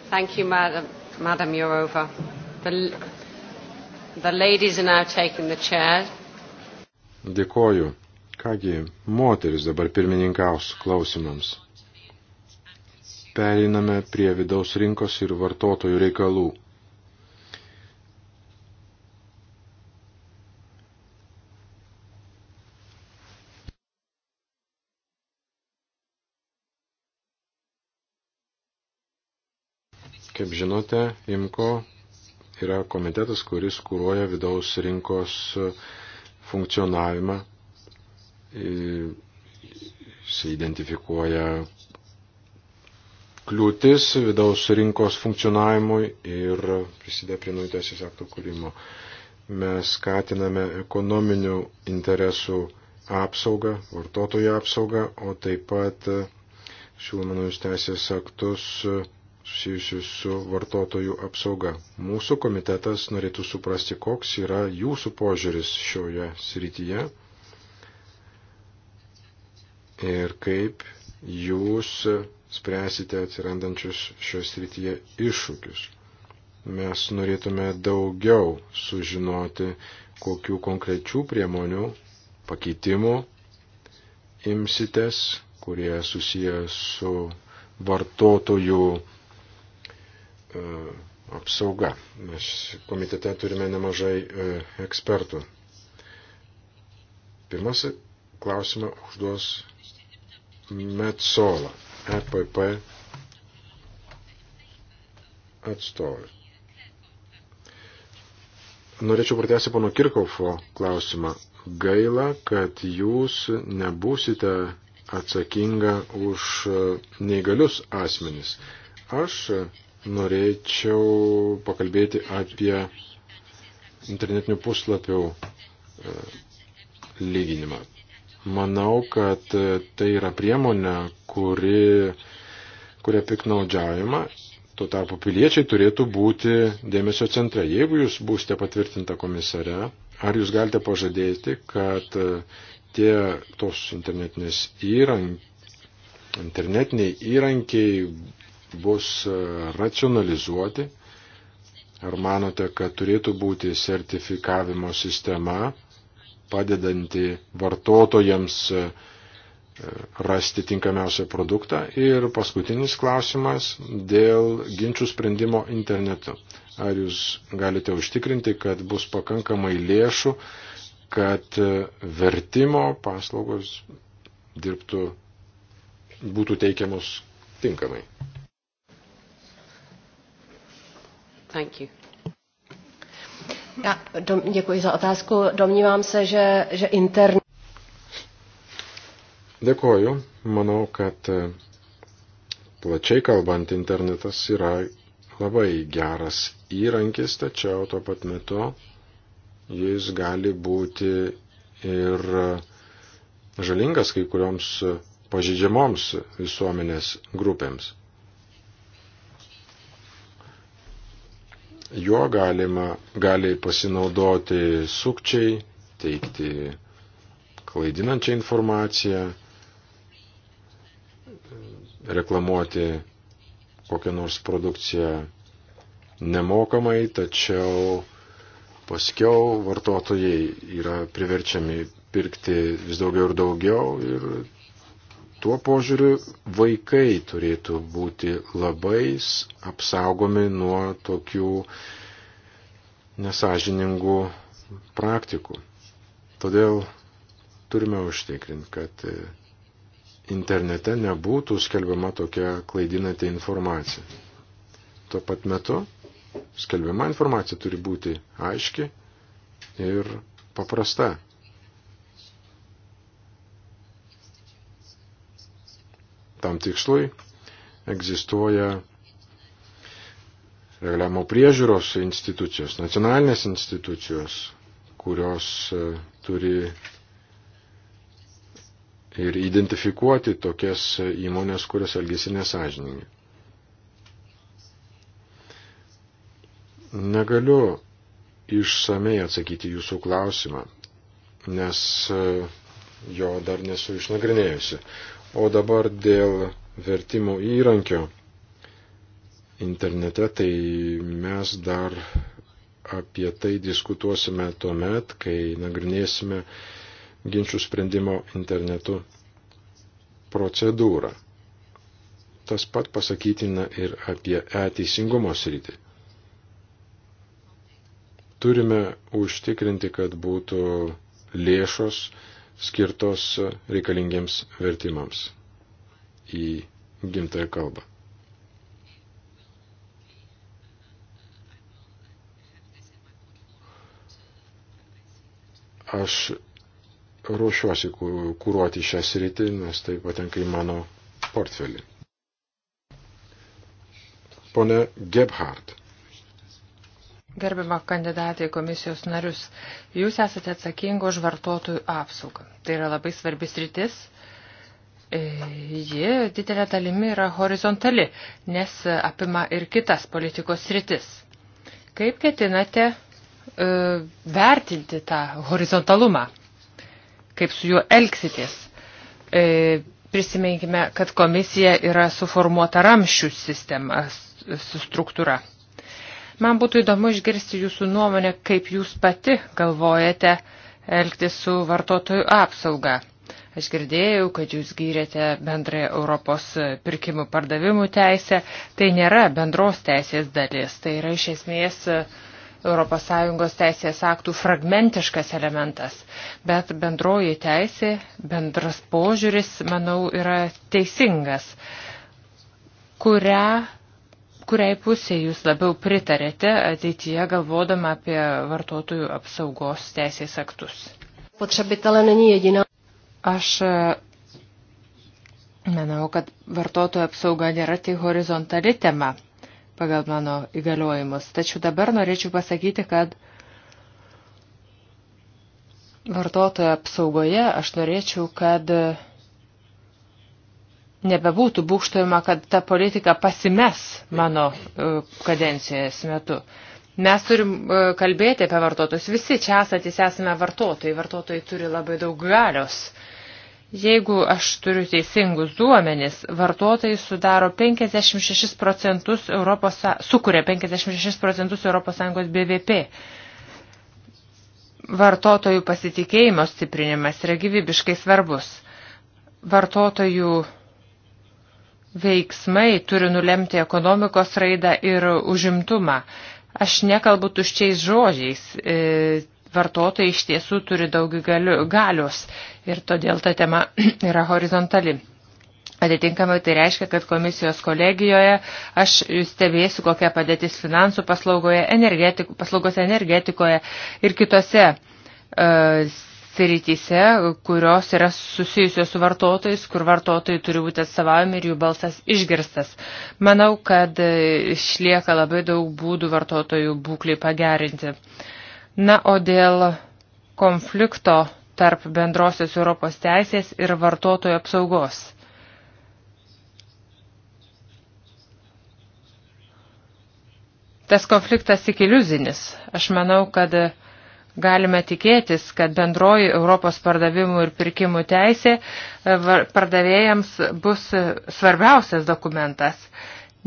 Thank you, Madam, Madam Jourova. The, the ladies are now taking the chair. Dėkoju. Kągi, moteris dabar pirmininkaus klausimams. Pereiname prie vidaus rinkos ir vartotojų reikalų. Kaip žinote, IMCO yra komitetas, kuris kūruoja vidaus rinkos funkcionavimą. Jis identifikuoja kliūtis vidaus rinkos funkcionavimui ir prisideda prie naujų teisės aktų kūrimo. Mes skatiname ekonominių interesų apsaugą, vartotojų apsaugą, o taip pat siūlome naujus teisės aktus susijusių su vartotojų apsauga. Mūsų komitetas norėtų suprasti, koks yra jūsų požiūris šioje srityje ir kaip jūs spręsite atsirandančius šios srityje iššūkius. Mes norėtume daugiau sužinoti, kokių konkrečių priemonių, pakeitimų imsitės, kurie susiję su vartotojų E, apsauga. Mes komitete turime nemažai e, ekspertų. Pirmas klausimą užduos Metsola, EPP atstovai. Norėčiau pratęsti pono Kirkaufo klausimą. Gaila, kad jūs nebūsite atsakinga už neįgalius asmenis. Aš norėčiau pakalbėti apie internetinių puslapių e, lyginimą. Manau, kad e, tai yra priemonė, kuri, kuria piknaudžiaujama. Tuo tarpu piliečiai turėtų būti dėmesio centre. Jeigu jūs būsite patvirtinta komisare, ar jūs galite pažadėti, kad e, tie tos internetinės įrankiai, internetiniai įrankiai bus e, racionalizuoti? Ar manote, kad turėtų būti sertifikavimo sistema, padedanti vartotojams e, rasti tinkamiausią produktą? Ir paskutinis klausimas dėl ginčių sprendimo internetu. Ar jūs galite užtikrinti, kad bus pakankamai lėšų, kad e, vertimo paslaugos dirbtų, būtų teikiamos tinkamai? Thank you. Já dom, děkuji za otázku. Domnívám se, že, že internet. Dėkoju. Manau, eh, kad plačiai kalbant internetas yra labai geras įrankis, tačiau tuo pat metu jis gali būti ir eh, žalingas kai kurioms eh, pažydžiamoms visuomenės grupėms. Juo galima, gali pasinaudoti sukčiai, teikti klaidinančią informaciją, reklamuoti kokią nors produkciją nemokamai, tačiau paskiau vartotojai yra priverčiami pirkti vis daugiau ir daugiau ir Tuo požiūriu vaikai turėtų būti labai apsaugomi nuo tokių nesažiningų praktikų. Todėl turime užtikrinti, kad e, internete nebūtų skelbiama tokia klaidinanti informacija. Tuo pat metu skelbiama informacija turi būti aiški ir paprasta. tam tikslui egzistuoja reglamo priežiūros institucijos, nacionalinės institucijos, kurios e, turi ir identifikuoti tokias įmonės, kurios elgesi nesažiningai. Negaliu išsamei atsakyti jūsų klausimą, nes e, jo dar nesu išnagrinėjusi. O dabar dėl vertimo įrankio internete, tai mes dar apie tai diskutuosime tuo met, kai nagrinėsime ginčių sprendimo internetu procedūrą. Tas pat pasakytina ir apie e-teisingumo sritį. Turime užtikrinti, kad būtų lėšos skirtos reikalingiems vertimams į gimtąją kalbą. Aš ruošiuosi kūruoti šią sritį, nes tai patenka į mano portfelį. Pone Gebhardt Gerbima kandidatė į komisijos narius, jūs esate atsakingo už vartotojų apsaugą. Tai yra labai svarbis rytis. E, ji didelė dalimi yra horizontali, nes apima ir kitas politikos rytis. Kaip ketinate e, vertinti tą horizontalumą? Kaip su juo elgsitės? E, prisiminkime, kad komisija yra suformuota ramščių sistema, su struktūra. Man būtų įdomu išgirsti jūsų nuomonę, kaip jūs pati galvojate elgtis su vartotojų apsauga. Aš girdėjau, kad jūs gyrėte bendrąją Europos pirkimų pardavimų teisę. Tai nėra bendros teisės dalis, tai yra iš esmės ES teisės aktų fragmentiškas elementas, bet bendroji teisė, bendras požiūris, manau, yra teisingas, kurią kuriai pusė jūs labiau pritarėte ateityje galvodama apie vartotojų apsaugos teisės aktus? Potřebitele není jediná. Aš e, manau, kad vartotojų apsauga nėra tik horizontali tema pagal mano įgaliojimus. Tačiau dabar norėčiau pasakyti, kad vartotojo apsaugoje aš norėčiau, kad nebebūtų būkštojama, kad ta politika pasimes mano e, kadencijos metu. Mes turim e, kalbėti apie vartotojus. Visi čia esatys esame vartotojai. Vartotojai turi labai daug galios. Jeigu aš turiu teisingus duomenis, vartotojai sudaro 56 procentus Europos, sukuria 56 procentus ES BVP. Vartotojų pasitikėjimo stiprinimas yra gyvybiškai svarbus. Vartotojų veiksmai turi nulemti ekonomikos raidą ir užimtumą. Aš nekalbu tuščiais žodžiais. E, vartotojai iš tiesų turi daug galios ir todėl ta tema yra horizontali. Atitinkamai tai reiškia, kad komisijos kolegijoje aš stebėsiu, kokia padėtis finansų paslaugoje, energetik, paslaugos energetikoje ir kitose uh, srityse, kurios yra susijusios su vartotojais, kur vartotojai turi būti atstovavimi ir jų balsas išgirstas. Manau, kad išlieka labai daug būdų vartotojų būkliai pagerinti. Na, o dėl konflikto tarp bendrosios Europos teisės ir vartotojų apsaugos. Tas konfliktas tik iliuzinis. Aš manau, kad galime tikėtis, kad bendroji Europos pardavimų ir pirkimų teisė e, pardavėjams bus svarbiausias dokumentas.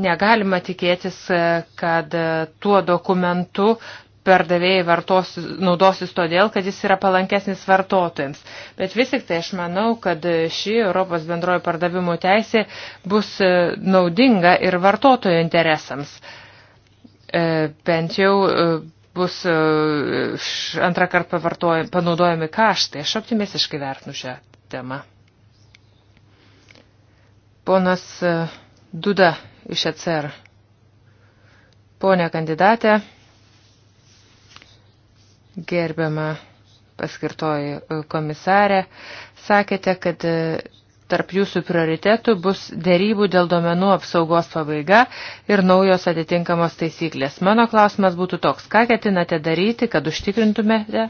Negalima tikėtis, e, kad e, tuo dokumentu pardavėjai vartos, naudosis todėl, kad jis yra palankesnis vartotojams. Bet vis tik tai aš manau, kad ši Europos bendroji pardavimų teisė bus naudinga ir vartotojų interesams. Bent jau bus e, antrą kartą panaudojami kaštai. Aš optimistiškai vertinu šią temą. Ponas e, Duda iš ECR. Pone kandidatė, gerbiama paskirtoji e, komisarė, sakėte, kad tarp jūsų prioritetų bus dėrybų dėl domenų apsaugos pabaiga ir naujos atitinkamos taisyklės. Mano klausimas būtų toks, ką ketinate daryti, kad užtikrintumėte,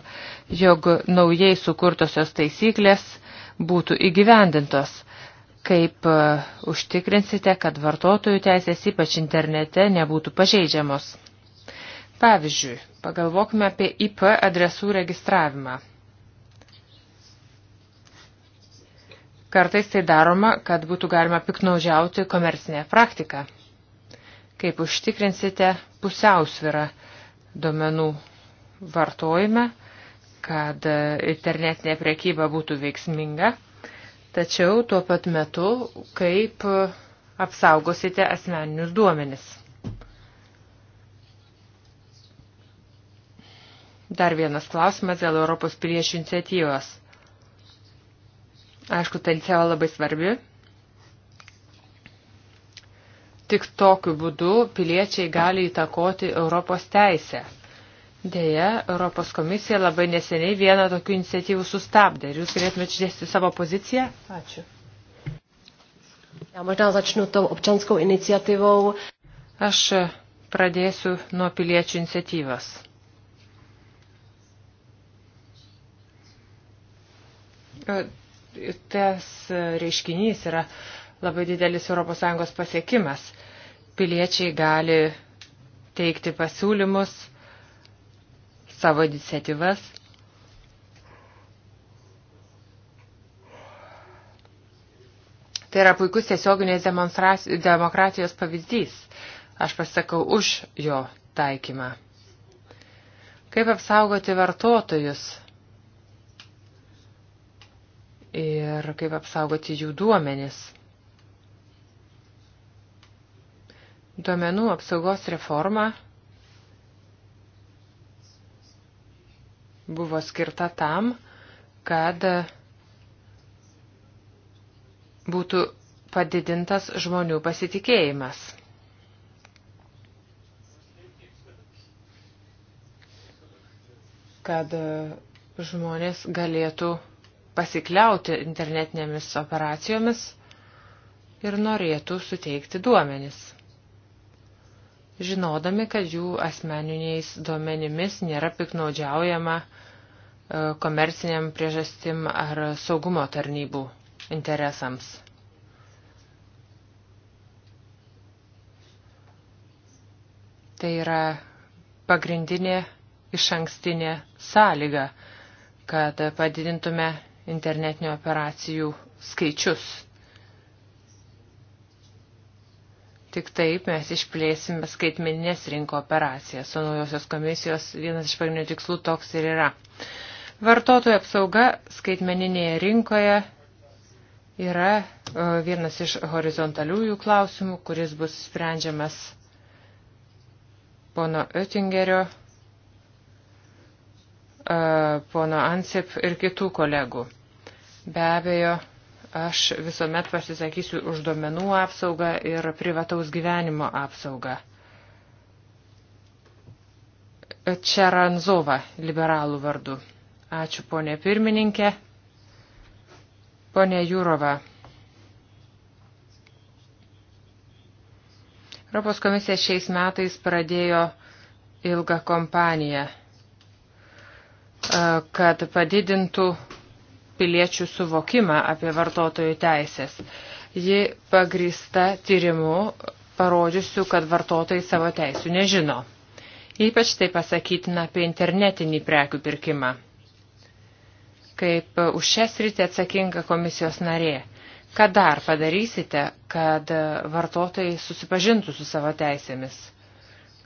jog naujai sukurtosios taisyklės būtų įgyvendintos kaip e, užtikrinsite, kad vartotojų teisės ypač internete nebūtų pažeidžiamos. Pavyzdžiui, pagalvokime apie IP adresų registravimą. Kartais tai daroma, kad būtų galima piknaudžiauti komercinę praktiką. Kaip užtikrinsite pusiausvirą duomenų vartojime, kad internetinė priekyba būtų veiksminga, tačiau tuo pat metu, kaip apsaugosite asmeninius duomenis. Dar vienas klausimas dėl Europos piliečių iniciatyvos. Aišku, ta iniciatyva labai svarbi. Tik tokiu būdu piliečiai gali įtakoti Europos teisę. Deja, Europos komisija labai neseniai vieną tokių iniciatyvų sustabdė. Ir jūs galėtumėte išdėsti savo poziciją? Ačiū. Ja, možná začnu tou občanskou iniciatyvou. Aš pradėsiu nuo piliečių iniciatyvas tas reiškinys yra labai didelis ES pasiekimas. Piliečiai gali teikti pasiūlymus, savo iniciatyvas. Tai yra puikus tiesioginės demokratijos pavyzdys. Aš pasakau už jo taikymą. Kaip apsaugoti vartotojus ir kaip apsaugoti jų duomenis. Duomenų apsaugos reforma buvo skirta tam, kad būtų padidintas žmonių pasitikėjimas. Kad žmonės galėtų pasikliauti internetinėmis operacijomis ir norėtų suteikti duomenis, žinodami, kad jų asmeniniais duomenimis nėra piknaudžiaujama e, komerciniam priežastim ar saugumo tarnybų interesams. Tai yra pagrindinė iš ankstinė sąlyga, kad padidintume internetinių operacijų skaičius. Tik taip mes išplėsime skaitmeninės rinko operacijas, o naujosios komisijos vienas iš pagrindinių tikslų toks ir yra. Vartotojų apsauga skaitmeninėje rinkoje yra e, vienas iš horizontaliųjų klausimų, kuris bus sprendžiamas pono Oettingerio pono Ansip ir kitų kolegų. Be abejo, aš visuomet pasisakysiu už domenų apsaugą ir privataus gyvenimo apsaugą. Čeranzova, liberalų vardu. Ačiū, ponė pirmininkė. Ponė Jūrova. Europos komisija šiais metais pradėjo ilgą kompaniją kad padidintų piliečių suvokimą apie vartotojų teisės. Ji pagrįsta tyrimu parodžiusiu, kad vartotojai savo teisų nežino. Ypač tai pasakytina apie internetinį prekių pirkimą. Kaip už šią sritį atsakinga komisijos narė, ką dar padarysite, kad vartotojai susipažintų su savo teisėmis?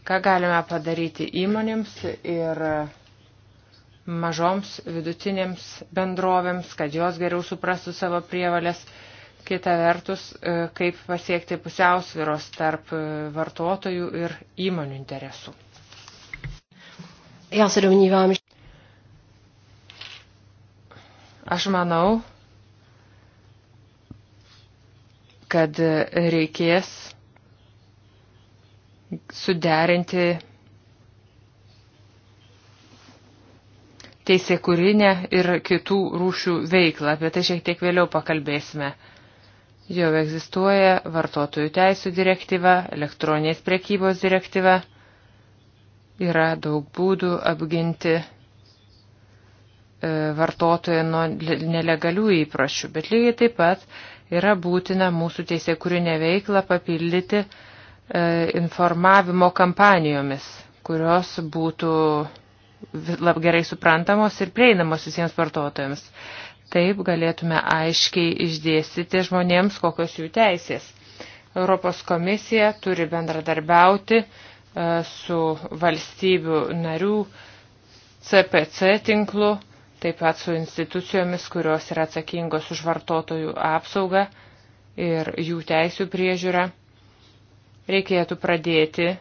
Ką galime padaryti įmonėms ir mažoms vidutinėms bendrovėms, kad jos geriau suprastų savo prievalės. Kita vertus, e, kaip pasiekti pusiausviros tarp e, vartotojų ir įmonių interesų. Já se domnívám, že... Aš manau, kad reikės suderinti teisėkūrinę ir kitų rūšių veiklą. Apie tai šiek tiek vėliau pakalbėsime. Jau egzistuoja vartotojų teisų direktyva, elektroninės priekybos direktyva. Yra daug būdų apginti e, vartotoje nuo nelegalių įprašių, bet lygiai taip pat yra būtina mūsų teisėkūrinę veiklą papildyti e, informavimo kampanijomis, kurios būtų labai gerai suprantamos ir prieinamos visiems vartotojams. Taip galėtume aiškiai išdėstyti žmonėms, kokios jų teisės. Europos komisija turi bendradarbiauti e, su valstybių narių CPC tinklu, taip pat su institucijomis, kurios yra atsakingos už vartotojų apsaugą ir jų teisų priežiūrą. Reikėtų pradėti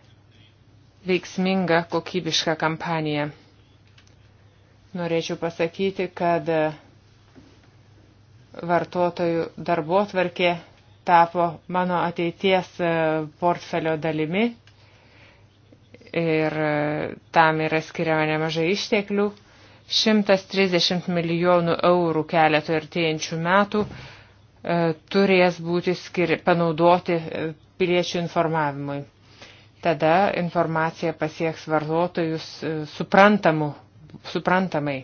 veiksmingą kokybišką kampaniją. Norėčiau pasakyti, kad vartotojų darbotvarkė tapo mano ateities e, portfelio dalimi ir e, tam yra skiriama nemažai išteklių. 130 milijonų eurų keletą artėjančių metų e, turės būti skiri, panaudoti piliečių informavimui. Tada informacija pasieks vartotojus suprantamu suprantamai.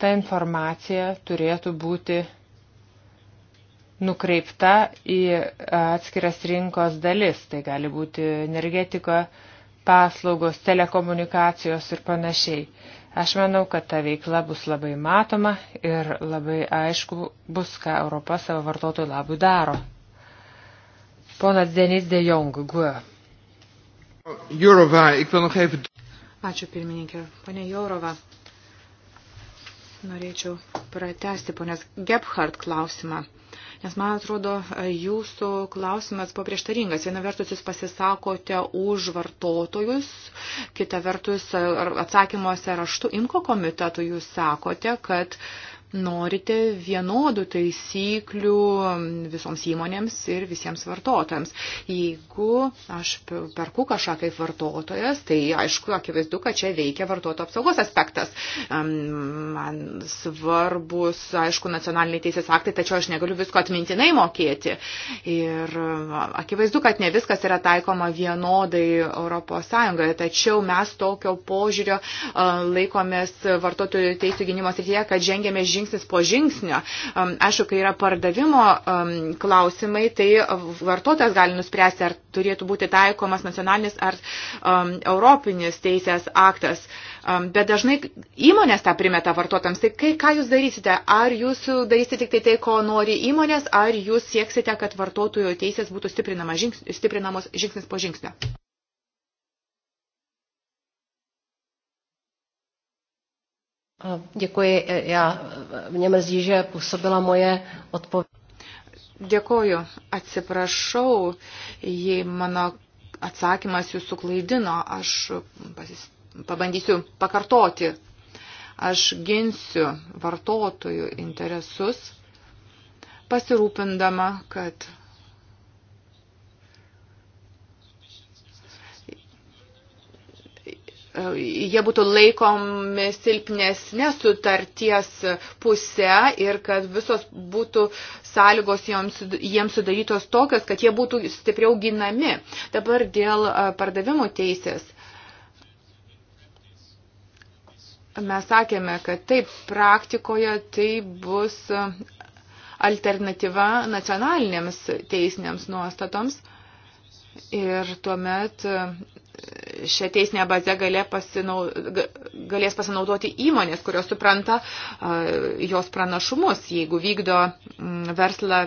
Ta informacija turėtų būti nukreipta į atskiras rinkos dalis. Tai gali būti energetika, paslaugos, telekomunikacijos ir panašiai. Aš manau, kad ta veikla bus labai matoma ir labai aišku bus, ką Europa savo vartotojų labui daro. Ponas Denis de Jong, GUE. Jurova, ik wil nog even... Ačiū pirmininkė. Pane Jaurova, norėčiau pratesti ponės Gebhardt klausimą. Nes, man atrodo, jūsų klausimas buvo prieštaringas. Viena vertus jūs pasisakote už vartotojus, kita vertus atsakymuose raštu Imko komitetu jūs sakote, kad uh, norite vienodų taisyklių visoms įmonėms ir visiems vartotojams. Jeigu aš perku kažką kaip vartotojas, tai aišku, akivaizdu, kad čia veikia vartoto apsaugos aspektas. Man svarbus, aišku, nacionaliniai teisės aktai, tačiau aš negaliu visko atmintinai mokėti. Ir akivaizdu, kad ne viskas yra taikoma vienodai Europos Sąjungoje, tačiau mes tokio požiūrio laikomės vartotojų teisų gynimo srityje, kad žengėme žingsnį žingsnis po žingsnio. Aišku, kai yra pardavimo klausimai, tai vartotojas gali nuspręsti, ar turėtų būti taikomas nacionalinis ar europinis teisės aktas. Bet dažnai įmonės tą primeta vartotams. Tai kai, ką jūs darysite? Ar jūs darysite tik tai tai, ko nori įmonės, ar jūs sieksite, kad vartotojų teisės būtų stiprinamos žingsnis po žingsnio? Děkuji. Já, mě mrzí, že působila moje odpověď. Dėkoju. Atsiprašau, jei mano atsakymas jūsų klaidino, aš pasis, pabandysiu pakartoti. Aš ginsiu vartotojų interesus, pasirūpindama, kad jie būtų laikomi silpnesnė sutarties pusė ir kad visos būtų sąlygos joms, jiems sudarytos tokios, kad jie būtų stipriau ginami. Dabar dėl pardavimų teisės. Mes sakėme, kad taip, praktikoje tai bus alternatyva nacionalinėms teisinėms nuostatoms. Ir tuomet šią teisinę bazę galė pasinau, galės pasinaudoti įmonės, kurios supranta jos pranašumus. Jeigu vykdo mm, verslą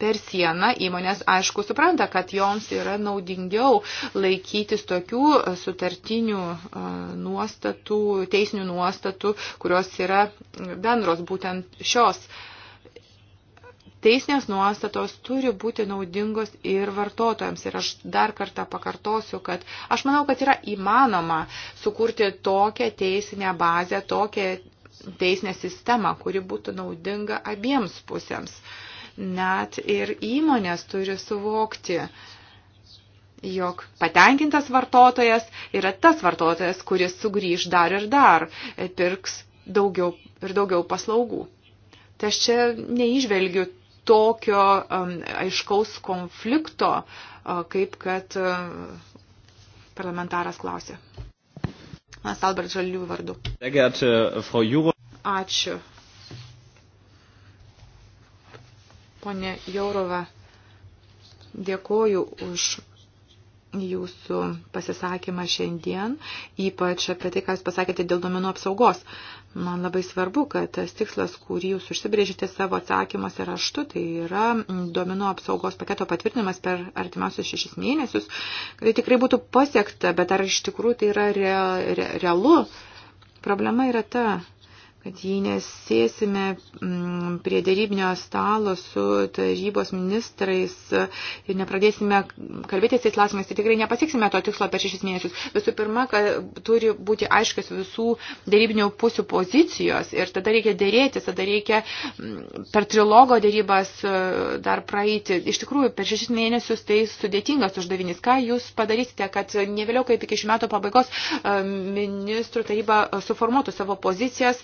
per sieną įmonės aišku supranta, kad joms yra naudingiau laikytis tokių sutartinių nuostatų, teisinių nuostatų, kurios yra bendros būtent šios teisinės nuostatos turi būti naudingos ir vartotojams. Ir aš dar kartą pakartosiu, kad aš manau, kad yra įmanoma sukurti tokią teisinę bazę, tokią teisinę sistemą, kuri būtų naudinga abiems pusėms. Net ir įmonės turi suvokti, jog patenkintas vartotojas yra tas vartotojas, kuris sugrįž dar ir dar, pirks daugiau ir daugiau paslaugų. Tai aš čia neižvelgiu tokio um, aiškaus konflikto, uh, kaip kad uh, parlamentaras klausė. Mas Albert Žalių vardu. Äh, Ačiū. Pone Jaurova, dėkoju už jūsų pasisakymą šiandien, ypač apie tai, ką jūs pasakėte dėl domenų apsaugos. Man labai svarbu, kad tas tikslas, kurį jūs užsibrėžite savo atsakymuose raštu, tai yra domenų apsaugos paketo patvirtinimas per artimiausius šešis mėnesius, kad tai tikrai būtų pasiekta, bet ar iš tikrųjų tai yra re, re, realu. Problema yra ta, kad jei nesėsime mm, prie dėrybinio stalo su tarybos ministrais ir nepradėsime kalbėtis tais klausimais, tai tikrai nepasieksime to tikslo per šešis mėnesius. Visų pirma, kad turi būti aiškas visų dėrybinių pusių pozicijos ir tada reikia dėrėtis, tada reikia mm, per trilogo dėrybas e, dar praeiti. Iš tikrųjų, per šešis mėnesius tai sudėtingas uždavinys. Ką jūs padarysite, kad ne vėliau kaip iki šių metų pabaigos e, ministrų taryba suformuotų savo pozicijas,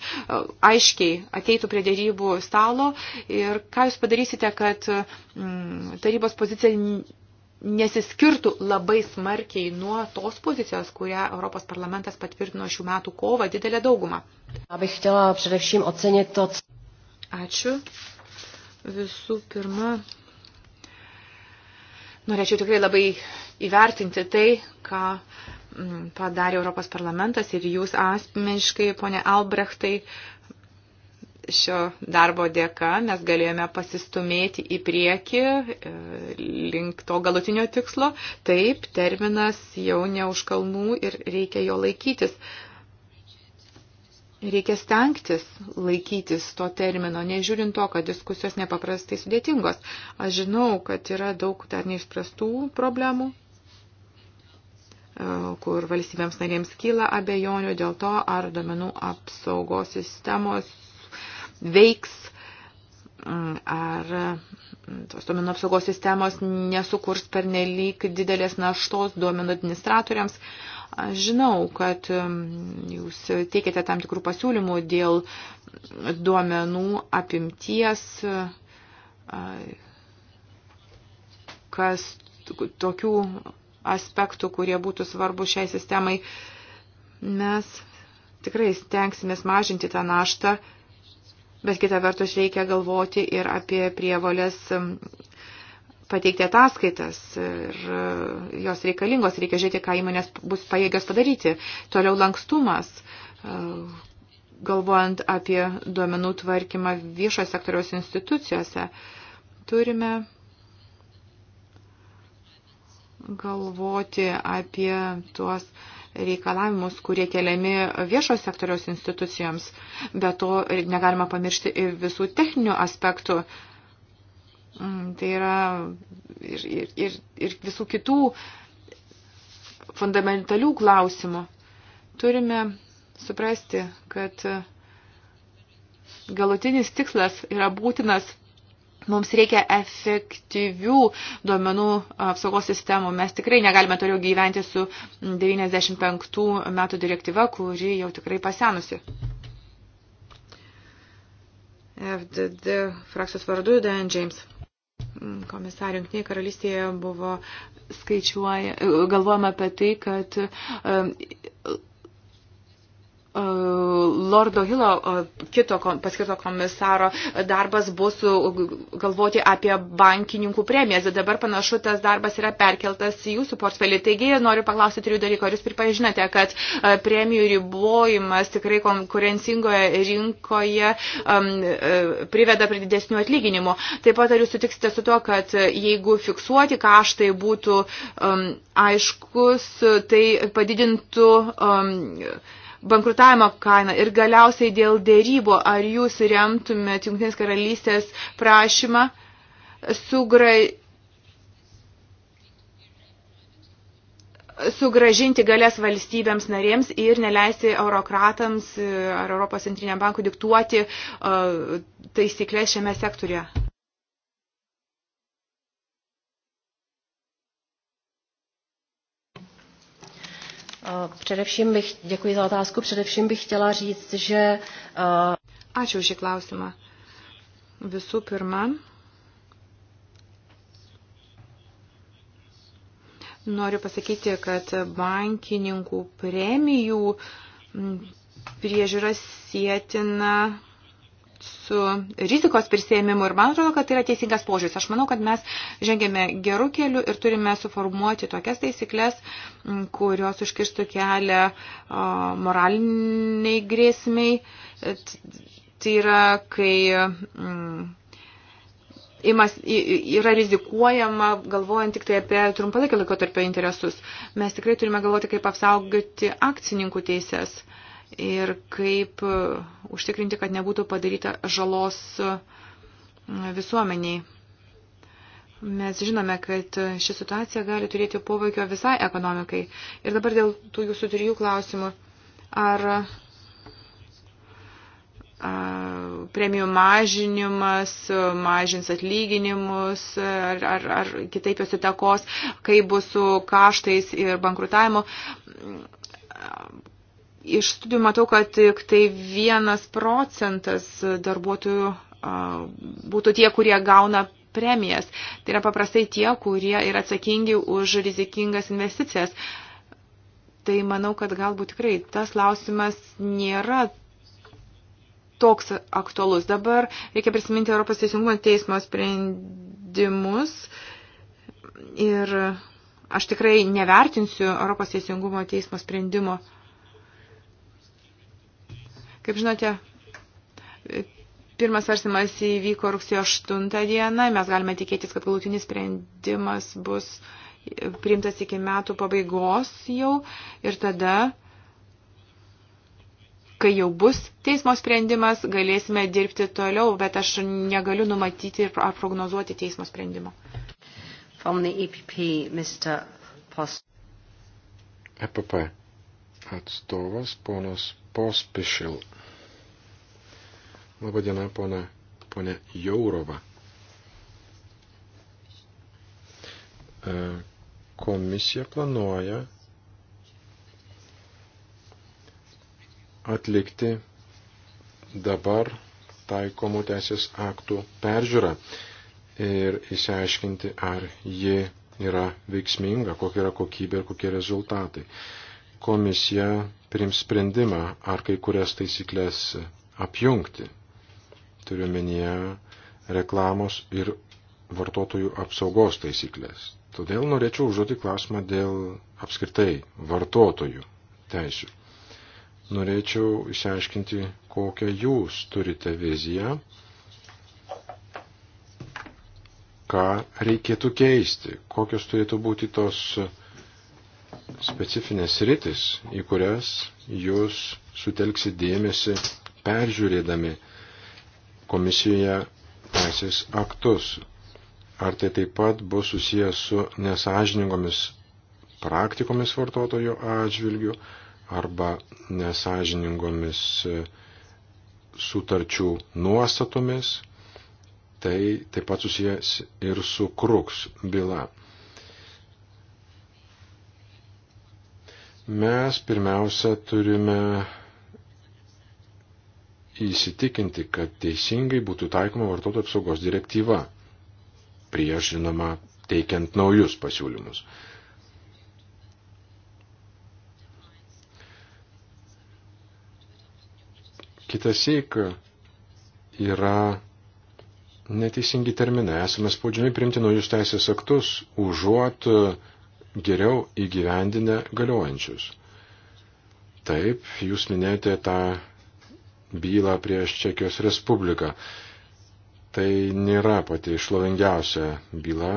aiškiai ateitų prie dėrybų stalo ir ką jūs padarysite, kad mm, tarybos pozicija nesiskirtų labai smarkiai nuo tos pozicijos, kurią Europos parlamentas patvirtino šių metų kovą didelę daugumą. Ačiū. Visų pirma, norėčiau tikrai labai įvertinti tai, ką uh, padarė Europos parlamentas ir jūs asmeniškai, ponė Albrechtai, šio darbo dėka mes galėjome pasistumėti į priekį e, link to galutinio tikslo. Taip, terminas jau ne už kalnų ir reikia jo laikytis. Reikia stengtis laikytis to termino, nežiūrint to, kad diskusijos nepaprastai sudėtingos. Aš žinau, kad yra daug dar neišspręstų problemų, E, kur valstybėms narėms kyla abejonių dėl to, ar domenų apsaugos sistemos veiks, ar tos domenų apsaugos sistemos nesukurs per nelik didelės naštos duomenų administratoriams. Aš žinau, kad jūs teikėte tam tikrų pasiūlymų dėl duomenų apimties, kas tokių aspektų, kurie būtų svarbu šiai sistemai. Mes tikrai stengsimės mažinti tą naštą, bet kita vertus reikia galvoti ir apie prievolės um, pateikti ataskaitas ir uh, jos reikalingos, reikia žiūrėti, ką įmonės bus pajėgios padaryti. Toliau lankstumas, uh, galvojant apie duomenų tvarkymą viešo sektoriaus institucijose, turime galvoti apie tuos reikalavimus, kurie keliami viešo sektoriaus institucijoms. Be to negalima pamiršti ir visų techninių aspektų. Mm, tai yra ir, ir, ir, ir visų kitų fundamentalių klausimų. Turime suprasti, kad galutinis tikslas yra būtinas Mums reikia efektyvių duomenų apsaugos sistemų. Mes tikrai negalime toliau gyventi su 95 metų direktyva, kuri jau tikrai pasenusi. FDD frakcijos vardu Dan James. Komisarių Junktinėje karalystėje buvo skaičiuoja, galvojama apie tai, kad E, Lordo Hilo e, kito paskirto komisaro darbas bus galvoti apie bankininkų premijas, bet dabar panašu tas darbas yra perkeltas į jūsų portfelį. Taigi noriu paklausyti trijų dalykų. Ar jūs pripažinote, kad e, premijų ribojimas tikrai konkurencingoje rinkoje um, priveda prie didesnių atlyginimų? Taip pat ar jūs sutiksite su tuo, kad jeigu fiksuoti kaštai būtų um, aiškus, tai padidintų um, bankrutavimo kainą ir galiausiai dėl dėrybo, ar jūs remtumėt Junktinės karalystės prašymą sugra... sugražinti galės valstybėms narėms ir neleisti eurokratams ar Europos centrinėm bankų diktuoti taisyklės šiame sektorėje. Eh, především bych, děkuji za otázku, především bych chtěla říct, že... Eh, Ačiū šį klausimą. Visų pirma, noriu pasakyti, kad bankininkų premijų mm, priežiūra sėtina su rizikos prisėmimu ir man atrodo, kad tai yra teisingas požiūris. Aš manau, kad mes žengėme gerų kelių ir turime suformuoti tokias taisyklės, kurios užkirstų kelią moraliniai grėsmiai. E, tai yra, kai imas, yra rizikuojama, galvojant tik tai apie trumpalaikį laikotarpio interesus. Mes tikrai turime galvoti, kaip apsaugoti akcininkų teisės. Uh, ir kaip e, užtikrinti, kad nebūtų padaryta žalos e, visuomeniai. Mes žinome, kad ši situacija gali turėti poveikio visai ekonomikai. Ir dabar dėl tų jūsų trijų klausimų. Ar e, premijų mažinimas, mažins atlyginimus ar, ar, ar kitaip jos įtakos, kaip bus su kaštais ir bankrutavimu. Iš studijų matau, kad tik tai vienas procentas darbuotojų būtų tie, kurie gauna premijas. Tai yra paprastai tie, kurie yra atsakingi už rizikingas investicijas. Tai manau, kad galbūt tikrai tas klausimas nėra toks aktualus. Dabar reikia prisiminti Europos teisingumo teismo sprendimus ir aš tikrai nevertinsiu Europos teisingumo teismo sprendimo. Kaip žinote, pirmas svarstymas įvyko rugsėjo 8 dieną. Mes galime tikėtis, kad galutinis sprendimas bus priimtas iki metų pabaigos jau ir tada, kai jau bus teismo sprendimas, galėsime dirbti toliau, bet aš negaliu numatyti ar prognozuoti teismo sprendimo. From the EPP, Mr. Post. EPP atstovas ponas Pospišil. Labadiena, pona, ponė Jaurova. E, komisija planuoja atlikti dabar taikomų teisės aktų peržiūrą ir įsiaiškinti, ar ji yra veiksminga, kokia yra kokybė ir kokie rezultatai komisija prims sprendimą, ar kai kurias taisyklės apjungti. Turiuomenyje reklamos ir vartotojų apsaugos taisyklės. Todėl norėčiau užduoti klausimą dėl apskritai vartotojų teisių. Norėčiau išsiaiškinti, kokią jūs turite viziją, ką reikėtų keisti, kokios turėtų būti tos uh, specifinės rytis, į kurias jūs sutelksi dėmesį peržiūrėdami komisijoje teisės aktus. Ar tai taip pat bus susijęs su nesažiningomis praktikomis vartotojų atžvilgių arba nesažiningomis e, sutarčių nuostatomis, tai taip pat susijęs ir su Kruks byla. Mes pirmiausia turime įsitikinti, kad teisingai būtų taikoma vartotojų apsaugos direktyva, prieš, žinoma, teikiant naujus pasiūlymus. Kitas sėk yra neteisingi terminai. Esame spaudžiami priimti naujus teisės aktus, užuot uh, geriau įgyvendinę galiojančius. Taip, jūs minėjote tą bylą prieš Čekijos Respubliką. Tai nėra pati išlovingiausia byla.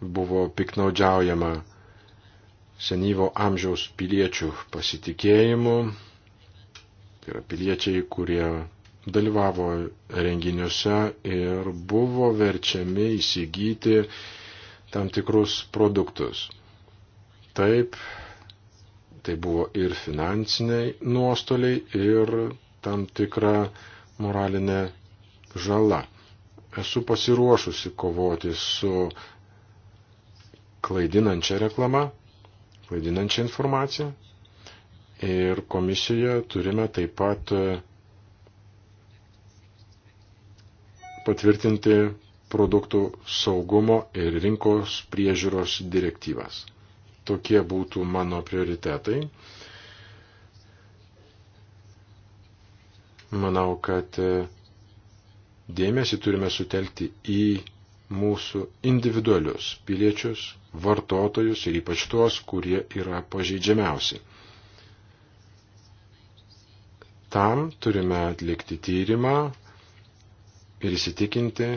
Buvo piknaudžiaujama senyvo amžiaus piliečių pasitikėjimu. Tai yra piliečiai, kurie dalyvavo renginiuose ir buvo verčiami įsigyti tam tikrus produktus. Taip, tai buvo ir finansiniai nuostoliai, ir tam tikra moralinė žala. Esu pasiruošusi kovoti su klaidinančia reklama, klaidinančia informacija. Ir komisijoje turime taip pat patvirtinti produktų saugumo ir rinkos priežiūros direktyvas. Tokie būtų mano prioritetai. Manau, kad e, dėmesį turime sutelkti į mūsų individualius piliečius, vartotojus ir ypač tuos, kurie yra pažeidžiamiausi. Tam turime atlikti tyrimą ir įsitikinti,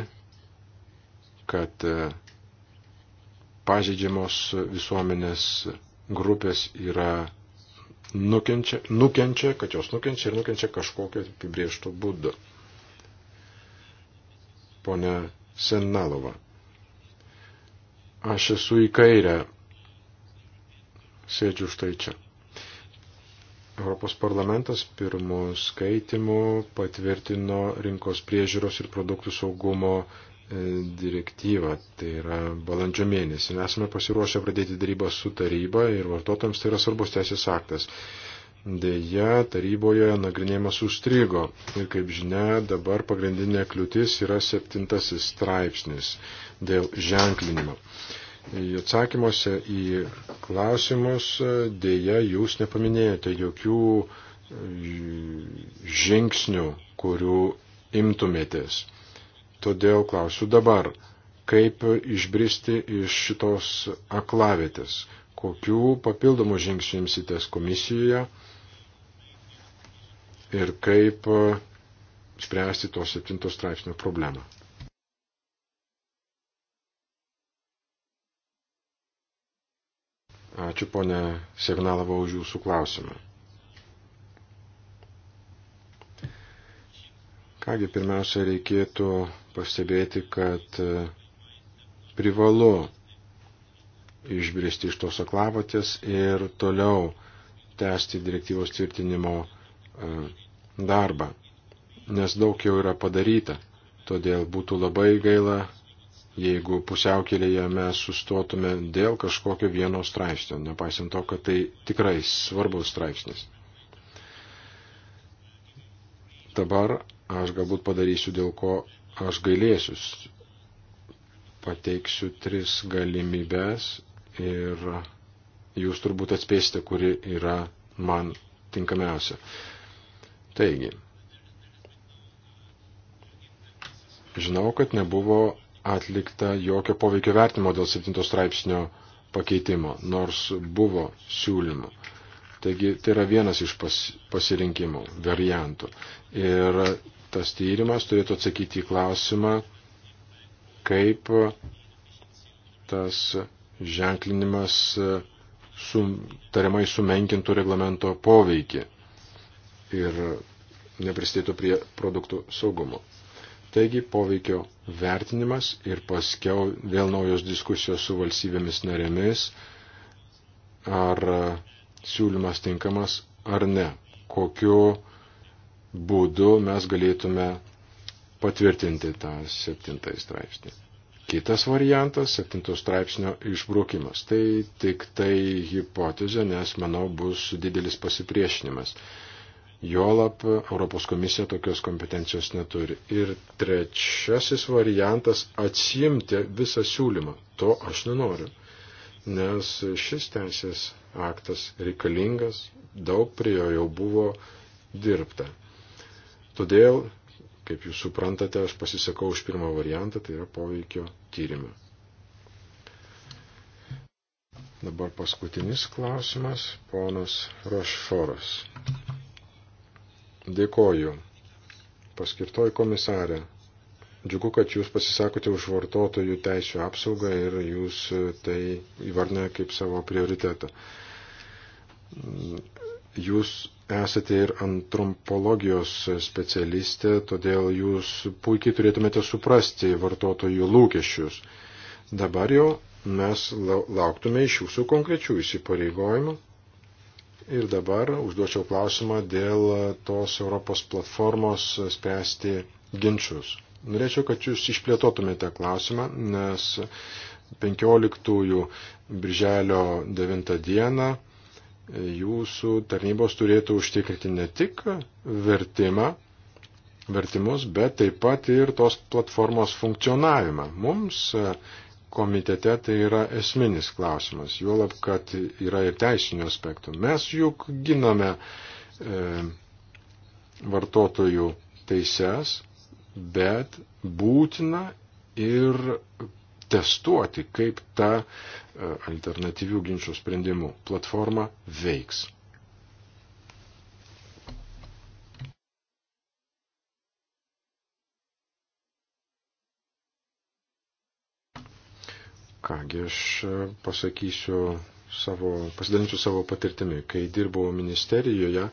kad e, pažeidžiamos visuomenės grupės yra nukenčia, nukenčia, kad jos nukenčia ir nukenčia kažkokio apibrieštų būdu. Pone Senalova, aš esu į kairę, sėdžiu štai čia. Europos parlamentas pirmų skaitimų patvirtino rinkos priežiūros ir produktų saugumo E, direktyvą, tai yra balandžio mėnesį. Esame pasiruošę pradėti darybą su taryba ir vartotojams tai yra svarbus teisės aktas. Deja, taryboje nagrinėjimas užstrigo ir, kaip žinia, dabar pagrindinė kliūtis yra septintasis straipsnis dėl ženklinimo. Atsakymuose į klausimus e, dėja jūs nepaminėjote jokių e, žingsnių, kurių imtumėtės Todėl klausiu dabar, kaip išbristi iš šitos aklavėtės, kokių papildomų žingsnių imsitės komisijoje ir kaip e, spręsti to septinto straipsnio problemą. Ačiū ponė Signalava už jūsų klausimą. Kągi pirmiausia reikėtų pastebėti, kad e, privalu išbristi iš tos aklavotės ir toliau tęsti direktyvos tvirtinimo e, darbą, nes daug jau yra padaryta. Todėl būtų labai gaila, jeigu pusiaukelėje mes sustotume dėl kažkokio vieno straipsnio, nepaisant to, kad tai tikrai svarbus straipsnis. Dabar aš galbūt padarysiu, dėl ko aš gailėsius. Pateiksiu tris galimybės ir jūs turbūt atspėsite, kuri yra man tinkamiausia. Taigi, žinau, kad nebuvo atlikta jokio poveikio vertimo dėl 7 straipsnio pakeitimo, nors buvo siūlymų. Taigi tai yra vienas iš pas, pasirinkimų, variantų. Ir tas tyrimas turėtų atsakyti į klausimą, kaip tas ženklinimas su, tariamai sumenkintų reglamento poveikį ir nepristėtų prie produktų saugumo. Taigi poveikio vertinimas ir paskiau vėl naujos diskusijos su valstybėmis narėmis, ar siūlymas tinkamas ar ne, kokiu būdu mes galėtume patvirtinti tą septintąjį straipsnį. Kitas variantas - septinto straipsnio išbraukimas. Tai tik tai hipotezė, nes, manau, bus didelis pasipriešinimas. Jolap Europos komisija tokios kompetencijos neturi. Ir trečiasis variantas - atsimti visą siūlymą. To aš nenoriu, nes šis teisės aktas reikalingas, daug prie jo jau buvo dirbta. Todėl, kaip jūs suprantate, aš pasisakau už pirmą variantą, tai yra poveikio tyrimą. Dabar paskutinis klausimas, ponas Rošforas. Dėkoju. Paskirtoji komisarė, Džiugu, kad jūs pasisakote už vartotojų teisų apsaugą ir jūs tai įvardinė kaip savo prioritetą. Jūs esate ir antropologijos specialistė, todėl jūs puikiai turėtumėte suprasti vartotojų lūkesčius. Dabar jau mes lauktume iš jūsų konkrečių įsipareigojimų. Ir dabar užduočiau klausimą dėl tos Europos platformos spręsti ginčius. Norėčiau, kad jūs išplėtotumėte klausimą, nes 15 birželio 9 dieną jūsų tarnybos turėtų užtikrinti ne tik vertimą, vertimus, bet taip pat ir tos platformos funkcionavimą. Mums e, komitete tai yra esminis klausimas, juolab, kad yra ir teisinių aspektų. Mes juk giname e, vartotojų teises, bet būtina ir testuoti, kaip ta e, alternatyvių ginčių sprendimų platforma veiks. Kągi aš e, pasakysiu savo, pasidalinsiu savo patirtimi. Kai dirbau ministerijoje,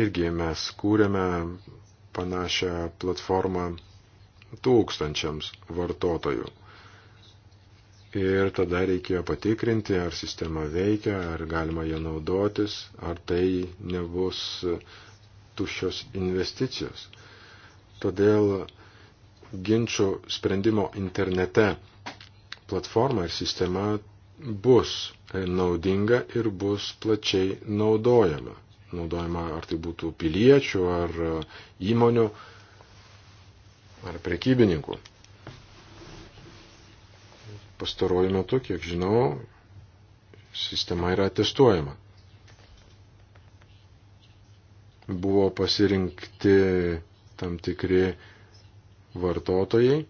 irgi mes kūrėme panašią platformą tūkstančiams vartotojų. Ir tada reikėjo patikrinti, ar sistema veikia, ar galima ją naudotis, ar tai nebus tuščios investicijos. Todėl ginčių sprendimo internete platforma ir sistema bus naudinga ir bus plačiai naudojama. Naudojama ar tai būtų piliečių, ar įmonių ar prekybininkų. Pastaruoju metu, kiek žinau, sistema yra testuojama. Buvo pasirinkti tam tikri vartotojai.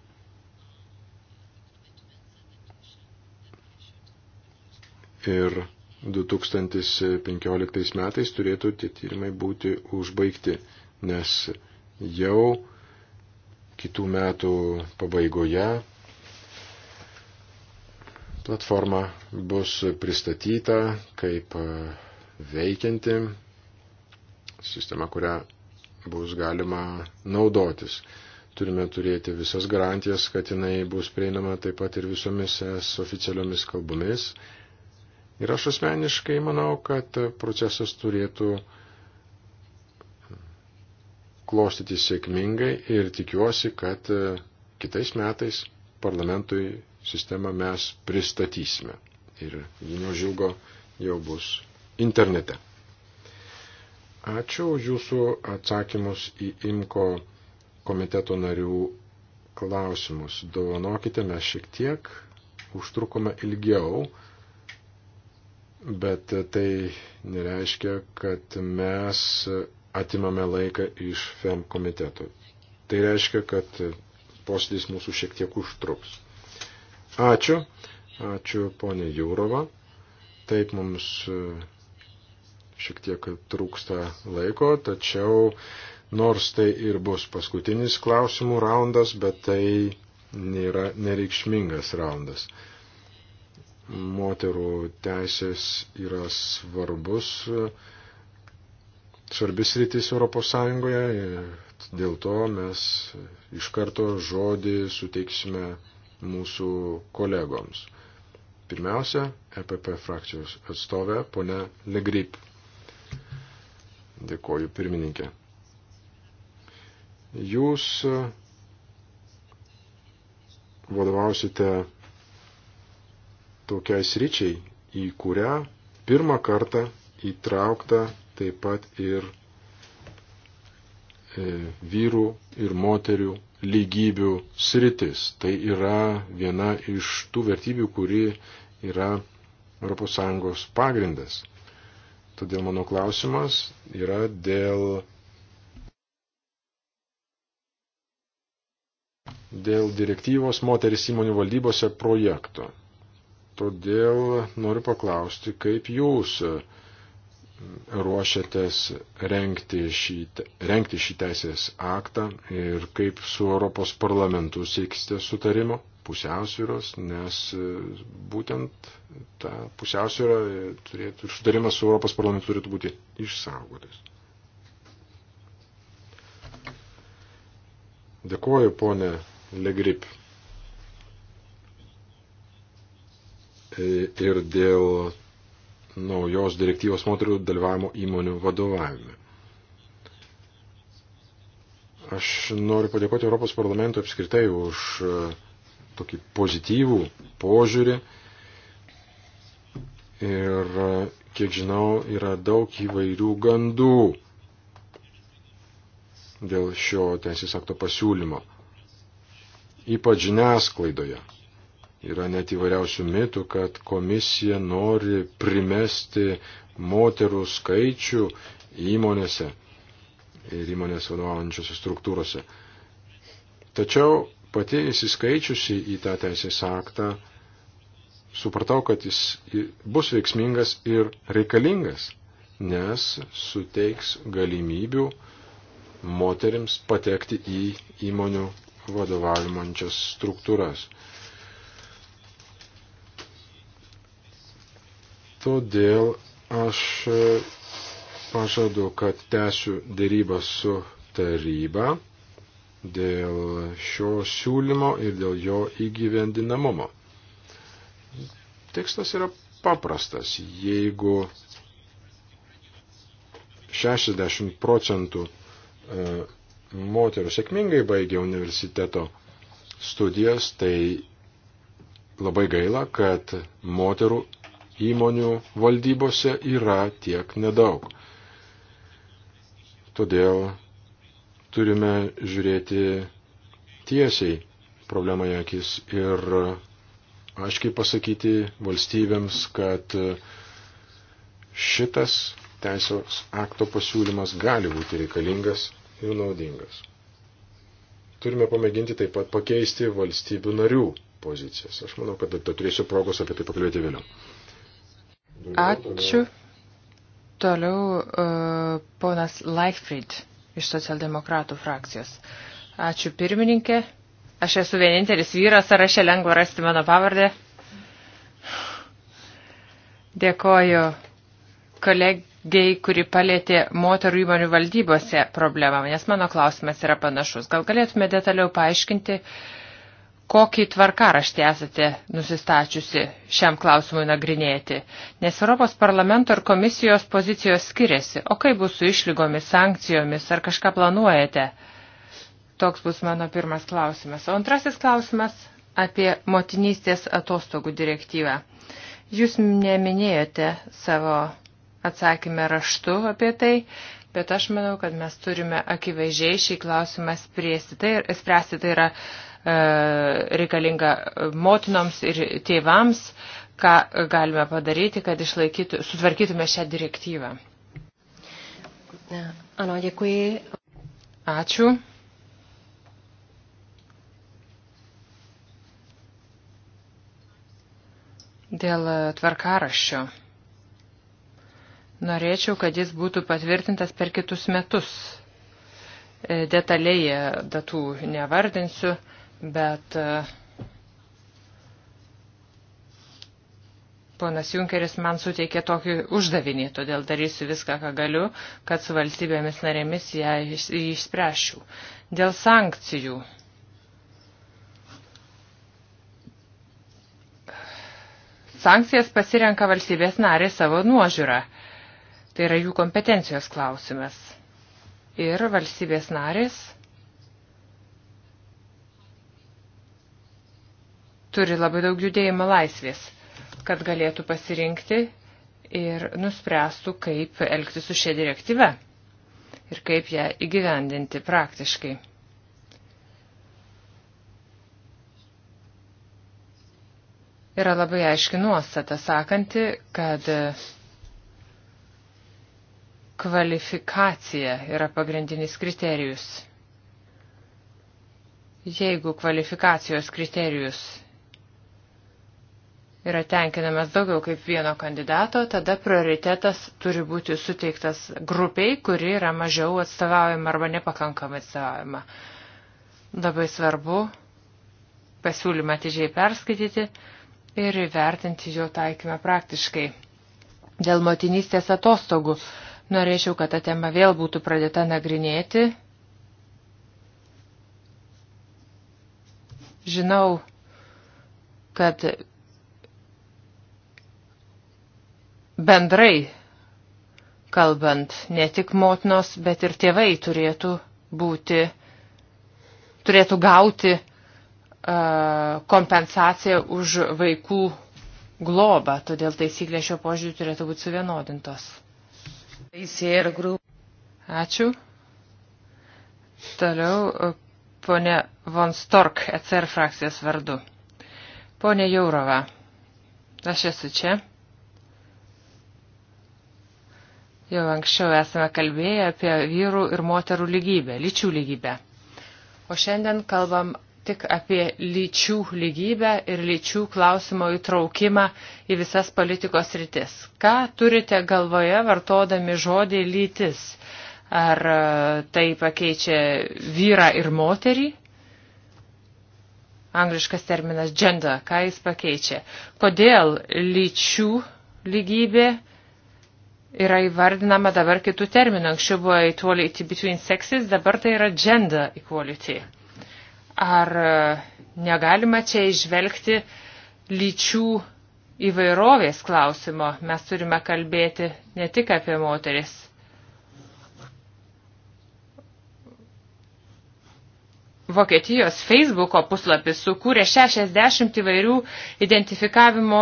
Ir 2015 metais turėtų tie tyrimai būti užbaigti, nes jau kitų metų pabaigoje platforma bus pristatyta kaip e, veikianti sistema, kurią bus galima naudotis. Turime turėti visas garantijas, kad jinai bus prieinama taip pat ir visomis es oficialiomis kalbomis. Ir aš asmeniškai manau, kad procesas turėtų klostyti sėkmingai ir tikiuosi, kad e, kitais metais parlamentui sistemą mes pristatysime. Ir ji neužilgo jau bus internete. Ačiū už jūsų atsakymus į IMKO komiteto narių klausimus. Dovanokite, mes šiek tiek užtrukome ilgiau, bet tai nereiškia, kad mes atimame laiką iš FEM komiteto. Tai reiškia, kad posėdis mūsų šiek tiek užtruks. Ačiū, ačiū ponė Jūrova. Taip mums e, šiek tiek trūksta laiko, tačiau nors tai ir bus paskutinis klausimų raundas, bet tai nėra nereikšmingas raundas. Moterų teisės yra svarbus svarbis rytis Europos Sąjungoje, dėl to mes iš karto žodį suteiksime mūsų kolegoms. Pirmiausia, EPP frakcijos atstovė pone Legrip. Dėkoju pirmininkė. Jūs vadovausite tokiai sričiai, į kurią pirmą kartą įtraukta taip pat ir e, vyrų ir moterių lygybių sritis. Tai yra viena iš tų vertybių, kuri yra ES pagrindas. Todėl mano klausimas yra dėl, dėl direktyvos moteris įmonių valdybose projekto. Todėl noriu paklausti, kaip jūs ruošiatės rengti šį, rengti šį teisės aktą ir kaip su Europos parlamentu sieksite sutarimo pusiausvyros, nes e, būtent ta pusiausvyra e, turėtų, sutarimas su Europos parlamentu turėtų būti išsaugotas. Dėkuoju, ponė Legrip. E, ir dėl naujos direktyvos moterų dalyvavimo įmonių vadovavime. Aš noriu padėkoti Europos parlamentui apskritai už e, tokį pozityvų požiūrį. Ir, e, kiek žinau, yra daug įvairių gandų dėl šio teisės akto pasiūlymo. Ypač žiniasklaidoje. Yra net įvairiausių mitų, kad komisija nori primesti moterų skaičių įmonėse ir įmonės vadovaujančiose struktūrose. Tačiau pati įsiskaičiusi į tą teisės aktą, supratau, kad jis bus veiksmingas ir reikalingas, nes suteiks galimybių moterims patekti į įmonių vadovaujančias struktūras. Todėl aš e, pažadu, kad tęsiu dėrybą su taryba dėl šio siūlymo ir dėl jo įgyvendinamumo. Tekstas yra paprastas. Jeigu 60 procentų e, moterų sėkmingai baigia universiteto studijas, tai labai gaila, kad moterų įmonių valdybose yra tiek nedaug. Todėl turime žiūrėti tiesiai problemą į akis ir aiškiai pasakyti valstybėms, kad šitas teisės akto pasiūlymas gali būti reikalingas ir naudingas. Turime pamėginti taip pat pakeisti valstybių narių pozicijas. Aš manau, kad turėsiu progos apie tai pakalbėti vėliau. Ačiū. Toliau uh, ponas Leichfried iš socialdemokratų frakcijos. Ačiū pirmininkė. Aš esu vienintelis vyras, ar aš lengva rasti mano pavardę? Dėkoju kolegiai, kuri palėtė moterų įmonių valdybose problemą, nes mano klausimas yra panašus. Gal galėtume detaliau paaiškinti, uh, kokį tvarkaraštį esate nusistačiusi šiam klausimui nagrinėti, nes Europos parlamento ir komisijos pozicijos skiriasi, o kaip bus su išlygomis, sankcijomis, ar kažką planuojate? Toks bus mano pirmas klausimas. O antrasis klausimas apie motinystės atostogų direktyvą. Jūs neminėjote savo atsakymę raštu apie tai, bet aš manau, kad mes turime akivaizdžiai šį klausimą spręsti. Tai, spręsti, tai yra uh, E, reikalinga motinoms ir tėvams, ką galime padaryti, kad išlaikytų, sutvarkytume šią direktyvą. Ano, dėkui. Ačiū. Dėl tvarkaraščio. Norėčiau, kad jis būtų patvirtintas per kitus metus. E, detaliai datų nevardinsiu bet e, ponas Junkeris man suteikė tokį uždavinį, todėl darysiu viską, ką galiu, kad su valstybėmis narėmis ją išspręšiu. Dėl sankcijų. Sankcijas pasirenka valstybės narė savo nuožiūrą. Tai yra jų kompetencijos klausimas. Ir valstybės narės turi labai daug judėjimo laisvės, kad galėtų pasirinkti ir nuspręstų, kaip elgti su šia direktyve ir kaip ją įgyvendinti praktiškai. Yra labai aiški nuostata sakanti, kad kvalifikacija yra pagrindinis kriterijus. Jeigu kvalifikacijos kriterijus yra tenkinamas daugiau kaip vieno kandidato, tada prioritetas turi būti suteiktas grupiai, kuri yra mažiau atstovaujama arba nepakankamai atstovaujama. Labai svarbu pasiūlymą atidžiai perskaityti ir įvertinti jo taikymą praktiškai. Dėl motinystės atostogų norėčiau, kad ta tema vėl būtų pradėta nagrinėti. Žinau, kad bendrai kalbant, ne tik motinos, bet ir tėvai turėtų būti, turėtų gauti kompensacija už vaikų globą, todėl taisyklė šio požiūrį turėtų būti suvienodintos. Ačiū. Toliau ponė Von Stork, ECR frakcijos vardu. Ponė Jaurova, aš esu čia. Jau anksčiau esame kalbėję apie vyrų ir moterų lygybę, lyčių lygybę. O šiandien kalbam tik apie lyčių lygybę ir lyčių klausimo įtraukimą į visas politikos rytis. Ką turite galvoje vartodami žodį lytis? Ar e, tai pakeičia vyrą ir moterį? Angliškas terminas gender, ką jis pakeičia? Kodėl lyčių lygybė? yra įvardinama dabar kitų terminų. Anksčiau buvo equality between sexes, dabar tai yra gender equality. Ar e, negalima čia išvelgti lyčių įvairovės klausimo? Mes turime kalbėti ne tik apie moteris. Vokietijos Facebooko puslapis sukūrė 60 įvairių identifikavimo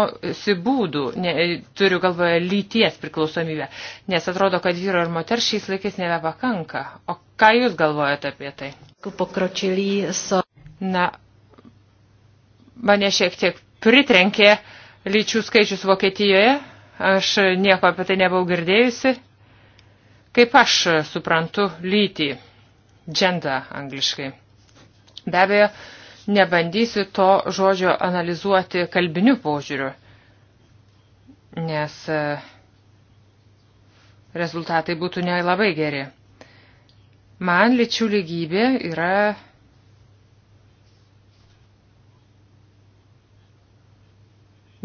būdų, ne, turiu galvoje lyties priklausomybę, nes atrodo, kad vyro ir moter šiais laikais nebepakanka. O ką jūs galvojate apie tai? Na, mane šiek tiek pritrenkė lyčių skaičius Vokietijoje, aš nieko apie tai nebuvau girdėjusi. Kaip aš suprantu lytį, džendą angliškai. Be abejo, nebandysiu to žodžio analizuoti kalbiniu požiūriu, nes e, rezultatai būtų nelabai geri. Man lyčių lygybė yra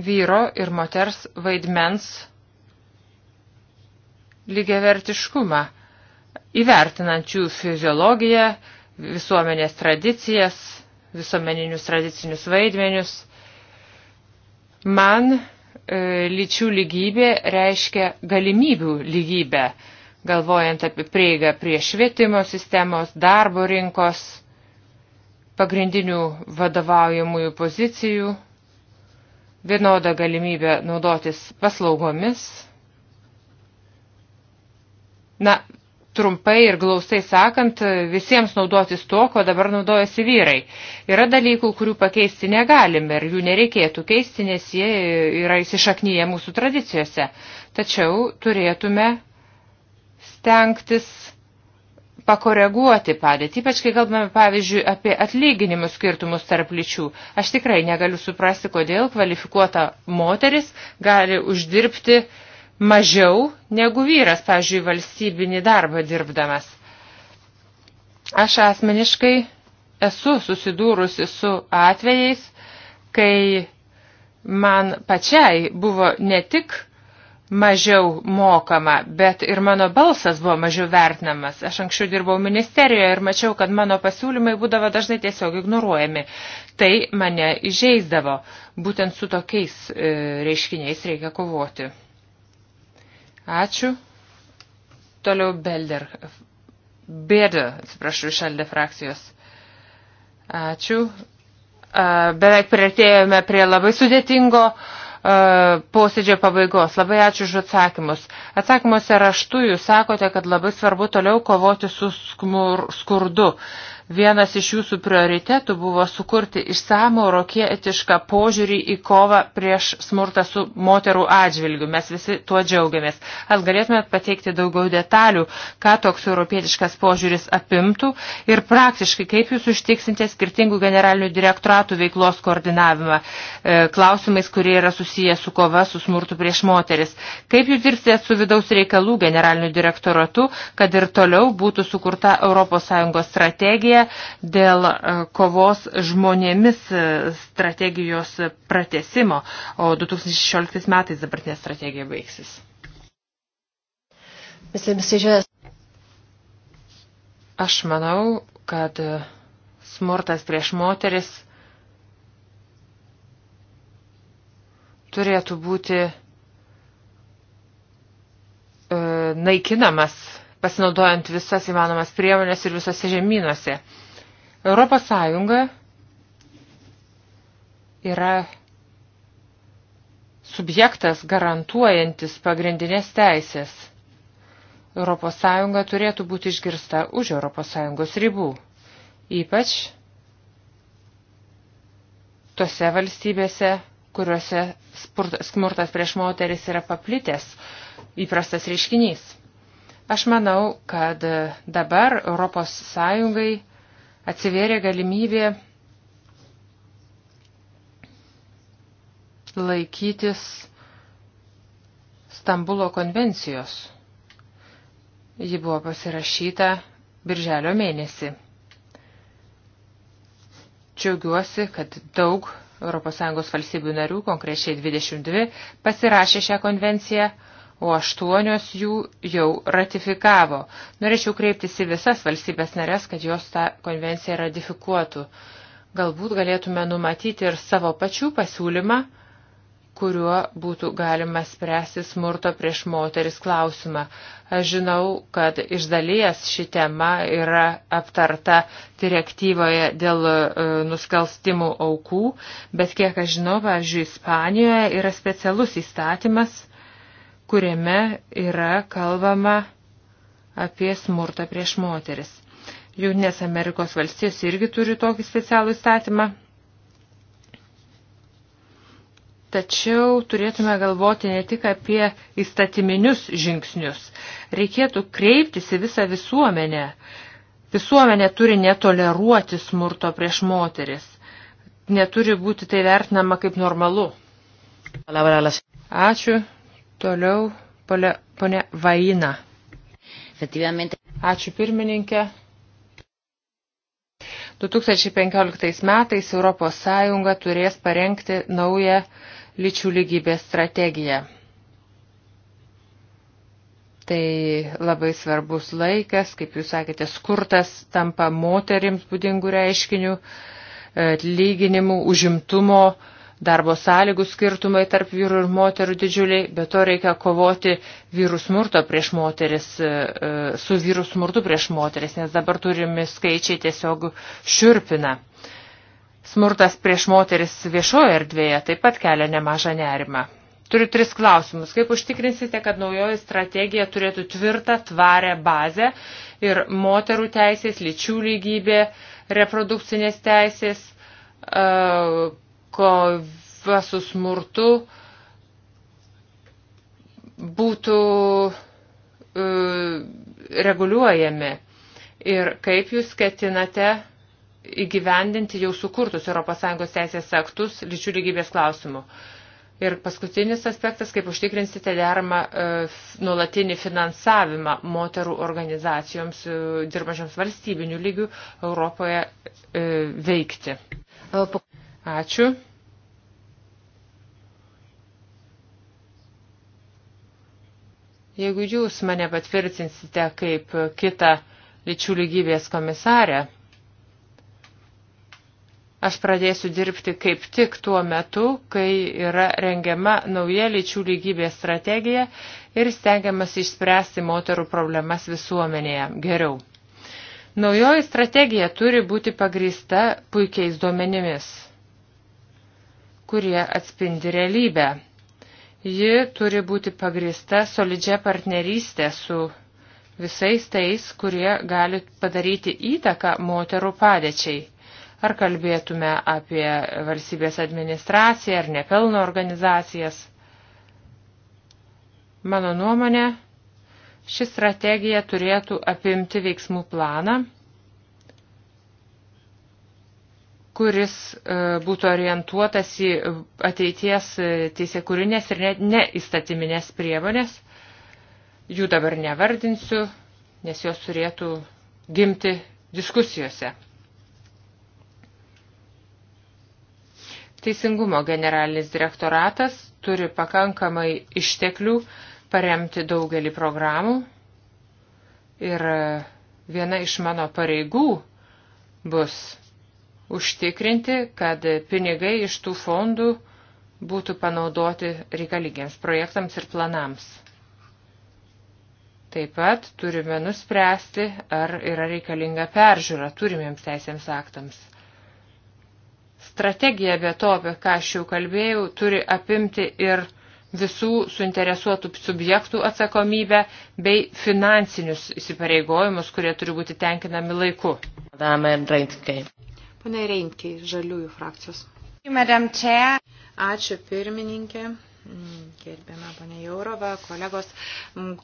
vyro ir moters vaidmens lygiavertiškumą, įvertinant jų fiziologiją, visuomenės tradicijas, visuomeninius tradicinius vaidmenius. Man e, lyčių lygybė reiškia galimybių lygybę, galvojant apie prieigą prie švietimo sistemos, darbo rinkos, pagrindinių vadovaujamųjų pozicijų, vienodą galimybę naudotis paslaugomis. Na, trumpai ir glaustai sakant, visiems naudotis to, ko dabar naudojasi vyrai. Yra dalykų, kurių pakeisti negalime ir jų nereikėtų keisti, nes jie yra įsišaknyje mūsų tradicijose. Tačiau turėtume stengtis pakoreguoti padėtį, ypač kai kalbame, pavyzdžiui, apie atlyginimų skirtumus tarp lyčių. Aš tikrai negaliu suprasti, kodėl kvalifikuota moteris gali uždirbti uh, mažiau negu vyras, pavyzdžiui, valstybinį darbą dirbdamas. Aš asmeniškai esu susidūrusi su atvejais, kai man pačiai buvo ne tik mažiau mokama, bet ir mano balsas buvo mažiau vertinamas. Aš anksčiau dirbau ministerijoje ir mačiau, kad mano pasiūlymai būdavo dažnai tiesiog ignoruojami. Tai mane įžeisdavo. Būtent su tokiais e, reiškiniais reikia kovoti. Ačiū. Toliau Belder. Bėda, atsiprašau, išaldė frakcijos. Ačiū. Beveik prieartėjome prie labai sudėtingo posėdžio pabaigos. Labai ačiū už atsakymus. Atsakymuose raštu jūs sakote, kad labai svarbu toliau kovoti su skur, skurdu. Vienas iš jūsų prioritetų buvo sukurti išsamų eurokietišką požiūrį į kovą prieš smurtą su moterų atžvilgiu. Mes visi tuo džiaugiamės. Ar galėtumėt pateikti daugiau detalių, ką toks europietiškas požiūris apimtų ir praktiškai kaip jūs užtiksinte skirtingų generalinių direktoratų veiklos koordinavimą e, klausimais, kurie yra susiję su kova su smurtu prieš moteris. Kaip jūs dirbsite su vidaus reikalų generaliniu direktoratu, kad ir toliau būtų sukurta ES strategija komisija dėl e, kovos žmonėmis e, strategijos pratesimo, o 2016 metais dabartinė strategija baigsis. Aš manau, kad e, smurtas prieš moteris turėtų būti naikinamas pasinaudojant visas įmanomas priemonės ir visose žemynuose. Europos Sąjunga yra subjektas garantuojantis pagrindinės teisės. Europos Sąjunga turėtų būti išgirsta už Europos Sąjungos ribų, ypač tose valstybėse, kuriuose smurtas prieš moteris yra paplitęs įprastas reiškinys. Aš manau, kad dabar Europos Sąjungai atsivėrė galimybė laikytis Stambulo konvencijos. Ji buvo pasirašyta birželio mėnesį. Džiaugiuosi, kad daug ES valstybių narių, konkrečiai 22, pasirašė šią konvenciją o aštuonios jų jau ratifikavo. Norėčiau kreiptis į visas valstybės narės, kad jos tą konvenciją ratifikuotų. Galbūt galėtume numatyti ir savo pačių pasiūlymą, kuriuo būtų galima spręsti smurto prieš moteris klausimą. Aš žinau, kad iš dalies ši tema yra aptarta direktyvoje dėl e, nusikalstimų aukų, bet kiek aš žinau, pavyzdžiui, Ispanijoje yra specialus įstatymas, kuriame yra kalbama apie smurtą prieš moteris. Jungtinės Amerikos valstijos irgi turi tokį specialų įstatymą. Tačiau turėtume galvoti ne tik apie įstatyminius žingsnius. Reikėtų kreiptis į visą visuomenę. Visuomenė turi netoleruoti smurto prieš moteris. Neturi būti tai vertinama kaip normalu. Ačiū. Toliau pole, ponė Vaina. Ačiū pirmininkė. 2015 metais Europos Sąjunga turės parengti naują lyčių lygybės strategiją. Tai labai svarbus laikas, kaip jūs sakėte, skurtas tampa moterims būdingų reiškinių, e, atlyginimų, užimtumo, darbo sąlygų skirtumai tarp vyrų ir moterų didžiuliai, bet to reikia kovoti vyrų smurto prieš moteris, e, e, su vyrų smurtu prieš moteris, nes dabar turimi skaičiai tiesiog šiurpina. Smurtas prieš moteris viešoje erdvėje taip pat kelia nemažą nerimą. Turiu tris klausimus. Kaip užtikrinsite, kad naujoji strategija turėtų tvirtą, tvarę bazę ir moterų teisės, lyčių lygybė, reprodukcinės teisės, e, kova su smurtu būtų e, reguliuojami ir kaip jūs ketinate įgyvendinti jau sukurtus ES teisės aktus lyčių lygybės klausimų. Ir paskutinis aspektas, kaip užtikrinsite deramą e, nuolatinį finansavimą moterų organizacijoms e, dirbančiams valstybinių lygių Europoje e, veikti. E, Ačiū. Jeigu jūs mane patvirtinsite kaip kitą lyčių lygybės komisarę, aš pradėsiu dirbti kaip tik tuo metu, kai yra rengiama nauja lyčių lygybės strategija ir stengiamas išspręsti moterų problemas visuomenėje geriau. Naujoji strategija turi būti pagrįsta puikiais duomenimis kurie atspindi realybę. Ji turi būti pagrįsta solidžia partnerystė su visais tais, kurie gali padaryti įtaką moterų padėčiai. Ar kalbėtume apie valstybės administraciją ar nepelno organizacijas. Mano nuomonė, ši strategija turėtų apimti veiksmų planą kuris e, būtų orientuotas į ateities e, teisėkūrinės ir net neįstatyminės priemonės. Jų dabar nevardinsiu, nes jos turėtų gimti diskusijose. Teisingumo generalinis direktoratas turi pakankamai išteklių paremti daugelį programų ir e, viena iš mano pareigų bus užtikrinti, kad pinigai iš tų fondų būtų panaudoti reikalingiems projektams ir planams. Taip pat turime nuspręsti, ar yra reikalinga peržiūra turimiems teisėms aktams. Strategija be to, apie ką aš jau kalbėjau, turi apimti ir visų suinteresuotų subjektų atsakomybę bei finansinius įsipareigojimus, kurie turi būti tenkinami laiku. Pane Reinkiai, Žaliųjų frakcijos. Ačiū pirmininkė gerbiama ponė Jaurova, kolegos,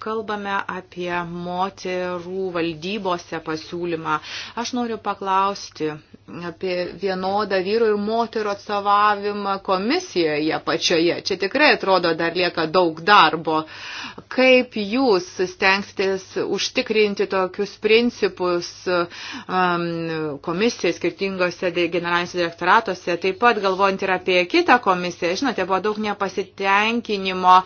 kalbame apie moterų valdybose pasiūlymą. Aš noriu paklausti apie vienodą vyrų ir moterų atstovavimą komisijoje pačioje. Čia tikrai atrodo dar lieka daug darbo. Kaip jūs stengsitės užtikrinti tokius principus um, komisijai skirtingose generalinėse direktoratuose, taip pat galvojant ir apie kitą komisiją. Žinote, buvo daug nepasitikėjimo pasitenkinimo.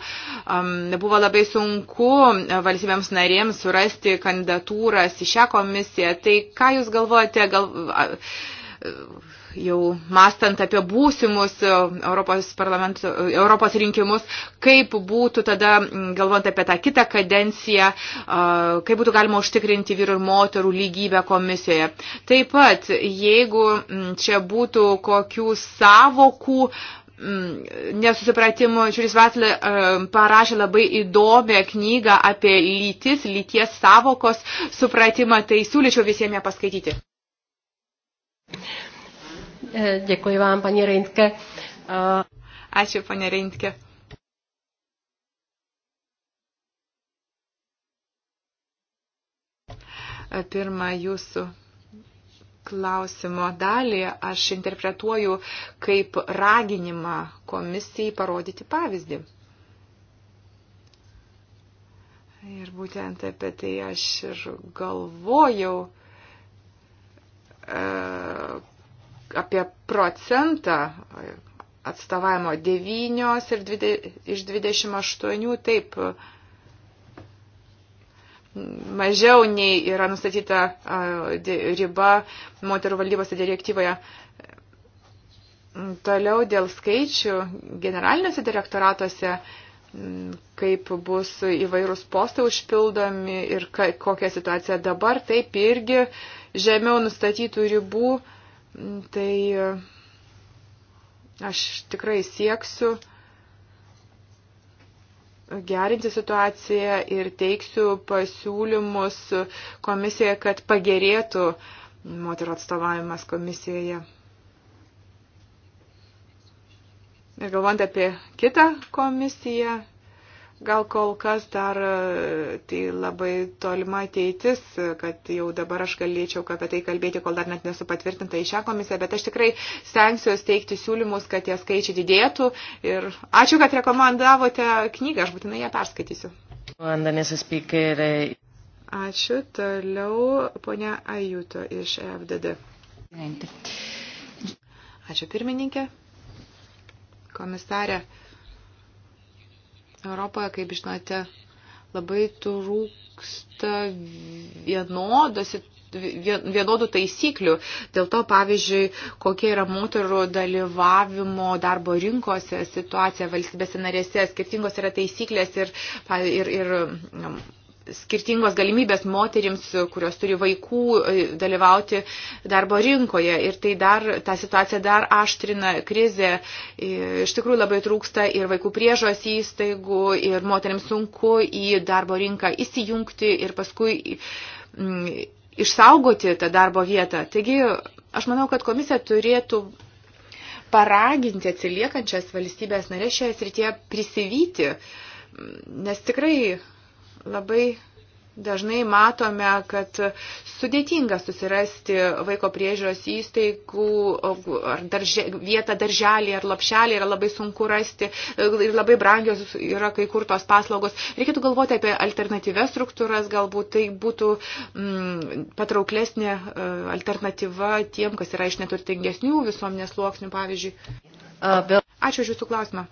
Um, buvo labai sunku um, valstybėms narėms surasti kandidatūras į šią komisiją. Tai ką Jūs galvojate, gal, jau mastant apie būsimus um, Europos, Europos rinkimus, kaip būtų tada, galvant apie tą kitą kadenciją, uh, kaip būtų galima užtikrinti vyrų ir moterų lygybę komisijoje. Taip pat, jeigu mm, čia būtų kokių savokų, Mm, nesusipratimu, Žiūris Vatlė parašė labai įdomią knygą apie lytis, lyties savokos supratimą, tai siūlyčiau visiems ją paskaityti. E, Dėkui vam, panė Reintke. E, Ačiū, panė Reintke. E, pirma, jūsų klausimo dalį aš interpretuoju kaip raginimą komisijai parodyti pavyzdį. Ir būtent apie tai aš ir galvojau e, apie procentą atstovavimo 9 ir 20, iš 28, taip, e, mažiau nei yra nustatyta riba moterų valdybose direktyvoje. Toliau dėl skaičių generaliniuose direktoratuose kaip bus įvairūs postai užpildomi ir ka, kokia situacija dabar, taip irgi žemiau nustatytų ribų. Tai aš tikrai sieksiu gerinti situaciją ir teiksiu pasiūlymus komisijoje, kad pagerėtų moterų atstovavimas komisijoje. Ir galvant apie kitą komisiją, Gal kol kas dar e, tai labai tolima ateitis, kad jau dabar aš galėčiau apie tai kalbėti, kol dar net nesu patvirtinta į šią komisiją, bet aš tikrai stengsiuosi teikti siūlymus, kad tie skaičiai didėtų. Ir ačiū, kad rekomendavote knygą, aš būtinai ją perskaitysiu. Ačiū. Toliau ponia Ajuto iš e FDD. Ačiū pirmininkė, komisarė. Europoje, kaip žinote, labai trūksta vienodos ir vienodų taisyklių. Dėl to, pavyzdžiui, kokia yra moterų dalyvavimo darbo rinkose situacija valstybėse narėse, skirtingos yra taisyklės ir, ir, ir skirtingos galimybės moterims, kurios turi vaikų, e, dalyvauti darbo rinkoje. Ir tai dar, tą situaciją dar aštrina krizė. E, iš tikrųjų labai trūksta ir vaikų priežos įstaigų, ir moteriams sunku į darbo rinką įsijungti ir paskui išsaugoti tą darbo vietą. Taigi, aš manau, kad komisija turėtų paraginti atsiliekančias valstybės narės šioje srityje prisivyti, nes tikrai labai dažnai matome, kad sudėtinga susirasti vaiko priežiūros įstaigų ar darže, vietą darželį ar lapšelį yra labai sunku rasti ir labai brangios yra kai kur tos paslaugos. Reikėtų galvoti apie alternatyves struktūras, galbūt tai būtų mm, patrauklesnė e, alternatyva tiem, kas yra iš neturtingesnių visuomenės sluoksnių, pavyzdžiui. Ačiū už Jūsų klausimą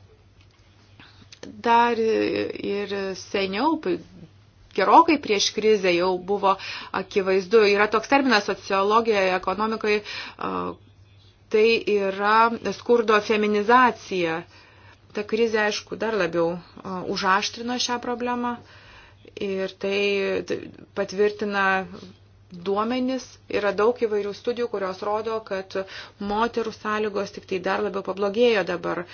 dar ir seniau gerokai prieš krizę jau buvo akivaizdu. Yra toks terminas sociologijoje, ekonomikoje, tai yra skurdo feminizacija. Ta krizė, aišku, dar labiau užaštrino šią problemą ir tai, tai patvirtina duomenys, yra daug įvairių studijų, kurios rodo, kad moterų sąlygos tik tai dar labiau pablogėjo dabar.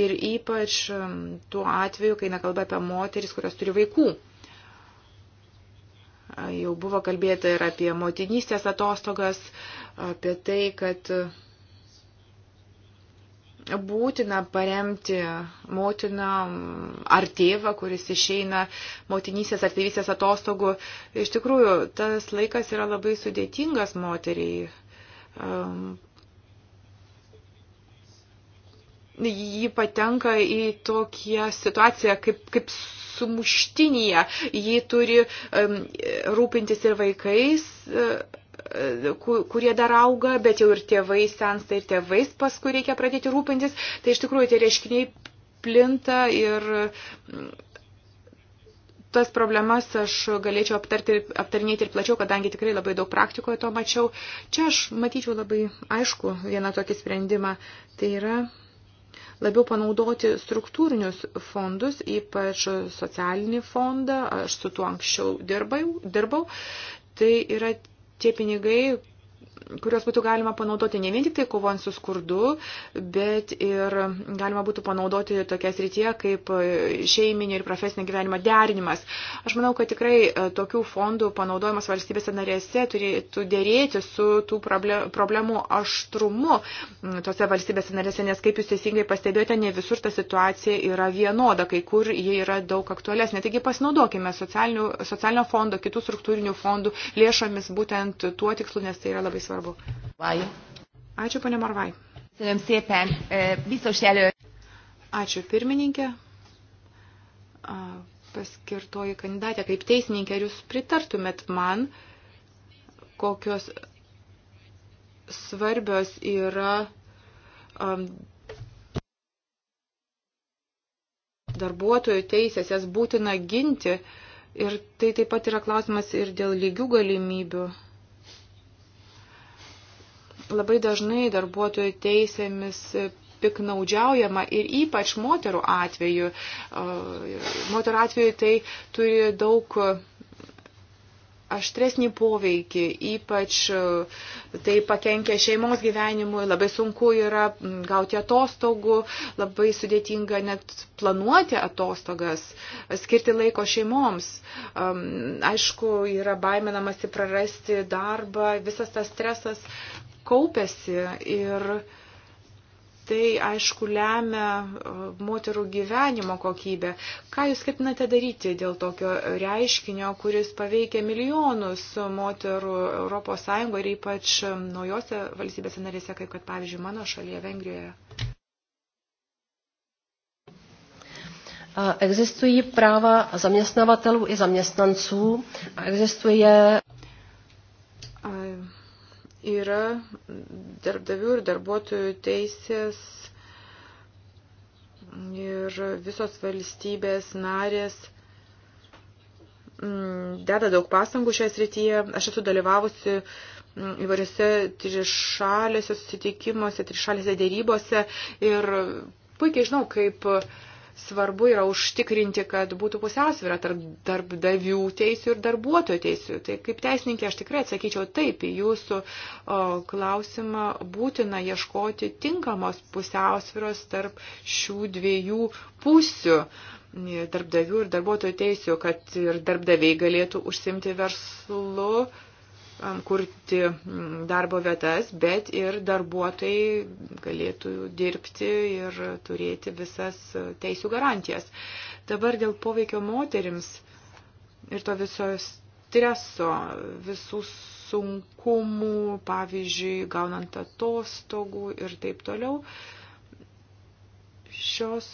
Ir ypač tuo atveju, kai nekalba apie moteris, kurios turi vaikų. Jau buvo kalbėta ir apie motinystės atostogas, apie tai, kad būtina paremti motiną ar tėvą, kuris išeina motinysės ar tėvysės atostogų. Iš tikrųjų, tas laikas yra labai sudėtingas moteriai. Um, Ji patenka į tokią situaciją kaip, kaip sumuštinėje. Ji turi rūpintis ir vaikais e, e, kurie dar auga, bet jau ir tėvai sensta ir tėvais paskui reikia pradėti rūpintis. Tai iš tikrųjų tie reiškiniai plinta ir tas problemas aš galėčiau aptarti, aptarinėti ir plačiau, kadangi tikrai labai daug praktikoje to mačiau. Čia aš matyčiau labai aišku vieną tokį sprendimą. Tai yra labiau panaudoti struktūrinius fondus, ypač socialinį fondą, aš su tuo anksčiau dirbau, dirbau. tai yra tie pinigai, kurios būtų galima panaudoti ne vien tik tai kovojant su skurdu, bet ir galima būtų panaudoti tokias rytie kaip šeiminį ir profesinį gyvenimą derinimas. Aš manau, kad tikrai e, tokių fondų panaudojimas valstybėse narėse turėtų dėrėti su tų problemų aštrumu tose valstybėse narėse, nes kaip jūs teisingai pastebėjote, ne visur ta situacija yra vienoda, kai kur jie yra daug aktualesnė. Taigi pasinaudokime socialinio fondo, kitų struktūrinių fondų lėšomis būtent tuo tikslu, nes tai yra labai svarbu svarbu. Vai. Ačiū, ponė Marvai. Ačiū, pirmininkė. Paskirtoji kandidatė kaip teisininkė, ar jūs pritartumėt man, kokios svarbios yra um, darbuotojų teisės, jas būtina ginti. Ir tai taip pat yra klausimas ir dėl lygių galimybių Labai dažnai darbuotojų teisėmis piknaudžiaujama ir ypač moterų atveju. Moterų atveju tai turi daug aštresnį poveikį, ypač e, tai pakenkia šeimos gyvenimui, labai sunku yra gauti atostogų, labai sudėtinga net planuoti atostogas, skirti laiko šeimoms. Aišku, yra baiminamasi prarasti darbą, visas tas stresas kaupėsi ir tai, aišku, lemia e, moterų gyvenimo kokybę. Ką jūs ketinate daryti dėl tokio reiškinio, kuris paveikia milijonus moterų ES ir ypač e, naujose valstybėse narėse, kaip kad, pavyzdžiui, mano šalyje, Vengrijoje? E, existují práva zaměstnavatelů i zaměstnanců a existuje yra darbdavių ir darbuotojų teisės ir visos valstybės narės mm, deda daug pastangų šioje srityje. Aš esu dalyvavusi mm, įvairiose trišalėse susitikimuose, trišalėse dėrybose ir puikiai žinau, kaip uh, svarbu yra užtikrinti, kad būtų pusiausvyrą tarp darbdavių teisų ir darbuotojų teisų. Tai kaip teisininkė aš tikrai atsakyčiau taip į jūsų o, klausimą būtina ieškoti tinkamos pusiausvyros tarp šių dviejų pusių darbdavių ir darbuotojų teisų, kad ir darbdaviai galėtų užsimti verslu kurti mm, darbo vietas, bet ir darbuotojai galėtų dirbti ir turėti visas e, teisų garantijas. Dabar dėl poveikio moterims ir to viso streso, visų sunkumų, pavyzdžiui, gaunant atostogų ir taip toliau, šios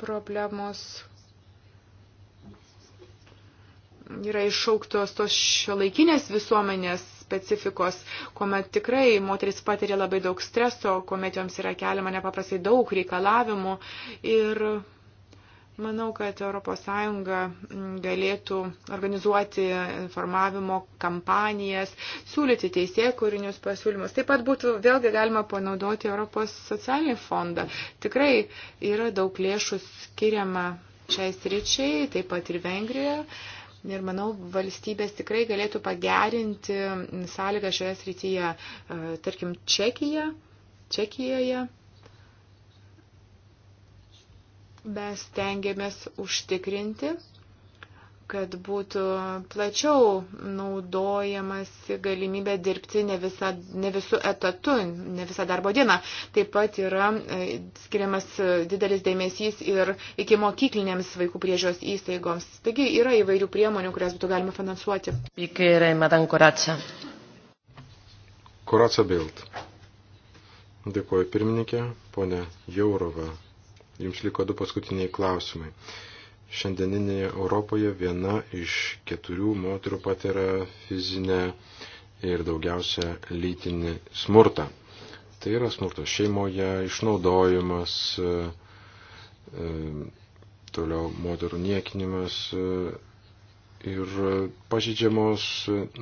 problemos yra išauktos tos šiuolaikinės visuomenės specifikos, kuomet tikrai moteris patiria labai daug streso, kuomet joms yra keliama nepaprastai daug reikalavimų ir Manau, kad ES galėtų organizuoti informavimo kampanijas, siūlyti teisėkūrinius pasiūlymus. Taip pat būtų vėlgi galima panaudoti Europos socialinį fondą. Tikrai yra daug lėšų skiriama šiais ryčiai, taip pat ir Vengrijoje. Ir manau, valstybės tikrai galėtų pagerinti sąlygą šioje srityje, e, tarkim, Čekija, Čekijoje. Mes tengiamės užtikrinti, kad būtų plačiau naudojamasi galimybė dirbti ne, visa, ne visų etatų, ne visą darbo dieną. Taip pat yra e, skiriamas e, didelis dėmesys ir iki mokyklinėms vaikų priežios įstaigoms. Taigi yra įvairių priemonių, kurias būtų galima finansuoti. Koraca Bild. Dėkuoju pirmininkė, ponė Jaurova. Jums liko du paskutiniai klausimai šiandieninėje Europoje viena iš keturių moterų patiria fizinę ir daugiausia lytinį smurtą. Tai yra smurtas šeimoje, išnaudojimas, e, toliau moterų niekinimas e, ir pažydžiamos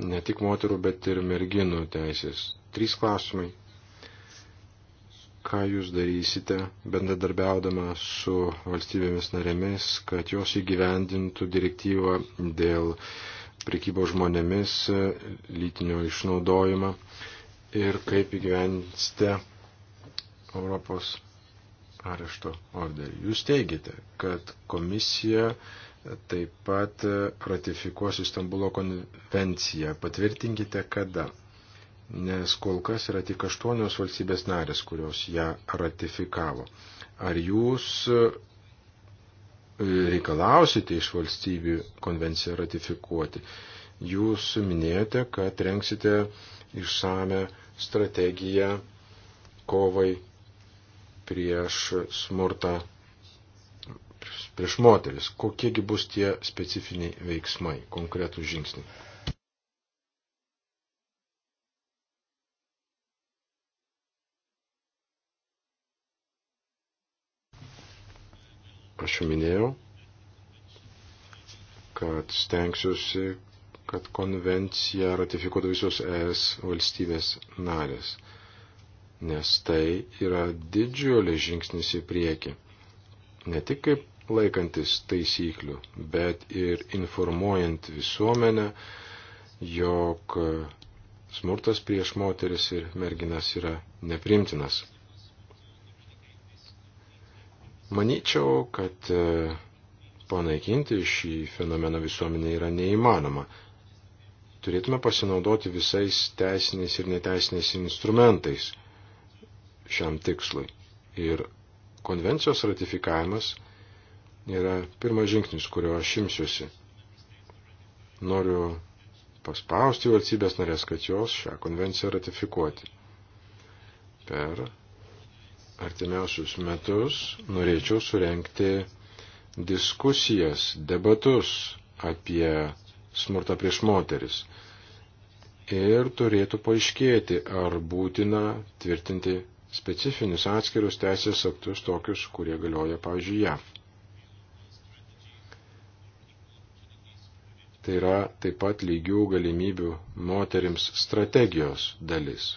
ne tik moterų, bet ir merginų teisės. Trys klausimai, ką jūs darysite, bendradarbiaudama su valstybėmis narėmis, kad jos įgyvendintų direktyvą dėl prekybo žmonėmis, lytinio išnaudojimą ir kaip įgyvendinsite Europos arešto orderį. Jūs teigiate, kad komisija taip pat ratifikuos Istanbulo konvenciją. Patvirtinkite, kada nes kol kas yra tik aštuonios valstybės narės, kurios ją ratifikavo. Ar jūs e, reikalausite iš valstybių konvenciją ratifikuoti? Jūs minėjote, kad renksite išsame strategiją kovai prieš smurtą prieš moteris. Kokiegi bus tie specifiniai veiksmai, konkretų žingsniai? Aš jau minėjau, kad stengsiuosi, kad konvenciją ratifikuotų visos ES valstybės narės, nes tai yra didžiulis žingsnis į priekį. Ne tik kaip laikantis taisyklių, bet ir informuojant visuomenę, jog smurtas prieš moteris ir merginas yra neprimtinas. Manyčiau, kad e, panaikinti šį fenomeną visuomenė yra neįmanoma. Turėtume pasinaudoti visais teisiniais ir neteisiniais instrumentais šiam tikslui. Ir konvencijos ratifikavimas yra pirmas žingsnis, kurio aš imsiuosi. Noriu paspausti valstybės narės, kad jos šią konvenciją ratifikuoti. Per artimiausius metus norėčiau surenkti diskusijas, debatus apie smurtą prieš moteris. Ir turėtų paaiškėti, ar būtina tvirtinti specifinius atskirus teisės aktus tokius, kurie galioja, pavyzdžiui, JAV. Tai yra taip pat lygių galimybių moterims strategijos dalis.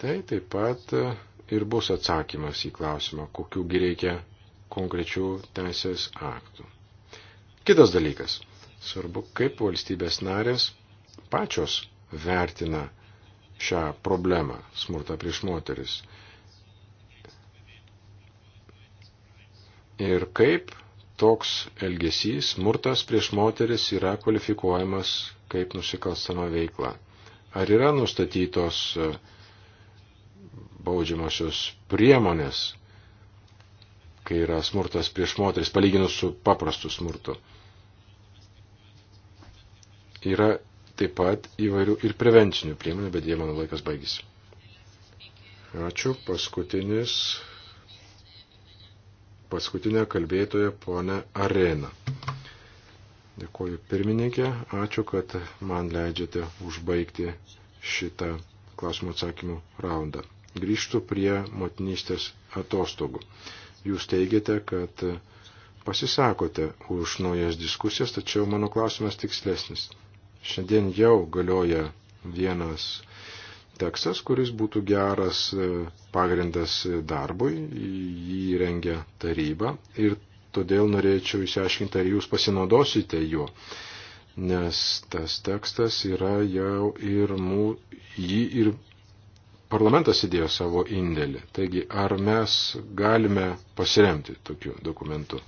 Tai taip pat e, ir bus atsakymas į klausimą, kokiu reikia konkrečių teisės aktų. Kitas dalykas. Svarbu, kaip valstybės narės pačios vertina šią problemą - smurtą prieš moteris. Ir kaip toks elgesys, smurtas prieš moteris yra kvalifikuojamas kaip nusikalstama veikla. Ar yra nustatytos uh, baudžiamosios priemonės, kai yra smurtas prieš moteris, palyginus su paprastu smurtu. Yra taip pat įvairių ir prevencinių priemonių, bet jie mano laikas baigėsi. Ačiū. Paskutinis. Paskutinė kalbėtoja ponė Arena. Dėkuoju pirmininkė, ačiū, kad man leidžiate užbaigti šitą klausimų atsakymų raundą grįžtų prie motinystės atostogų. Jūs teigiate, kad pasisakote už naujas diskusijas, tačiau mano klausimas tikslesnis. Šiandien jau galioja vienas tekstas, kuris būtų geras e, pagrindas darbui, jį rengia taryba ir todėl norėčiau išsiaiškinti, ar jūs pasinaudosite juo, nes tas tekstas yra jau ir mū, jį ir parlamentas įdėjo savo indėlį. Taigi, ar mes galime pasiremti tokiu dokumentu?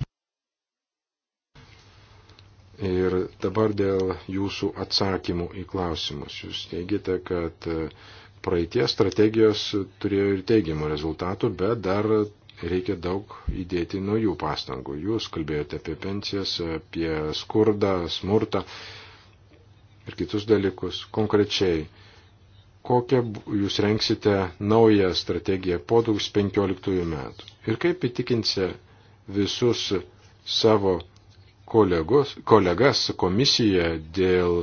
Ir dabar dėl jūsų atsakymų į klausimus. Jūs teigite, kad e, praeities strategijos turėjo ir teigiamų rezultatų, bet dar reikia daug įdėti naujų pastangų. Jūs kalbėjote apie pensijas, apie skurdą, smurtą ir kitus dalykus. Konkrečiai, kokią jūs renksite naują strategiją po 2015 metų ir kaip įtikinsite visus savo kolegos, kolegas komisiją dėl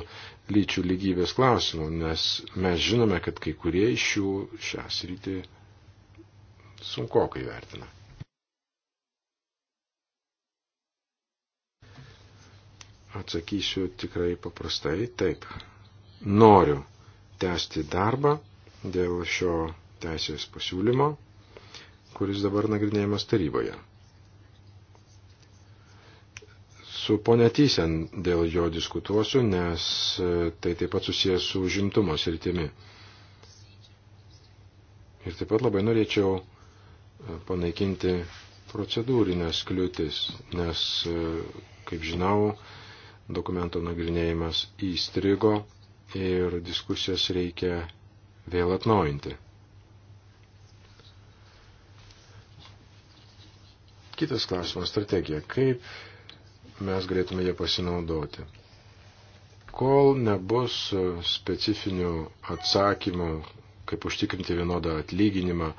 lyčių lygybės klausimų, nes mes žinome, kad kai kurie iš jų šią sritį sunkokai vertina. Atsakysiu tikrai paprastai, taip. Noriu tęsti darbą dėl šio teisės pasiūlymo, kuris dabar nagrinėjamas taryboje. Su ponia Tysen dėl jo diskutuosiu, nes tai taip pat susijęs su žimtumo sritimi. Ir taip pat labai norėčiau panaikinti procedūrinės kliūtis, nes, kaip žinau, dokumento nagrinėjimas įstrigo ir diskusijas reikia vėl atnaujinti. Kitas klausimas - strategija. Kaip mes galėtume ją pasinaudoti? Kol nebus specifinių atsakymų, kaip užtikrinti vienodą atlyginimą,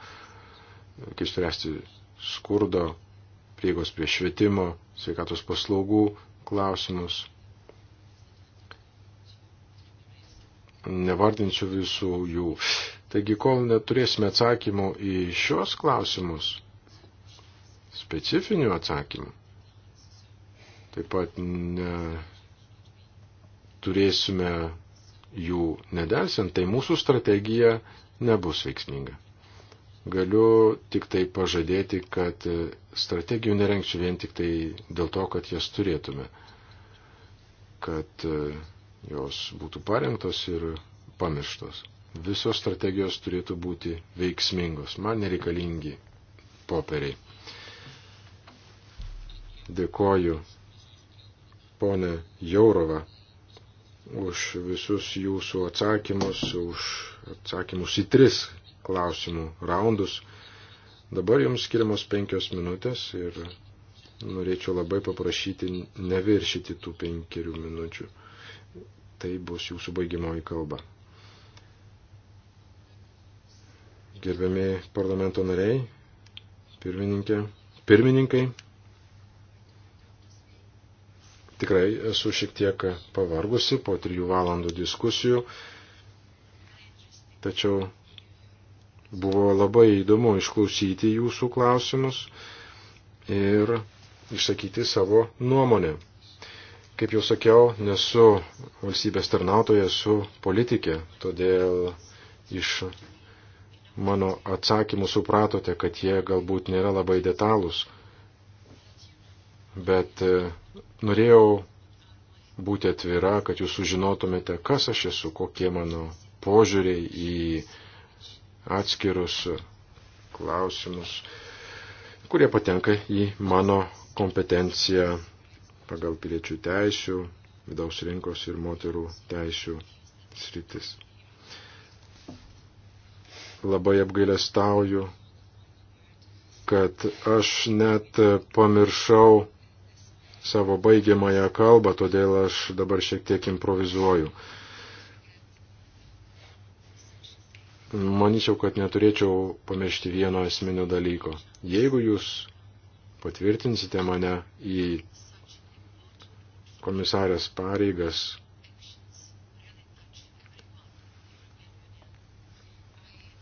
kaip spręsti skurdo, prieigos prie švietimo, sveikatos paslaugų klausimus, nevardinsiu visų jų. Taigi, kol neturėsime atsakymų į šios klausimus, specifinių atsakymų, taip pat neturėsime jų nedelsiant, tai mūsų strategija nebus veiksminga. Galiu tik tai pažadėti, kad strategijų nerengsiu vien tik tai dėl to, kad jas turėtume. Kad uh, jos būtų paremtos ir pamirštos. Visos strategijos turėtų būti veiksmingos. Man nereikalingi poperiai. Dėkoju ponė Jaurova už visus jūsų atsakymus, už atsakymus į tris klausimų raundus. Dabar jums skiriamos penkios minutės ir norėčiau labai paprašyti neviršyti tų penkerių minučių tai bus jūsų baigimoji kalba. Gerbiami parlamento nariai, pirmininkė, pirmininkai, tikrai esu šiek tiek pavargusi po trijų valandų diskusijų, tačiau buvo labai įdomu išklausyti jūsų klausimus ir išsakyti savo nuomonę. Kaip jau sakiau, nesu valstybės tarnautoja, esu politikė, todėl iš mano atsakymų supratote, kad jie galbūt nėra labai detalūs, bet e, norėjau būti atvira, kad jūs sužinotumėte, kas aš esu, kokie mano požiūriai į atskirus klausimus, kurie patenka į mano kompetenciją pagal piliečių teisių, vidaus rinkos ir moterų teisių sritis. Labai apgailestauju, kad aš net pamiršau savo baigiamąją kalbą, todėl aš dabar šiek tiek improvizuoju. Manyčiau, kad neturėčiau pamiršti vieno esminio dalyko. Jeigu jūs patvirtinsite mane į komisarės pareigas.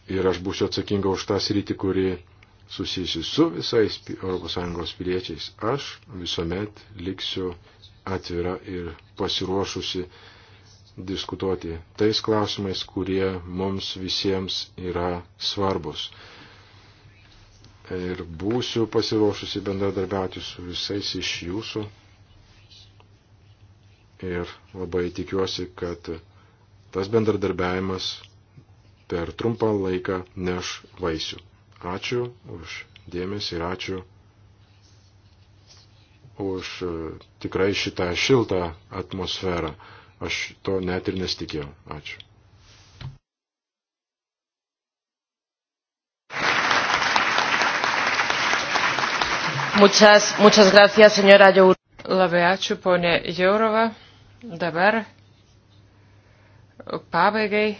Ir aš būsiu atsakinga už tą sritį, kuri susijusi su visais ES piliečiais. Aš visuomet liksiu atvira ir pasiruošusi diskutuoti tais klausimais, kurie mums visiems yra svarbus ir būsiu pasiruošusi bendradarbiauti su visais iš jūsų, ir labai tikiuosi, kad tas bendradarbiavimas per trumpą laiką neš vaisių. Ačiū už dėmesį ir ačiū už e, tikrai šitą šiltą atmosferą. Aš to net ir nesitikėjau. Ačiū. Muchas, muchas gracias, señora Jourova. Labai ačiū, ponė Jourova. Dabar pabaigai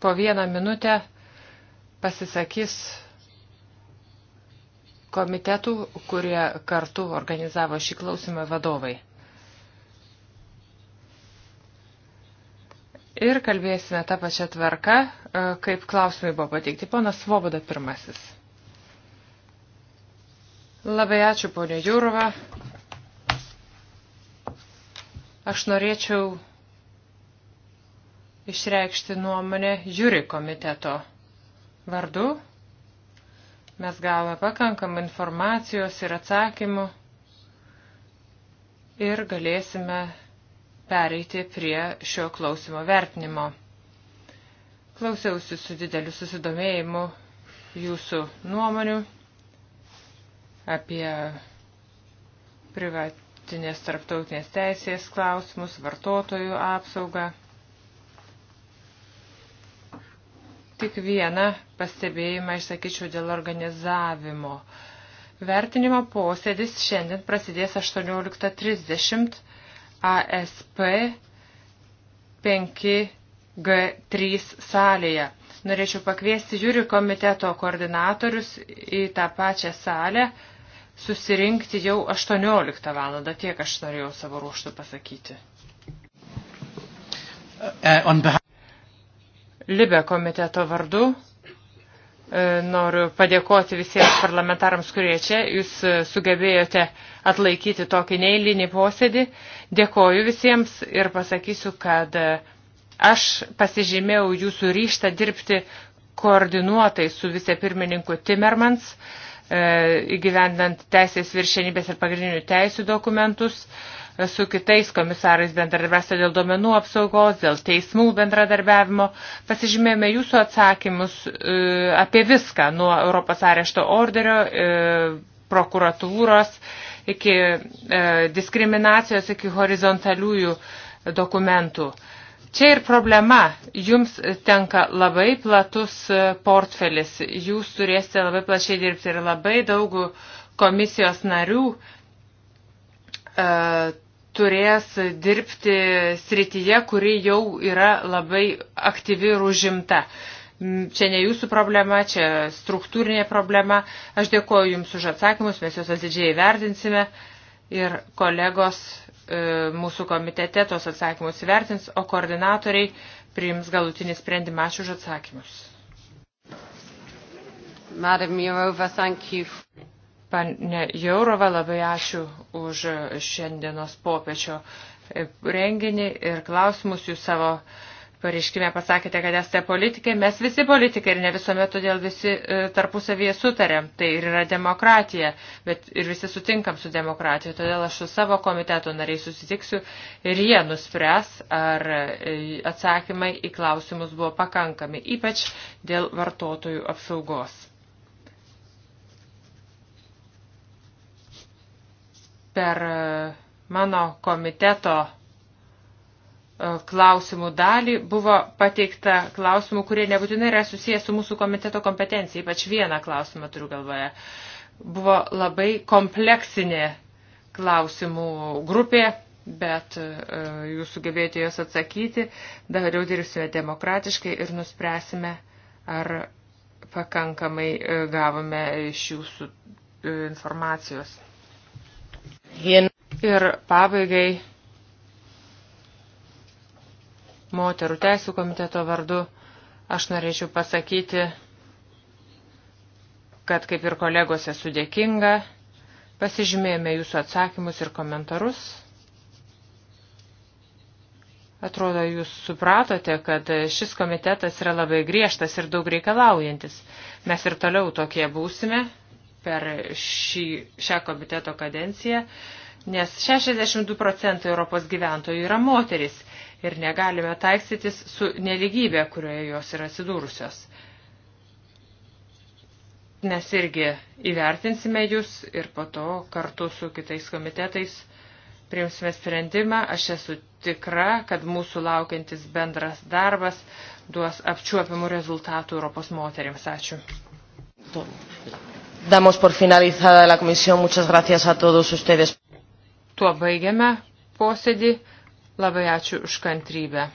po vieną minutę pasisakys komitetų, kurie kartu organizavo šį klausimą vadovai. Ir kalbėsime tą pačią tvarką, e, kaip klausimai buvo pateikti. Ponas Svoboda pirmasis. Labai ačiū, ponė Jūrova. Aš norėčiau išreikšti nuomonę žiūri komiteto vardu. Mes gavome pakankamą informacijos ir atsakymų ir galėsime pereiti prie šio klausimo vertinimo. Klausiausi su dideliu susidomėjimu jūsų nuomonių apie privat, tarptautinės, tarptautinės teisės klausimus, vartotojų apsaugą. Tik vieną pastebėjimą išsakyčiau dėl organizavimo. Vertinimo posėdis šiandien prasidės 18.30 ASP 5G3 salėje. Norėčiau pakviesti jūrių komiteto koordinatorius į tą pačią salę susirinkti jau 18 valandą, tiek aš norėjau savo ruoštų pasakyti. E, Libe komiteto vardu e, noriu padėkoti visiems parlamentarams, kurie čia. Jūs e, sugebėjote atlaikyti tokį neįlinį posėdį. Dėkoju visiems ir pasakysiu, kad aš pasižymėjau jūsų ryštą dirbti koordinuotai su vicepirmininku Timmermans. E, įgyvendant teisės viršenybės ir pagrindinių teisų dokumentus e, su kitais komisarais bendradarbiavimo dėl duomenų apsaugos, dėl teismų bendradarbiavimo. Pasižymėjome jūsų atsakymus e, apie viską nuo Europos arešto orderio, prokuratūros iki diskriminacijos, iki horizontaliųjų dokumentų. Čia ir problema. Jums tenka labai platus e, portfelis. Jūs turėsite labai plačiai dirbti ir labai daug komisijos narių e, turės dirbti srityje, kuri jau yra labai aktyvi ir užimta čia ne jūsų problema, čia struktūrinė problema. Aš dėkuoju Jums už atsakymus, mes juos atidžiai vertinsime ir kolegos E, mūsų komitete tos atsakymus įvertins, o koordinatoriai priims galutinį sprendimą. Ačiū už atsakymus. Madam Jourova, thank you. Pane Jourova, labai ačiū už šiandienos popiečio e, renginį ir klausimus jūs savo pareiškime pasakėte, kad esate politikai, mes visi politikai ir ne visuomet todėl visi e, tarpusavyje sutarėm. Tai ir yra demokratija, bet ir visi sutinkam su demokratija. Todėl aš su savo komiteto nariai susitiksiu ir jie nuspręs, ar e, atsakymai į klausimus buvo pakankami, ypač dėl vartotojų apsaugos. Per e, mano komiteto E, klausimų dalį buvo pateikta klausimų, kurie nebūtinai yra susijęs su mūsų komiteto kompetencija, ypač vieną klausimą turiu galvoje. Buvo labai kompleksinė klausimų grupė, bet e, jūs sugebėjote jos atsakyti, dabar jau dirbsime demokratiškai ir nuspręsime, ar pakankamai e, gavome iš jūsų informacijos. Ir pabaigai moterų teisų komiteto vardu aš norėčiau pasakyti, kad kaip ir kolegos esu dėkinga, pasižymėjome jūsų atsakymus ir komentarus. Atrodo, jūs supratote, kad šis komitetas yra labai griežtas ir daug reikalaujantis. Mes ir toliau tokie būsime per šį, šią komiteto kadenciją, nes 62 procentai Europos gyventojų yra moteris ir negalime taikstytis su neligybė, kurioje jos yra atsidūrusios. Nes irgi įvertinsime jūs ir po to kartu su kitais komitetais priimsime sprendimą. Aš esu tikra, kad mūsų laukiantis bendras darbas duos apčiuopimų rezultatų Europos moteriams. Ačiū. Damos por finalizada la comisión. Muchas gracias a todos ustedes. Tuo baigiame posėdį. Labai ačiū už kantrybę.